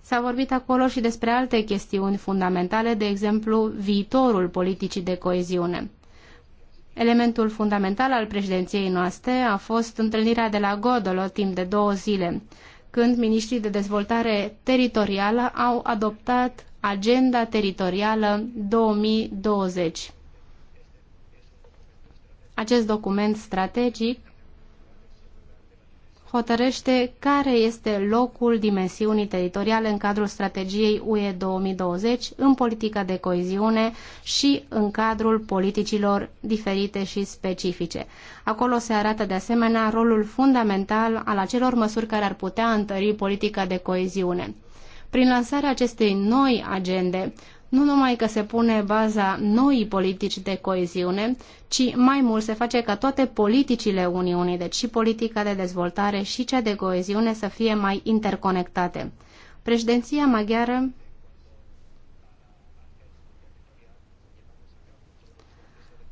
s-a vorbit acolo și despre alte chestiuni fundamentale, de exemplu viitorul politicii de coeziune. Elementul fundamental al președinției noastre a fost întâlnirea de la Godolo timp de două zile, când ministrii de dezvoltare teritorială au adoptat Agenda Teritorială 2020. Acest document strategic hotărăște care este locul dimensiunii teritoriale în cadrul strategiei UE 2020, în politica de coeziune și în cadrul politicilor diferite și specifice. Acolo se arată de asemenea rolul fundamental al acelor măsuri care ar putea întări politica de coeziune. Prin lansarea acestei noi agende, nu numai că se pune baza noii politici de coeziune, ci mai mult se face ca toate politicile Uniunii, deci și politica de dezvoltare și cea de coeziune să fie mai interconectate. Președinția maghiară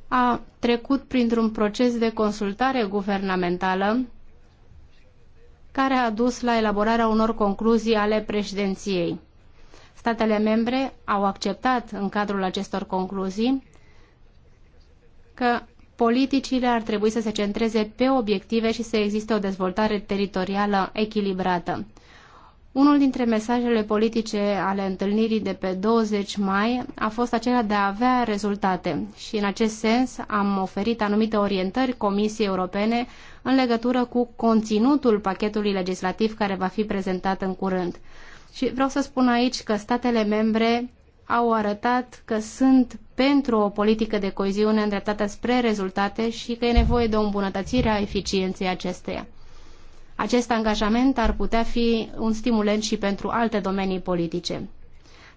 a trecut printr-un proces de consultare guvernamentală care a dus la elaborarea unor concluzii ale președinției. Statele membre au acceptat în cadrul acestor concluzii că politicile ar trebui să se centreze pe obiective și să existe o dezvoltare teritorială echilibrată. Unul dintre mesajele politice ale întâlnirii de pe 20 mai a fost acela de a avea rezultate și în acest sens am oferit anumite orientări Comisiei Europene în legătură cu conținutul pachetului legislativ care va fi prezentat în curând. Și vreau să spun aici că statele membre au arătat că sunt pentru o politică de coeziune îndreptată spre rezultate și că e nevoie de o îmbunătățire a eficienței acesteia. Acest angajament ar putea fi un stimulent și pentru alte domenii politice.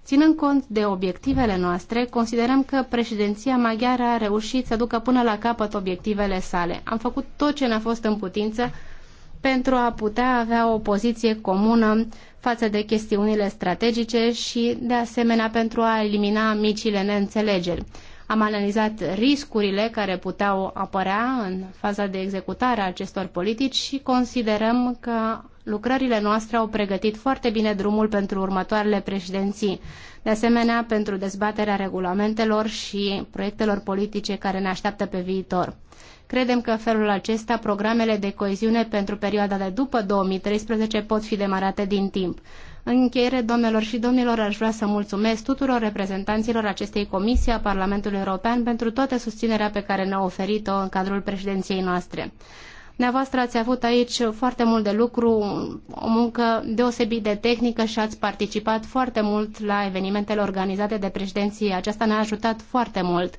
Ținând cont de obiectivele noastre, considerăm că președinția maghiară a reușit să ducă până la capăt obiectivele sale. Am făcut tot ce ne-a fost în putință pentru a putea avea o poziție comună față de chestiunile strategice și, de asemenea, pentru a elimina micile neînțelegeri. Am analizat riscurile care puteau apărea în faza de executare a acestor politici și considerăm că lucrările noastre au pregătit foarte bine drumul pentru următoarele președinții, de asemenea pentru dezbaterea regulamentelor și proiectelor politice care ne așteaptă pe viitor. Credem că în felul acesta programele de coeziune pentru perioada de după 2013 pot fi demarate din timp. În încheiere, domnilor și domnilor, aș vrea să mulțumesc tuturor reprezentanților acestei comisii a Parlamentului European pentru toată susținerea pe care ne-a oferit-o în cadrul președinției noastre. Neavoastră ați avut aici foarte mult de lucru, o muncă deosebit de tehnică și ați participat foarte mult la evenimentele organizate de președinție. Aceasta ne-a ajutat foarte mult.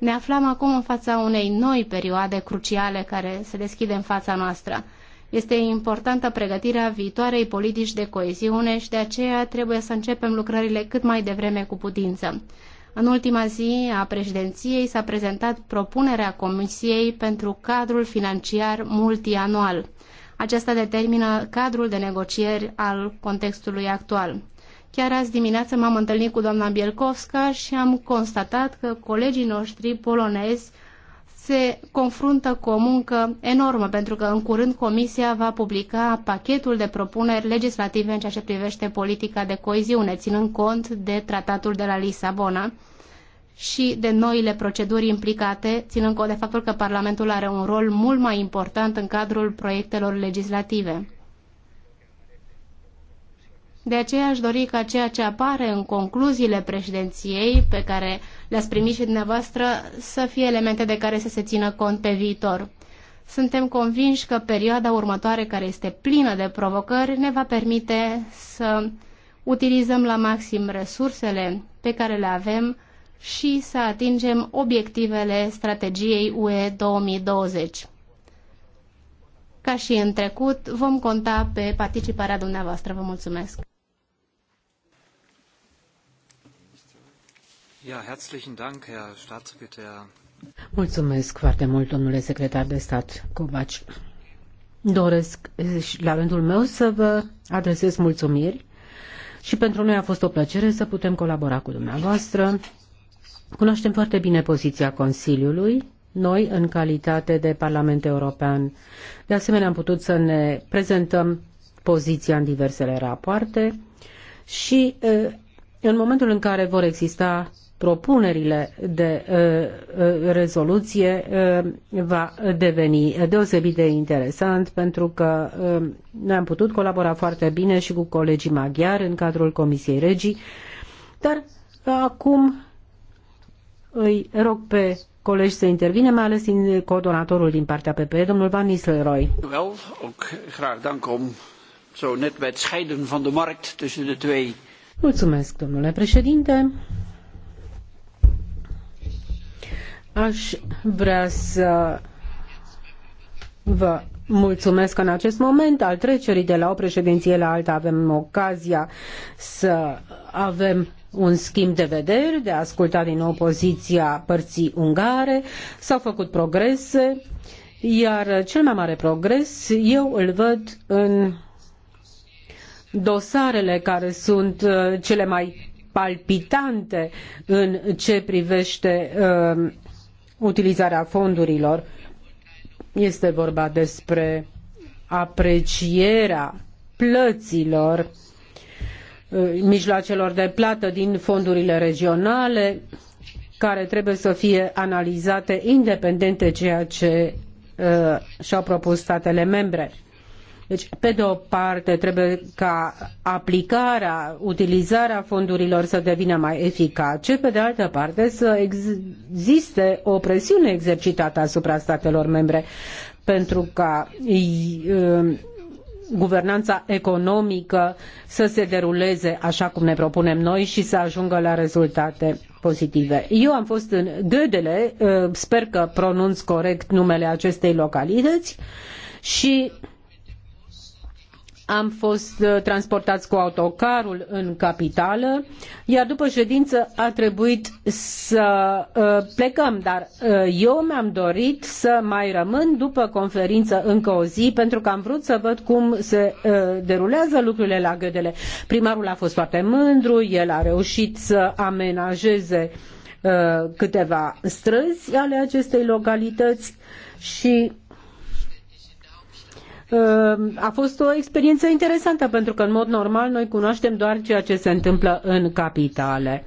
Ne aflăm acum în fața unei noi perioade cruciale care se deschide în fața noastră. Este importantă pregătirea viitoarei politici de coeziune și de aceea trebuie să începem lucrările cât mai devreme cu putință. În ultima zi a președinției s-a prezentat propunerea Comisiei pentru cadrul financiar multianual. Aceasta determină cadrul de negocieri al contextului actual. Chiar azi dimineață m-am întâlnit cu doamna Bielkovska și am constatat că colegii noștri polonezi se confruntă cu o muncă enormă, pentru că în curând Comisia va publica pachetul de propuneri legislative în ceea ce privește politica de coeziune, ținând cont de tratatul de la Lisabona și de noile proceduri implicate, ținând cont de faptul că Parlamentul are un rol mult mai important în cadrul proiectelor legislative. De aceea aș dori ca ceea ce apare în concluziile președinției pe care le-ați primit și dumneavoastră să fie elemente de care să se țină cont pe viitor. Suntem convinși că perioada următoare, care este plină de provocări, ne va permite să utilizăm la maxim resursele pe care le avem și să atingem obiectivele strategiei UE 2020. Ca și în trecut, vom conta pe participarea dumneavoastră. Vă mulțumesc! Mulțumesc foarte mult, domnule secretar de stat Covaci. Doresc și la rândul meu să vă adresez mulțumiri și pentru noi a fost o plăcere să putem colabora cu dumneavoastră. Cunoaștem foarte bine poziția Consiliului, noi în calitate de Parlament European. De asemenea, am putut să ne prezentăm poziția în diversele rapoarte și în momentul în care vor exista propunerile de uh, uh, rezoluție uh, va deveni deosebit de interesant pentru că noi am putut colabora foarte bine și cu colegii maghiari în cadrul Comisiei Regii, dar acum îi rog pe colegi să intervine, mai ales din coordonatorul din partea PPE, domnul Van Nistelrooy. Wel, ook graag dank om zo net bij het scheiden van de markt tussen de twee. Mulțumesc, domnule președinte. Aș vrea să vă mulțumesc în acest moment al trecerii de la o președinție la alta avem ocazia să avem un schimb de vederi, de a asculta din nou poziția părții ungare. S-au făcut progrese, iar cel mai mare progres eu îl văd în dosarele care sunt uh, cele mai palpitante în ce privește uh, utilizarea fondurilor. Este vorba despre aprecierea plăților eh, mijloacelor de plată din fondurile regionale care trebuie să fie analizate independent de ceea ce uh, și-au propus statele membre. Deci, pe de o parte, trebuie ca aplicarea, utilizarea fondurilor să devină mai eficace, pe de altă parte, să existe o presiune exercitată asupra statelor membre pentru ca um, guvernanța economică să se deruleze așa cum ne propunem noi și să ajungă la rezultate pozitive. Eu am fost în Gödele, uh, sper că pronunț corect numele acestei localități, și am fost uh, transportați cu autocarul în capitală, iar după ședință a trebuit să uh, plecăm, dar uh, eu mi-am dorit să mai rămân după conferință încă o zi, pentru că am vrut să văd cum se derulează lucrurile la Gădele. Primarul a fost foarte mândru, el a reușit să amenajeze câteva străzi ale acestei localități și Uh, a fost o experiență interesantă pentru că în mod normal noi cunoaștem doar ceea ce se întâmplă în capitale.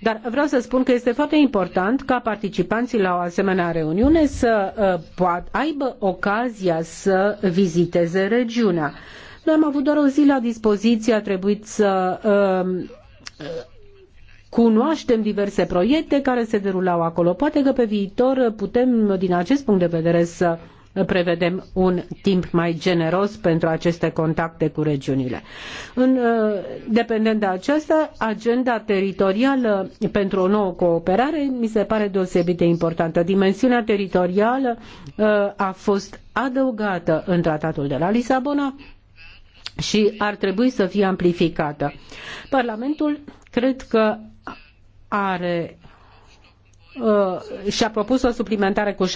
Dar vreau să spun că este foarte important ca participanții la o asemenea reuniune să uh, poată, aibă ocazia să viziteze regiunea. Noi am avut doar o zi la dispoziție, a trebuit să uh, cunoaștem diverse proiecte care se derulau acolo. Poate că pe viitor putem, din acest punct de vedere, să prevedem un timp mai generos pentru aceste contacte cu regiunile. În, uh, dependent de aceasta, agenda teritorială pentru o nouă cooperare mi se pare deosebit de importantă. Dimensiunea teritorială uh, a fost adăugată în tratatul de la Lisabona și ar trebui să fie amplificată. Parlamentul cred că are Uh, și-a propus o suplimentare cu 7%.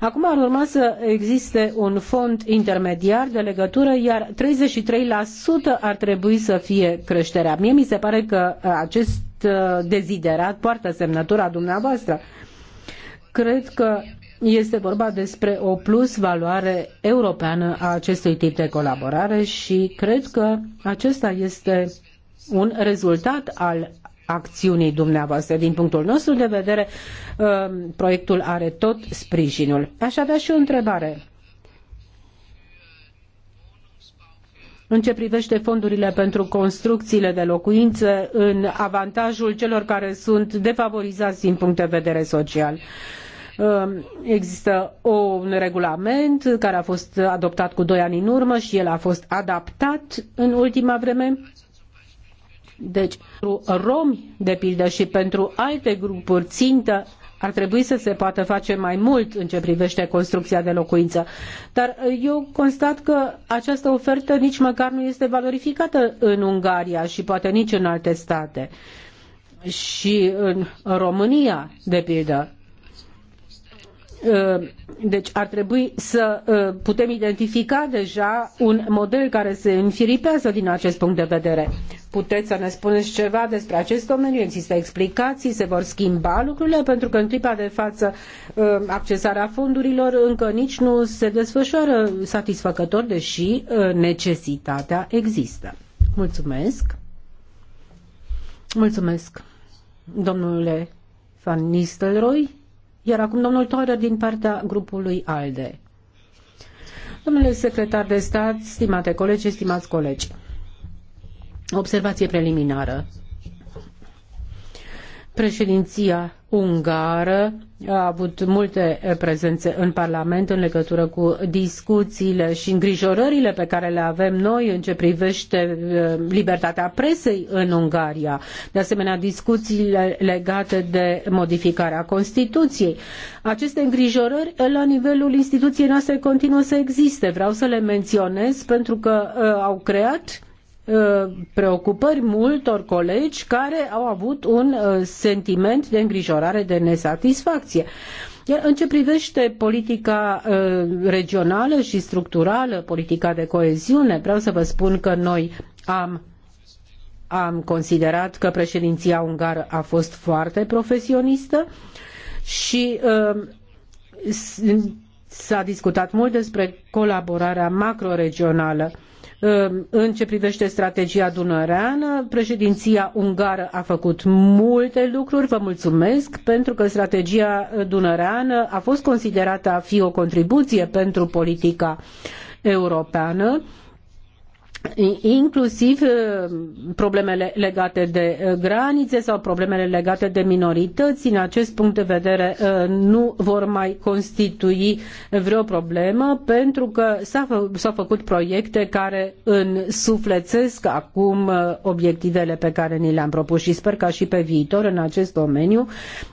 Acum ar urma să existe un fond intermediar de legătură, iar 33% ar trebui să fie creșterea. Mie mi se pare că acest uh, deziderat poartă semnătura dumneavoastră. Cred că este vorba despre o plus valoare europeană a acestui tip de colaborare și cred că acesta este un rezultat al acțiunii dumneavoastră. Din punctul nostru de vedere, um, proiectul are tot sprijinul. Aș avea și o întrebare. în ce privește fondurile pentru construcțiile de locuințe în avantajul celor care sunt defavorizați din punct de vedere social. Um, există un regulament care a fost adoptat cu doi ani în urmă și el a fost adaptat în ultima vreme. Deci, pentru romi, de pildă, și pentru alte grupuri țintă, ar trebui să se poată face mai mult în ce privește construcția de locuință. Dar eu constat că această ofertă nici măcar nu este valorificată în Ungaria și poate nici în alte state. Și în România, de pildă, Uh, deci ar trebui să uh, putem identifica deja un model care se înfiripează din acest punct de vedere. Puteți să ne spuneți ceva despre acest domeniu? Există explicații? Se vor schimba lucrurile? Pentru că în clipa de față uh, accesarea fondurilor încă nici nu se desfășoară satisfăcător, deși necesitatea există. Mulțumesc! Mulțumesc, domnule Van Nistelrooy. Iar acum domnul Toirer din partea grupului ALDE. Domnule secretar de stat, stimate colegi, stimați colegi, observație preliminară. Președinția ungară a avut multe eh, prezențe în Parlament în legătură cu discuțiile și îngrijorările pe care le avem noi în ce privește eh, libertatea presei în Ungaria. De asemenea, discuțiile legate de modificarea Constituției. Aceste îngrijorări eh, la nivelul instituției noastre continuă să existe. Vreau să le menționez pentru că au creat preocupări multor colegi care au avut un sentiment de îngrijorare, de nesatisfacție. Iar în ce privește politica regională și structurală, politica de coeziune, vreau să vă spun că noi am am considerat că președinția ungară a fost foarte profesionistă și s-a discutat mult despre colaborarea macroregională Ehm, în ce privește strategia dunăreană, președinția ungară a făcut multe lucruri. Vă mulțumesc pentru că strategia dunăreană a fost considerată a fi o contribuție pentru politica europeană inclusiv uh, problemele legate de uh, granițe sau problemele legate de minorități, din acest punct de vedere, uh, nu vor mai constitui vreo problemă, pentru că s-au făcut proiecte care însuflețesc acum obiectivele pe care ni le-am propus și sper ca și pe viitor, în acest domeniu,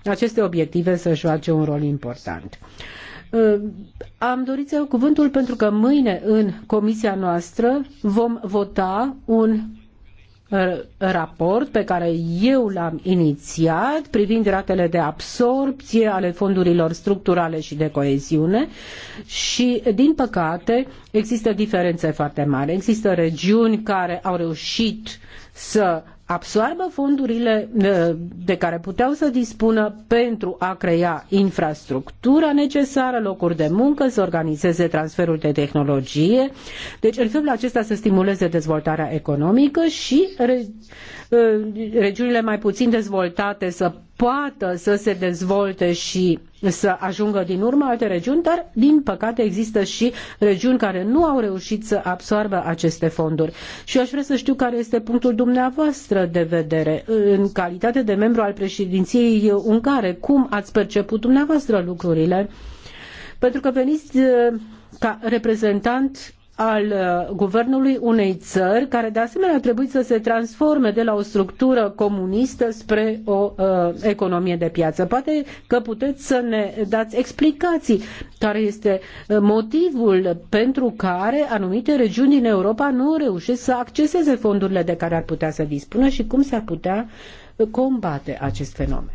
aceste obiective să joace un rol important. Am dorit să iau cuvântul pentru că mâine în comisia noastră vom vota un uh, raport pe care eu l-am inițiat privind ratele de absorpție ale fondurilor structurale și de coeziune și, din păcate, există diferențe foarte mari. Există regiuni care au reușit să absoarbă fondurile de care puteau să dispună pentru a crea infrastructura necesară, locuri de muncă, să organizeze transferul de tehnologie. Deci, în felul acesta să stimuleze dezvoltarea economică și uh, regiunile mai puțin dezvoltate să poată să se dezvolte și să ajungă din urmă alte regiuni, dar din păcate există și regiuni care nu au reușit să absoarbă aceste fonduri. Și aș vrea să știu care este punctul dumneavoastră de vedere în calitate de membru al președinției ungare. Cum ați perceput dumneavoastră lucrurile? Pentru că veniți uh, ca reprezentant al uh, guvernului unei țări care de asemenea trebuie să se transforme de la o structură comunistă spre o uh, economie de piață. Poate că puteți să ne dați explicații care este uh, motivul pentru care anumite regiuni din Europa nu reușesc să acceseze fondurile de care ar putea să dispună și cum s-ar putea uh, combate acest fenomen.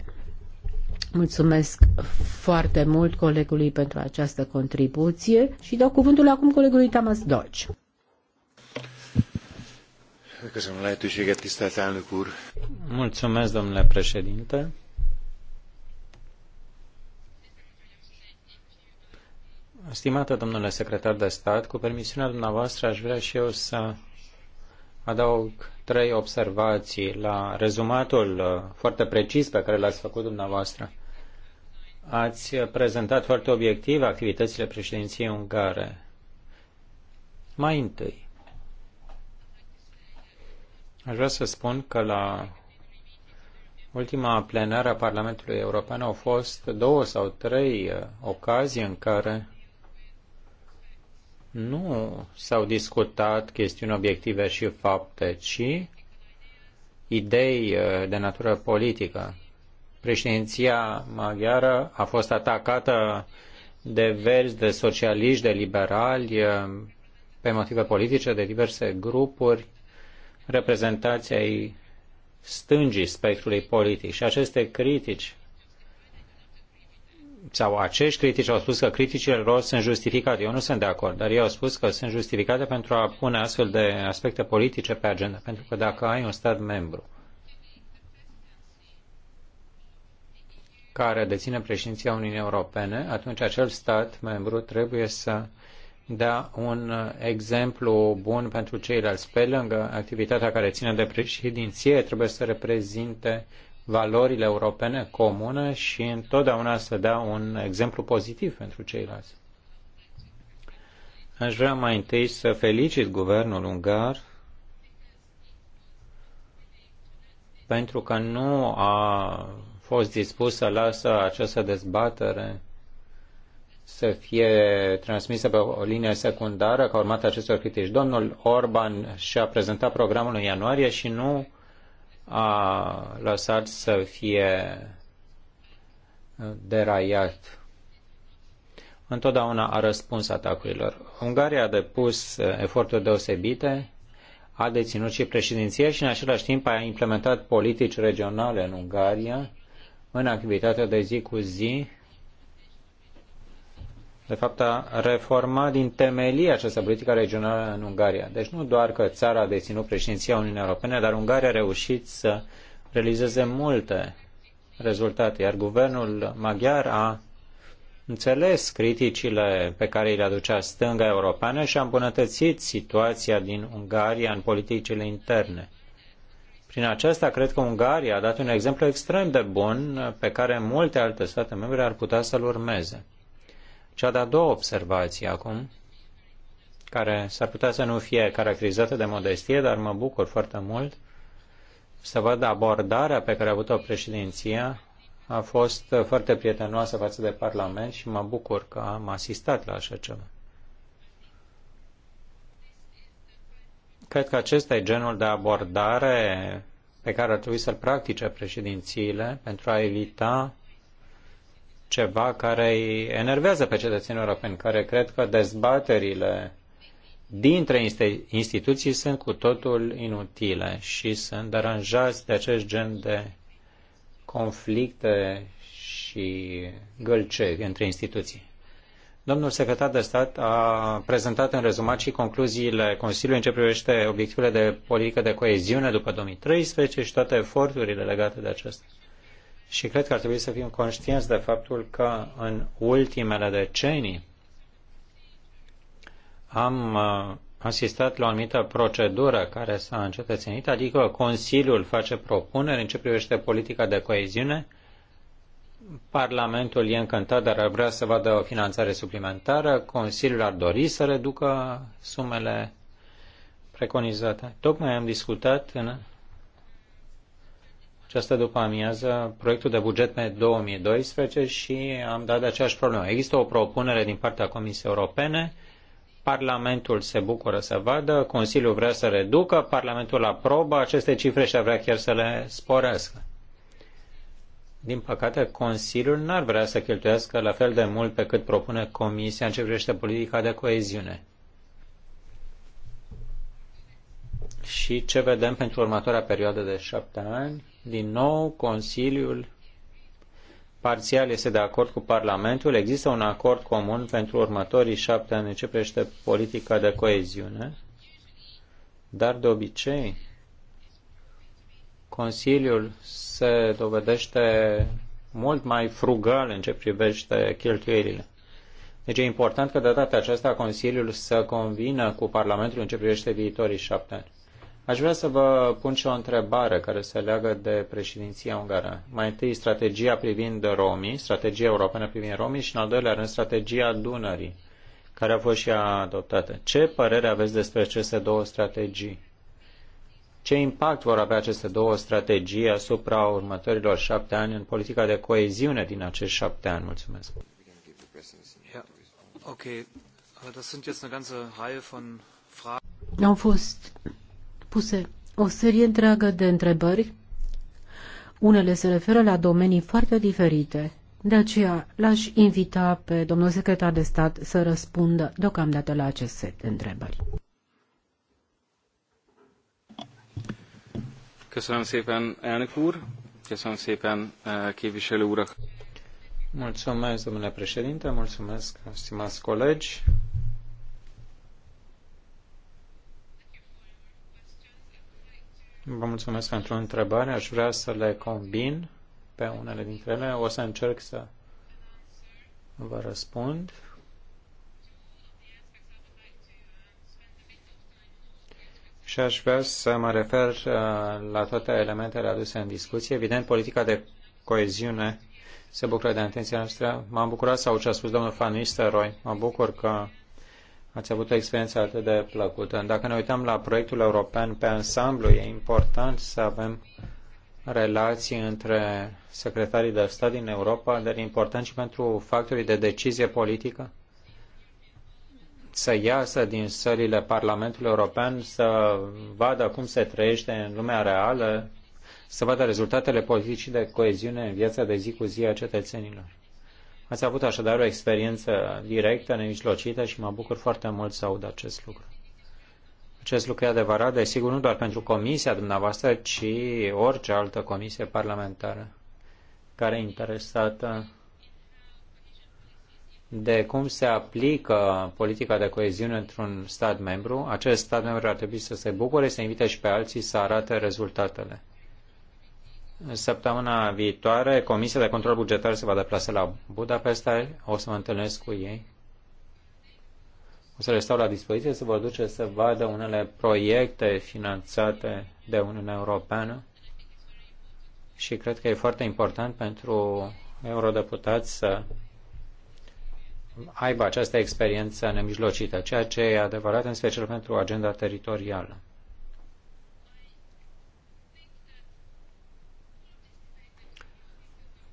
Mulțumesc foarte mult colegului pentru această contribuție și dau cuvântul acum colegului Tamas Dodge. Mulțumesc, domnule președinte. Stimată domnule secretar de stat, cu permisiunea dumneavoastră aș vrea și eu să adaug trei observații la rezumatul uh, foarte precis pe care l-ați făcut dumneavoastră. Ați prezentat foarte obiectiv activitățile președinției ungare. Mai întâi, aș vrea să spun că la ultima plenară a Parlamentului European au fost două sau trei uh, ocazii în care nu s-au discutat chestiuni obiective și fapte, ci idei uh, de natură politică. Președinția maghiară a fost atacată de verzi, de socialiști, de liberali, pe motive politice, de diverse grupuri, reprezentații ai stângii spectrului politic. Și aceste critici sau acești critici au spus că criticile lor sunt justificate. Eu nu sunt de acord, dar ei au spus că sunt justificate pentru a pune astfel de aspecte politice pe agenda. Pentru că dacă ai un stat membru care deține președinția Uniunii Europene, atunci acel stat membru trebuie să dea un exemplu bun pentru ceilalți. Pe lângă activitatea care ține de președinție, trebuie să reprezinte valorile europene comune și întotdeauna să dea un exemplu pozitiv pentru ceilalți. Aș vrea mai întâi să felicit guvernul ungar pentru că nu a fost dispus să lasă această dezbatere să fie transmisă pe o linie secundară ca urmată acestor critici. Domnul Orban și-a prezentat programul în ianuarie și nu a lăsat să fie deraiat. Întotdeauna a răspuns atacurilor. Ungaria a depus eforturi deosebite, a deținut și președinția și în același timp a implementat politici regionale în Ungaria, în activitatea de zi cu zi, de fapt a reformat din temelie această politică regională în Ungaria. Deci nu doar că țara a deținut președinția Uniunii Europene, dar Ungaria a reușit să realizeze multe rezultate, iar guvernul maghiar a înțeles criticile pe care le aducea stânga europeană și a îmbunătățit situația din Ungaria în politicile interne. Prin aceasta, cred că Ungaria a dat un exemplu extrem de bun pe care multe alte state membre ar putea să-l urmeze. Cea de-a doua observație acum, care s-ar putea să nu fie caracterizată de modestie, dar mă bucur foarte mult să văd abordarea pe care a avut-o președinția. A fost foarte prietenoasă față de Parlament și mă bucur că am asistat la așa ceva. Cred că acesta e genul de abordare pe care ar trebui să-l practice președințiile pentru a evita ceva care îi enervează pe cetățenii europeni, care cred că dezbaterile dintre instituții sunt cu totul inutile și sunt deranjați de acest gen de conflicte și gălceri între instituții. Domnul secretar de stat a prezentat în rezumat și concluziile Consiliului în ce privește obiectivele de politică de coeziune după 2013 și toate eforturile legate de acestea. Și cred că ar trebui să fim conștienți de faptul că în ultimele decenii am uh, asistat la o anumită procedură care s-a încetățenit, adică Consiliul face propuneri în ce privește politica de coeziune, Parlamentul e încântat, dar ar vrea să vadă o finanțare suplimentară. Consiliul ar dori să reducă sumele preconizate. Tocmai am discutat în această după amiază proiectul de buget pe 2012 și am dat aceeași problemă. Există o propunere din partea Comisiei Europene, Parlamentul se bucură să vadă, Consiliul vrea să reducă, Parlamentul aprobă aceste cifre și ar vrea chiar să le sporească. Din păcate, Consiliul n-ar vrea să cheltuiască la fel de mult pe cât propune Comisia în ce privește politica de coeziune. Și ce vedem pentru următoarea perioadă de șapte ani? Din nou, Consiliul parțial este de acord cu Parlamentul. Există un acord comun pentru următorii șapte ani în ce privește politica de coeziune, dar de obicei Consiliul se dovedește mult mai frugal în ce privește cheltuielile. Deci e important că de data aceasta Consiliul să convină cu Parlamentul în ce privește viitorii șapte ani. Aș vrea să vă pun și o întrebare care se leagă de președinția ungară. Mai întâi strategia privind romii, strategia europeană privind romii și în al doilea rând strategia Dunării, care a fost și adoptată. Ce părere aveți despre aceste două strategii? Ce impact vor avea aceste două strategii asupra următorilor șapte ani în politica de coeziune din acești șapte ani? Mulțumesc. Au fost puse o serie întreagă de întrebări. Unele se referă la domenii foarte diferite. De aceea l-aș invita pe domnul secretar de stat să răspundă deocamdată la acest set de întrebări. Köszönöm szépen, elnök úr. Köszönöm szépen, eh, képviselő urak. Mulțumesc, domnule președinte, mulțumesc, stimați colegi. Vă mulțumesc pentru întrebare. Aș vrea să le combin pe unele dintre ele. O să încerc să vă răspund. și aș vrea să mă refer uh, la toate elementele aduse în discuție. Evident, politica de coeziune se bucură de atenția noastră. M-am bucurat sau ce a spus domnul Van Nistelrooy. Mă bucur că ați avut o experiență atât de plăcută. Dacă ne uităm la proiectul european pe ansamblu, e important să avem relații între secretarii de stat din Europa, dar e important și pentru factorii de decizie politică să iasă din sălile Parlamentului European, să vadă cum se trăiește în lumea reală, să vadă rezultatele politicii de coeziune în viața de zi cu zi a cetățenilor. Ați avut așadar o experiență directă, nemijlocită și mă bucur foarte mult să aud acest lucru. Acest lucru e adevărat, desigur, nu doar pentru comisia dumneavoastră, ci orice altă comisie parlamentară care e interesată de cum se aplică politica de coeziune într-un stat membru, acest stat membru ar trebui să se bucure, să invite și pe alții să arate rezultatele. Săptămâna viitoare, Comisia de Control Bugetar se va deplasa la Budapesta, o să mă întâlnesc cu ei. O să le stau la dispoziție, să vă duce să vadă unele proiecte finanțate de Uniunea Europeană și cred că e foarte important pentru eurodeputați să aibă această experiență nemijlocită, ceea ce e adevărat în special pentru agenda teritorială.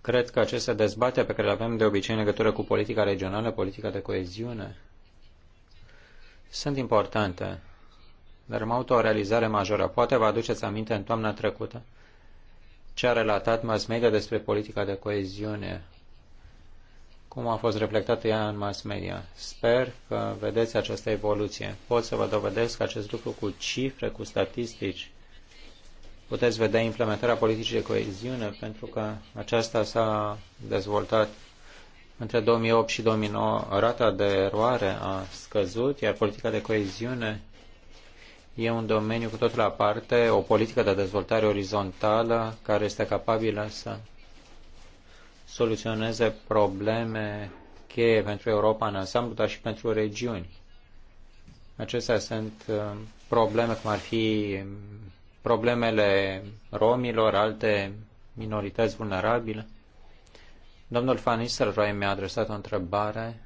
Cred că aceste dezbate pe care le avem de obicei în legătură cu politica regională, politica de coeziune, sunt importante, dar am avut o realizare majoră. Poate vă aduceți aminte în toamna trecută ce a relatat mass media despre politica de coeziune cum a fost reflectată ea în mass media. Sper că vedeți această evoluție. Pot să vă dovedesc acest lucru cu cifre, cu statistici. Puteți vedea implementarea politicii de coeziune, pentru că aceasta s-a dezvoltat între 2008 și 2009. Rata de eroare a scăzut, iar politica de coeziune e un domeniu cu totul aparte, o politică de dezvoltare orizontală care este capabilă să soluționeze probleme cheie pentru Europa în ansamblu, dar și pentru regiuni. Acestea sunt uh, probleme cum ar fi problemele romilor, alte minorități vulnerabile. Domnul Van Nistelrooy mi-a adresat o întrebare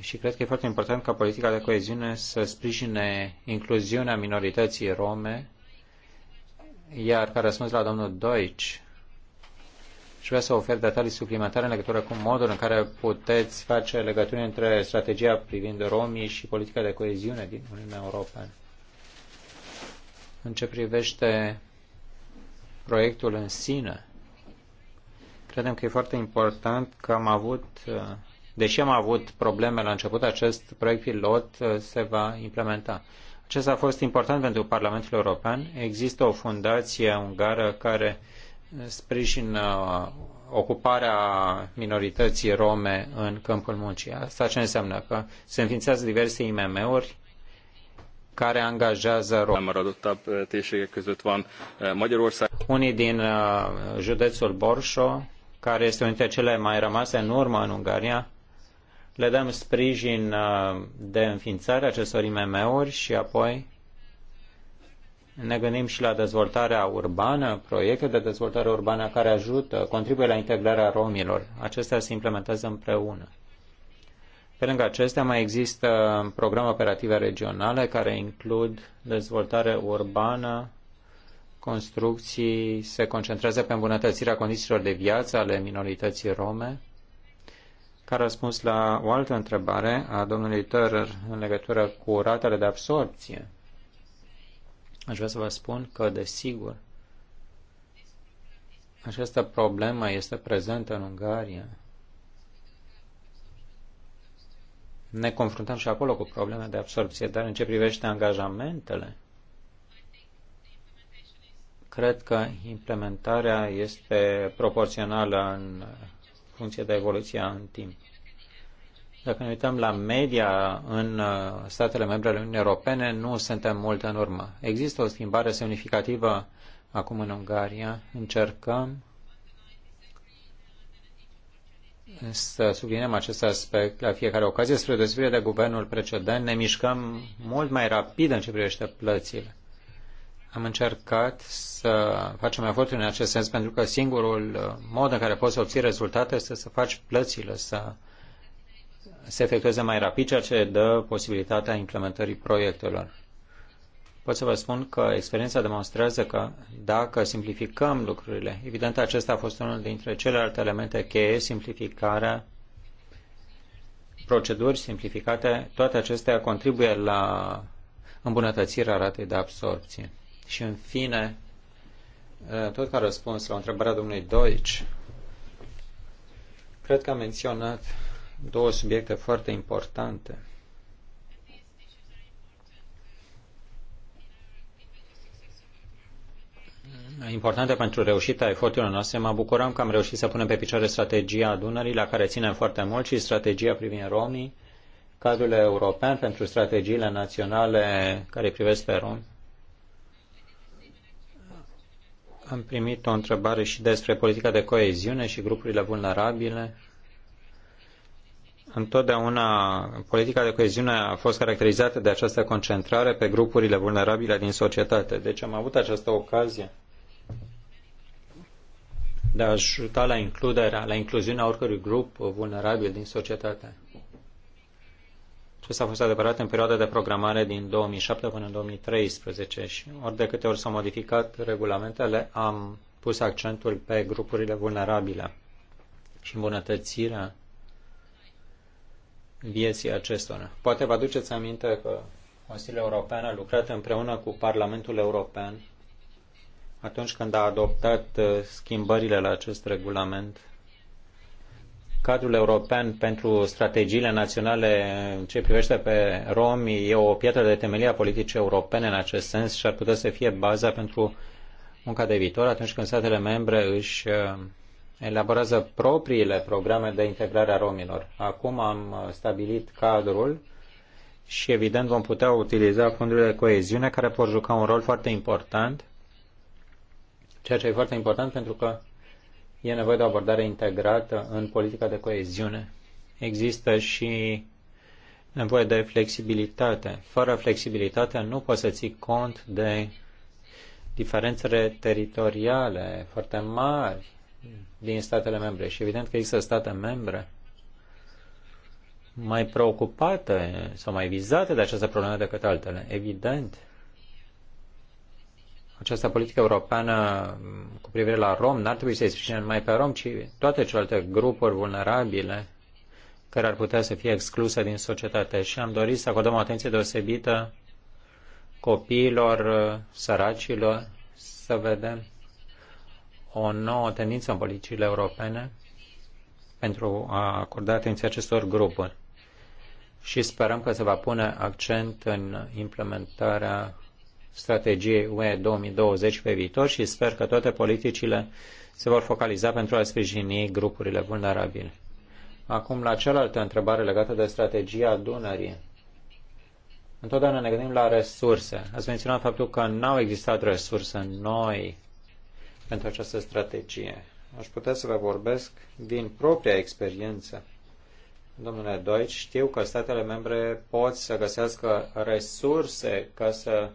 și cred că e foarte important ca politica de coeziune să sprijine incluziunea minorității rome, iar ca răspuns la domnul Deutsch, și vrea să ofer detalii suplimentare în legătură cu modul în care puteți face legături între strategia privind romii și politica de coeziune din Uniunea Europeană. În ce privește proiectul în sine, credem că e foarte important că am avut, deși am avut probleme la început, acest proiect pilot uh, se va implementa. Acesta a fost important pentru Parlamentul European. Există o fundație ungară care uh, sprijin uh, ocuparea minorității rome în câmpul muncii. Asta ce înseamnă? Că se înființează diverse IMM-uri care angajează romi. Uh, uh, Unii din județul Borșo, care este unul dintre cele mai rămase în urmă în Ungaria, le dăm sprijin de înființare acestor IMM-uri și apoi ne gândim și la dezvoltarea urbană, proiecte de dezvoltare urbană care ajută, contribuie la integrarea romilor. Acestea se implementează împreună. Pe lângă acestea mai există programe operative regionale care includ dezvoltare urbană, construcții, se concentrează pe îmbunătățirea condițiilor de viață ale minorității rome. Ca răspuns la o altă întrebare a domnului Tărăr în legătură cu ratele de absorpție, Aș vrea să vă spun că, desigur, această problemă este prezentă în Ungaria. Ne confruntăm și acolo cu probleme de absorpție, dar în ce privește angajamentele, cred că implementarea este proporțională în funcție de evoluția în timp. Dacă ne uităm la media în uh, statele membre ale Uniunii Europene, nu suntem mult în urmă. Există o schimbare semnificativă acum în Ungaria. Încercăm să subliniem acest aspect la fiecare ocazie. Spre deosebire de guvernul precedent, ne mișcăm mult mai rapid în ce privește plățile. Am încercat să facem eforturi în acest sens pentru că singurul uh, mod în care poți obții rezultate este să faci plățile, să se efectueze mai rapid, ceea ce dă posibilitatea implementării proiectelor. Pot să vă spun că experiența demonstrează că dacă simplificăm lucrurile, evident acesta a fost unul dintre celelalte elemente cheie, simplificarea, proceduri simplificate, toate acestea contribuie la îmbunătățirea ratei de absorpție. Și în fine, tot ca răspuns la întrebarea domnului Deutsch, cred că am menționat două subiecte foarte importante. importante pentru reușita eforturilor noastre. Mă bucurăm că am reușit să punem pe picioare strategia Dunării, la care ținem foarte mult, și strategia privind romii, cadrul european pentru strategiile naționale care privesc pe romi. Am primit o întrebare și despre politica de coeziune și grupurile vulnerabile. Întotdeauna politica de coeziune a fost caracterizată de această concentrare pe grupurile vulnerabile din societate. Deci am avut această ocazie de a ajuta la includerea, la incluziunea oricărui grup vulnerabil din societate. Acesta a fost adevărat în perioada de programare din 2007 până în 2013 și ori de câte ori s-au modificat regulamentele, am pus accentul pe grupurile vulnerabile și îmbunătățirea vieții acestora. Poate vă aduceți aminte că Consiliul European a lucrat împreună cu Parlamentul European atunci când a adoptat uh, schimbările la acest regulament. Cadrul european pentru strategiile naționale în ce privește pe romi e o piatră de temelie a politicii europene în acest sens și ar putea să fie baza pentru munca de viitor atunci când statele membre își uh, elaborează propriile programe de integrare a romilor. Acum am stabilit cadrul și evident vom putea utiliza fondurile de coeziune care pot juca un rol foarte important, ceea ce e foarte important pentru că e nevoie de o abordare integrată în politica de coeziune. Există și nevoie de flexibilitate. Fără flexibilitate nu poți să ții cont de diferențele teritoriale foarte mari din statele membre. Și evident că există state membre mai preocupate sau mai vizate de această problemă decât altele. Evident, această politică europeană cu privire la rom n-ar trebui să-i sprijine numai pe rom, ci toate celelalte grupuri vulnerabile care ar putea să fie excluse din societate. Și am dorit să acordăm o atenție deosebită copiilor, săracilor, să vedem o nouă tendință în politicile europene pentru a acorda atenție acestor grupuri și sperăm că se va pune accent în implementarea strategiei UE 2020 pe viitor și sper că toate politicile se vor focaliza pentru a sprijini grupurile vulnerabile. Acum la cealaltă întrebare legată de strategia Dunării. Întotdeauna ne gândim la resurse. Ați menționat faptul că n-au existat resurse noi pentru această strategie. Aș putea să vă vorbesc din propria experiență. Domnule Deutsch, știu că statele membre pot să găsească resurse ca să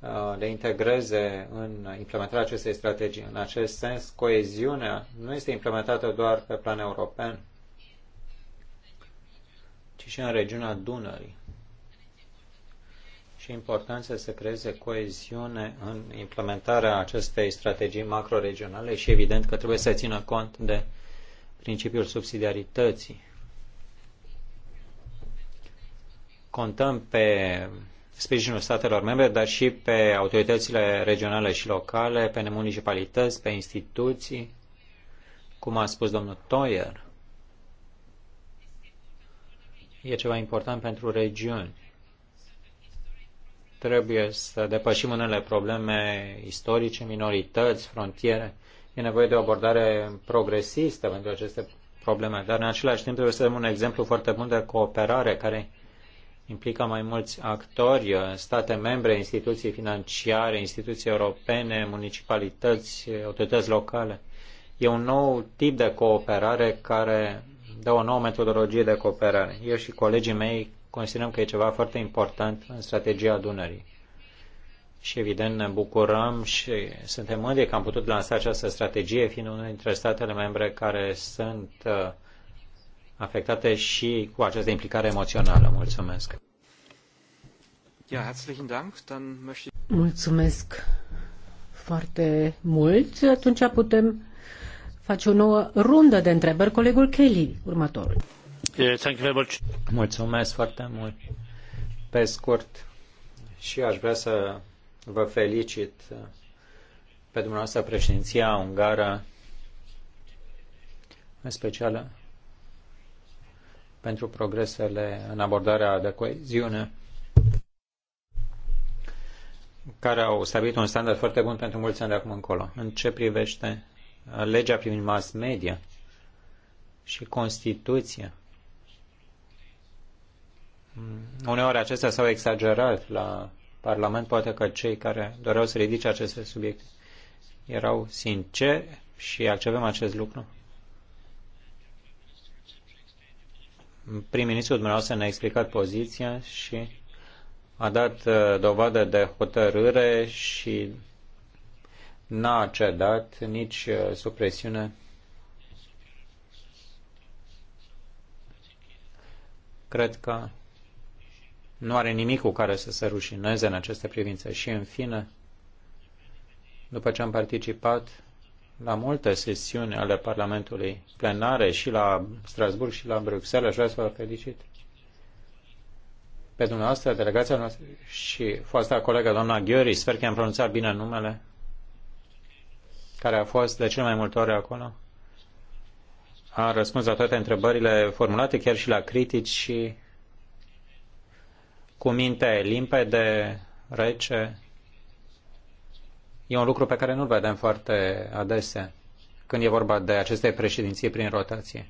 uh, le integreze în implementarea acestei strategii. În acest sens, coeziunea nu este implementată doar pe plan european, ci și în regiunea Dunării și important să se creeze coeziune în implementarea acestei strategii macroregionale și evident că trebuie să țină cont de principiul subsidiarității. Contăm pe sprijinul statelor membre, dar și pe autoritățile regionale și locale, pe municipalități, pe instituții, cum a spus domnul Toyer. E ceva important pentru regiuni Trebuie să depășim unele probleme istorice, minorități, frontiere. E nevoie de o abordare progresistă pentru aceste probleme, dar în același timp trebuie să dăm un exemplu foarte bun de cooperare care implică mai mulți actori, state membre, instituții financiare, instituții europene, municipalități, autorități locale. E un nou tip de cooperare care dă o nouă metodologie de cooperare. Eu și colegii mei considerăm că e ceva foarte important în strategia adunării. Și evident ne bucurăm și suntem mândri că am putut lansa această strategie, fiind unul dintre statele membre care sunt uh, afectate și cu această implicare emoțională. Mulțumesc! Mulțumesc foarte mult. Atunci putem face o nouă rundă de întrebări. Colegul Kelly, următorul. Thank you very much. Mulțumesc foarte mult. Pe scurt, și aș vrea să vă felicit uh, pe dumneavoastră președinția ungară, în special uh, pentru progresele în abordarea de coeziune, care au stabilit un standard foarte bun pentru mulți ani de acum încolo. În ce privește legea privind mass media și Constituția, Mm, uneori acestea s-au exagerat la Parlament, poate că cei care doreau să ridice aceste subiecte erau sinceri și acceptăm acest lucru. Prim-ministrul dumneavoastră ne-a explicat poziția și a dat uh, dovadă de hotărâre și n-a cedat nici uh, sub presiune. Cred că nu are nimic cu care să se rușineze în aceste privințe. Și, în fine, după ce am participat la multe sesiuni ale Parlamentului plenare și la Strasburg și la Bruxelles, aș vrea să vă felicit pe dumneavoastră, delegația noastră și fosta colegă doamna Ghiori, sper că am pronunțat bine numele, care a fost de cel mai multe ori acolo, a răspuns la toate întrebările formulate, chiar și la critici și cu minte limpede, rece. E un lucru pe care nu-l vedem foarte adesea când e vorba de aceste președinții prin rotație.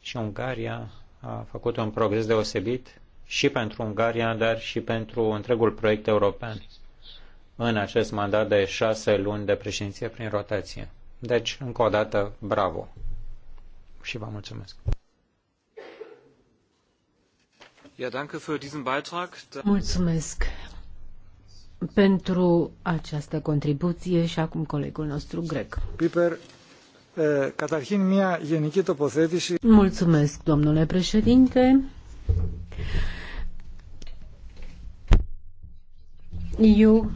Și Ungaria a făcut un progres deosebit și pentru Ungaria, dar și pentru întregul proiect european în acest mandat de șase luni de președinție prin rotație. Deci, încă o dată, bravo! Și vă mulțumesc! Da- Mulțumesc pentru această contribuție și acum colegul nostru grec. Piper, καταρχήν μια γενική τοποθέτηση. Mulțumesc, domnule președinte. Eu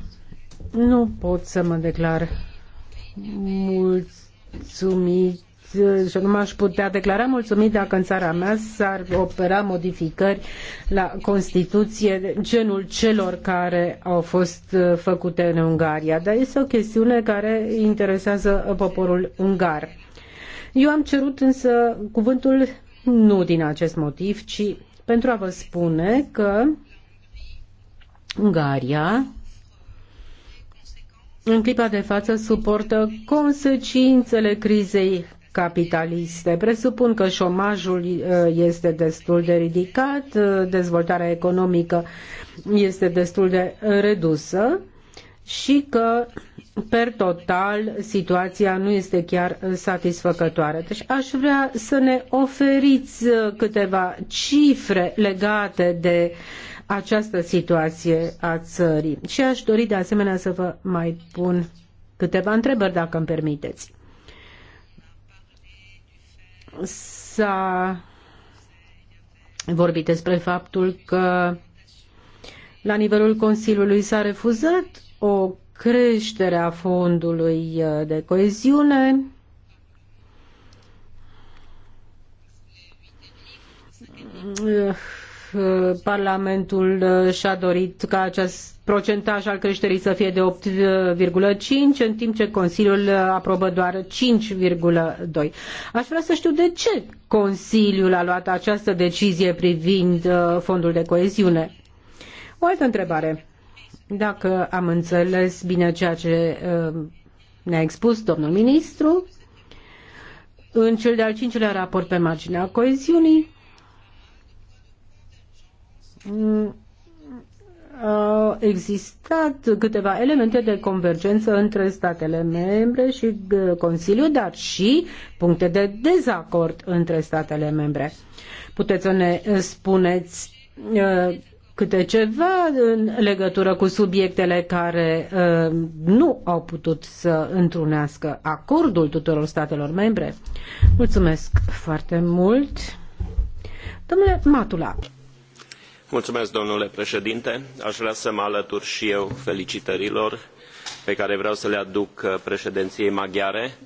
nu pot să mă declar mulțumit și nu m-aș putea declara mulțumit dacă în țara mea s-ar opera modificări la Constituție genul celor care au fost uh, făcute în Ungaria. Dar este o chestiune care interesează poporul ungar. Eu am cerut însă cuvântul nu din acest motiv, ci pentru a vă spune că Ungaria în clipa de față suportă consecințele crizei capitaliste. Presupun că șomajul uh, este destul de ridicat, uh, dezvoltarea economică este destul de redusă și că per total situația nu este chiar satisfăcătoare. Deci aș vrea să ne oferiți uh, câteva cifre legate de această situație a țării. Și aș dori de asemenea să vă mai pun câteva întrebări, dacă îmi permiteți. S-a vorbit despre faptul că la nivelul Consiliului s-a refuzat o creștere a fondului uh, de coeziune. Uh, Parlamentul uh, și-a dorit ca acest procentaj al creșterii să fie de 8,5, în timp ce Consiliul aprobă doar 5,2. Aș vrea să știu de ce Consiliul a luat această decizie privind uh, fondul de coeziune. O altă întrebare. Dacă am înțeles bine ceea ce uh, ne-a expus domnul ministru, în cel de-al cincilea raport pe marginea coeziunii, mm, au existat câteva elemente de convergență între statele membre și Consiliu, dar și puncte de dezacord între statele membre. Puteți să ne eh, spuneți eh, câte ceva în legătură cu subiectele care eh, nu au putut să întrunească acordul tuturor statelor membre. Mulțumesc foarte mult. Domnule Matula a domnule președinte. Aș vrea să mă alătur și eu felicitărilor pe care vreau să le aduc uh, președinției maghiare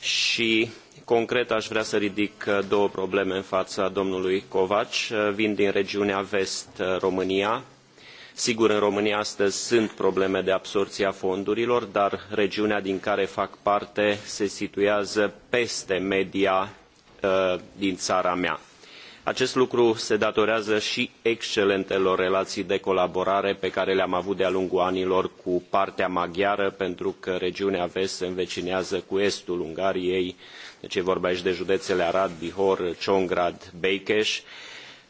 și concret aș vrea să ridic uh, două probleme în fața domnului Covaci. Uh, vin din regiunea vest România. Sigur, în România astăzi sunt probleme de absorbie a fondurilor, dar regiunea din care fac parte se situează peste media din țara mea acest lucru se datorează i excelentelor relaii de colaborare pe care le am avut de a lungul anilor cu partea maghiară pentru că regiunea vest se învecinează cu estul ungariei deci e vorba aici de judeele arad bihor ciongrad beikes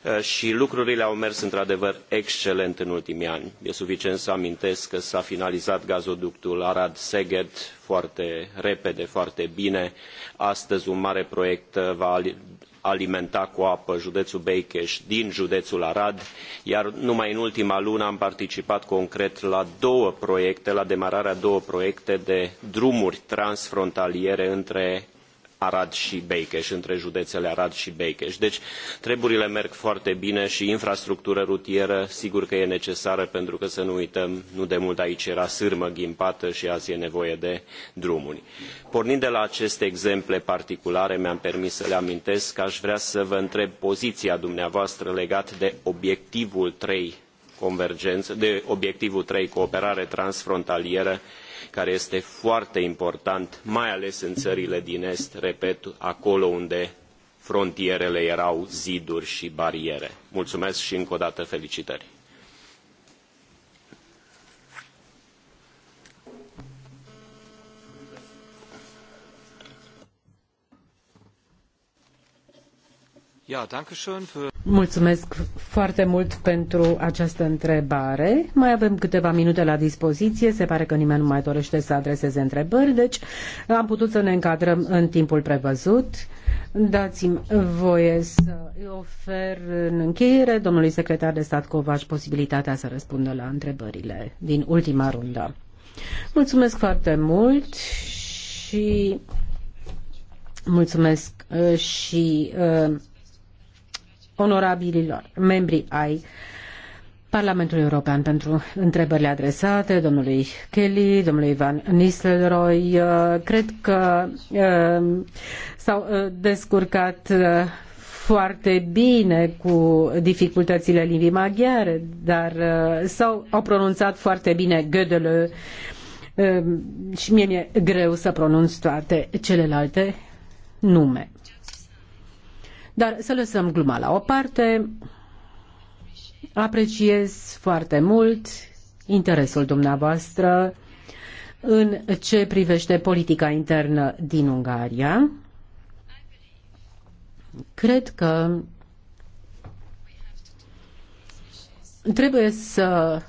eh, i lucrurile au mers într adevăr excelent în ultimii ani e suficient să amintesc că s a finalizat gazoductul arad szeged foarte repede foarte bine astăzi un mare proiect va alimenta cu apă județul Beikeș din județul Arad, iar numai în ultima lună am participat concret la două proiecte, la demararea două proiecte de drumuri transfrontaliere între Arad și Beikeș, între județele Arad și Beikeș. Deci treburile merg foarte bine și infrastructură rutieră sigur că e necesară pentru că să nu uităm, nu de mult aici era sârmă ghimpată și azi e nevoie de drumuri. Pornind de la aceste exemple particulare, mi-am permis să le amintesc că aș vrea să vă întreb poziția dumneavoastră legat de obiectivul 3 convergență, de obiectivul 3 cooperare transfrontalieră care este foarte important, mai ales în țările din Est, repet, acolo unde frontierele erau ziduri și bariere. Mulțumesc și încă o dată felicitări! Mulțumesc foarte mult pentru această întrebare. Mai avem câteva minute la dispoziție. Se pare că nimeni nu mai dorește să adreseze întrebări, deci am putut să ne încadrăm în timpul prevăzut. Dați-mi voie să îi ofer în încheiere domnului secretar de stat Covaș posibilitatea să răspundă la întrebările din ultima rundă. Mulțumesc foarte mult și mulțumesc uh, și uh, onorabililor membri ai Parlamentul European pentru întrebările adresate, domnului Kelly, domnului Van Nistelrooy. Uh, cred că uh, s-au uh, descurcat foarte bine cu dificultățile limbii maghiare, dar s-au au pronunțat foarte bine Gödele și mie mi-e greu să pronunț toate celelalte nume. Dar să lăsăm gluma la o parte. Apreciez foarte mult interesul dumneavoastră în ce privește politica internă din Ungaria. Cred că trebuie să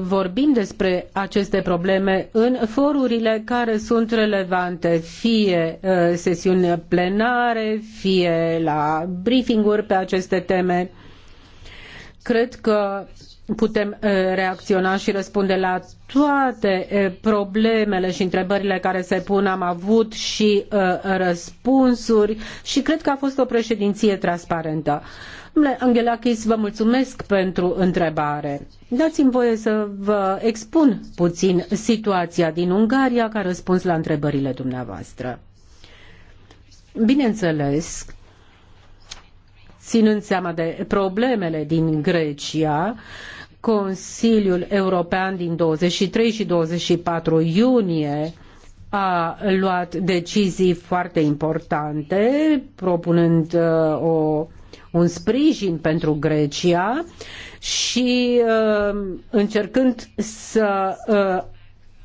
vorbim despre aceste probleme în forurile care sunt relevante, fie uh, sesiuni plenare, fie la briefinguri pe aceste teme. Cred că putem uh, reacționa și răspunde la toate uh, problemele și întrebările care se pun. Am avut și răspunsuri și cred că a fost o președinție transparentă. Domnule Angelakis, vă mulțumesc pentru întrebare. Dați-mi voie să vă expun puțin situația din Ungaria ca răspuns la întrebările dumneavoastră. Bineînțeles, ținând seama de problemele din Grecia, Consiliul European din 23 și 24 iunie a luat decizii foarte importante, propunând uh, o un sprijin pentru Grecia și uh, încercând să uh,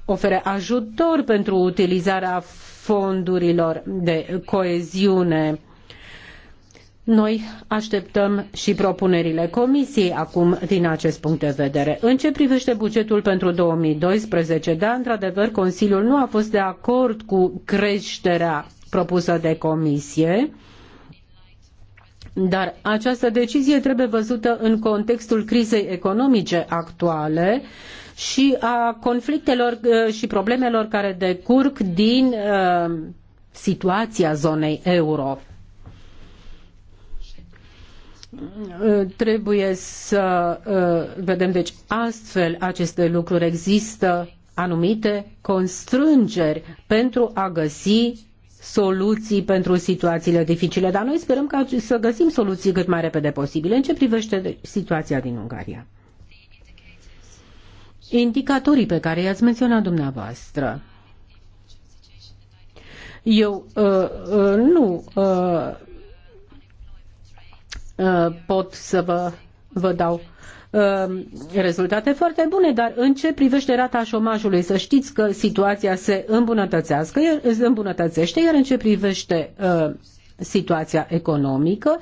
ofere ajutor pentru utilizarea fondurilor de coeziune. Noi așteptăm și propunerile Comisiei acum din acest punct de vedere. În ce privește bugetul pentru 2012, da, într-adevăr, Consiliul nu a fost de acord cu creșterea propusă de Comisie. Uh, dar această decizie trebuie văzută în contextul crizei economice actuale și a conflictelor uh, și problemelor care decurg din uh, situația zonei euro. Uh, trebuie să vedem, deci, astfel aceste lucruri există anumite constrângeri pentru a găsi soluții pentru situațiile dificile, dar noi sperăm ca să găsim soluții cât mai repede posibil. în ce privește situația din Ungaria. Indicatorii pe care i-ați menționat dumneavoastră. Eu uh, uh, nu uh, uh, pot să vă, vă dau Um, rezultate foarte bune, dar în ce privește rata șomajului, să știți că situația se îmbunătățească, îmbunătățește, iar în ce privește uh, situația economică.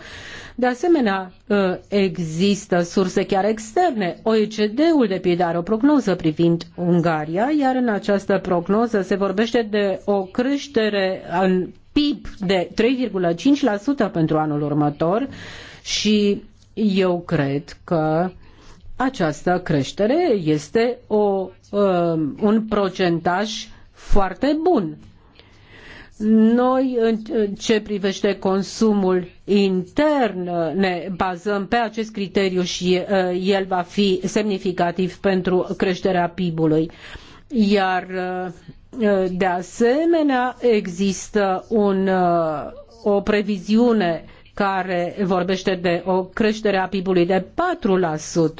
De asemenea, uh, există surse chiar externe. OECD-ul de pildă are o prognoză privind Ungaria, iar în această prognoză se vorbește de o creștere în PIB de 3,5% pentru anul următor și eu cred că această creștere este o, um, un procentaj foarte bun. Noi, în ce privește consumul intern, ne bazăm pe acest criteriu și uh, el va fi semnificativ pentru creșterea PIB-ului. Iar, uh, de asemenea, există un, uh, o previziune care vorbește de o creștere a PIB-ului de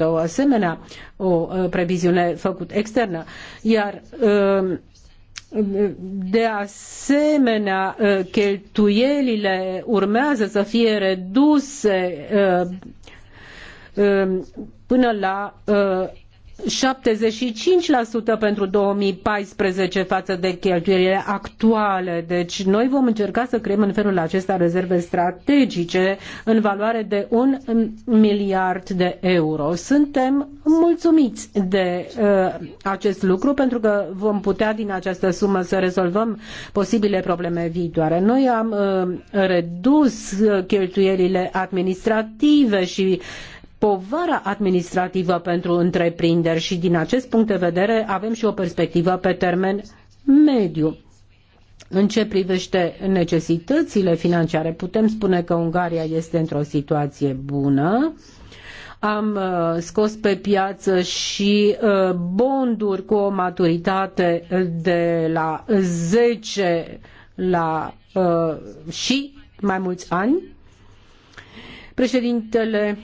4%, o asemenea o uh, previziune făcută externă. Iar uh, de asemenea, uh, cheltuielile urmează să fie reduse până la 75% pentru 2014 față de cheltuielile actuale. Deci noi vom încerca să creăm în felul acesta rezerve strategice în valoare de un miliard de euro. Suntem mulțumiți de uh, acest lucru pentru că vom putea din această sumă să rezolvăm posibile probleme viitoare. Noi am uh, redus cheltuielile administrative și uh, povara administrativă pentru întreprinderi și din acest punct de vedere avem și o perspectivă pe termen mediu. În ce privește necesitățile financiare, putem spune că Ungaria este într-o situație bună. Am uh, scos pe piață și uh, bonduri cu o maturitate de la 10 la uh, și mai mulți ani. Președintele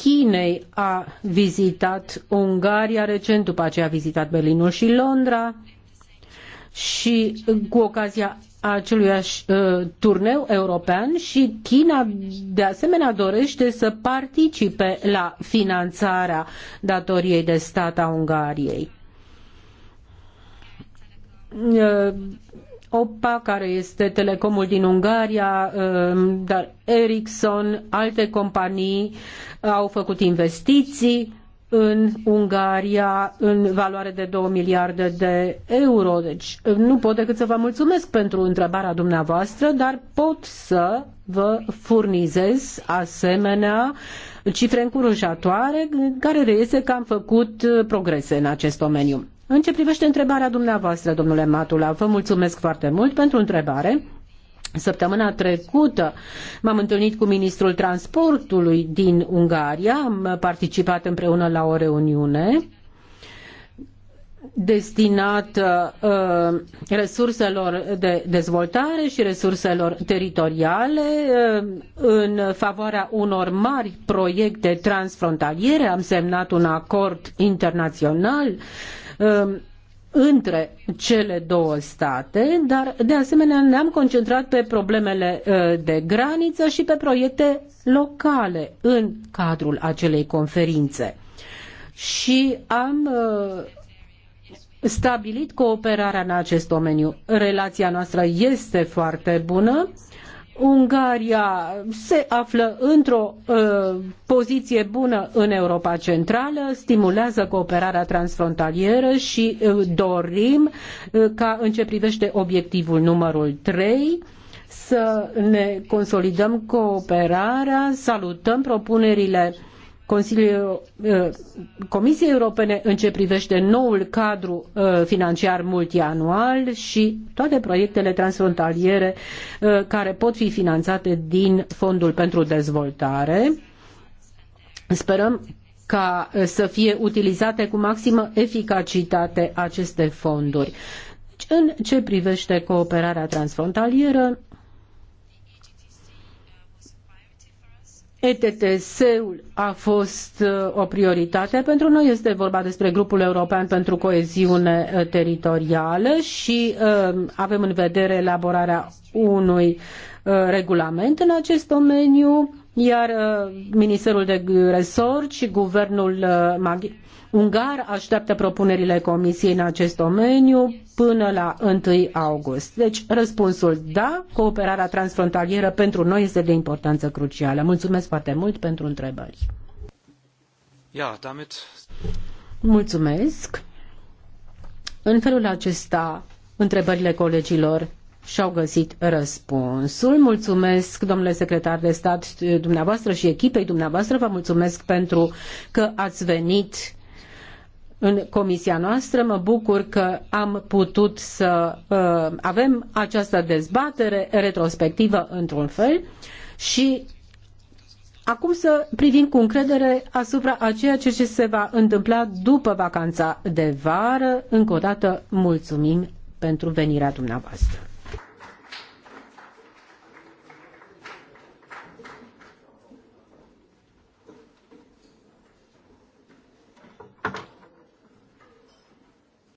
Chinei a vizitat Ungaria recent, după aceea a vizitat Berlinul și Londra și cu ocazia acelui uh, turneu european și China de asemenea dorește să participe la finanțarea datoriei de stat a Ungariei. Uh, OPA, care este Telecomul din Ungaria, um, dar Ericsson, alte companii au făcut investiții în Ungaria în valoare de 2 miliarde de euro. Deci um, nu pot decât să vă mulțumesc pentru întrebarea dumneavoastră, dar pot să vă furnizez asemenea cifre încurajatoare care reiese că am făcut uh, progrese în acest domeniu. În ce privește întrebarea dumneavoastră, domnule Matula, vă mulțumesc foarte mult pentru întrebare. Săptămâna trecută m-am întâlnit cu ministrul transportului din Ungaria, am participat împreună la o reuniune destinată uh, resurselor de dezvoltare și resurselor teritoriale uh, în favoarea unor mari proiecte transfrontaliere. Am semnat un acord internațional uh, Um, între cele două state, dar de asemenea ne-am concentrat pe problemele uh, de graniță și pe proiecte locale în cadrul acelei conferințe. Și am uh, stabilit cooperarea în acest domeniu. Relația noastră este foarte bună Ungaria se află într-o uh, poziție bună în Europa Centrală, stimulează cooperarea transfrontalieră și uh, dorim uh, ca în ce privește obiectivul numărul 3 să ne consolidăm cooperarea, salutăm propunerile uh, Consiliul, uh, Comisiei Europene în ce privește noul cadru uh, financiar multianual și toate proiectele transfrontaliere uh, care pot fi finanțate din Fondul pentru Dezvoltare. Sperăm ca să fie utilizate cu maximă eficacitate aceste fonduri. Deci, în ce privește cooperarea transfrontalieră, ETTS-ul a fost uh, o prioritate pentru noi. Este vorba despre grupul european pentru coeziune uh, teritorială și uh, avem în vedere elaborarea unui regulament în acest domeniu, iar Ministerul de Resort și Guvernul Maghiar ungar așteaptă propunerile Comisiei în acest domeniu până la 1 august. Deci, răspunsul da, cooperarea transfrontalieră pentru noi este de importanță crucială. Mulțumesc foarte mult pentru întrebări. Ja, damit... Mulțumesc. În felul acesta, întrebările colegilor și-au găsit răspunsul. Mulțumesc, domnule secretar de stat, dumneavoastră și echipei dumneavoastră, vă mulțumesc pentru că ați venit în comisia noastră. Mă bucur că am putut să uh, avem această dezbatere retrospectivă într-un fel și acum să privim cu încredere asupra a ceea ce se va întâmpla după vacanța de vară. Încă o dată mulțumim pentru venirea dumneavoastră.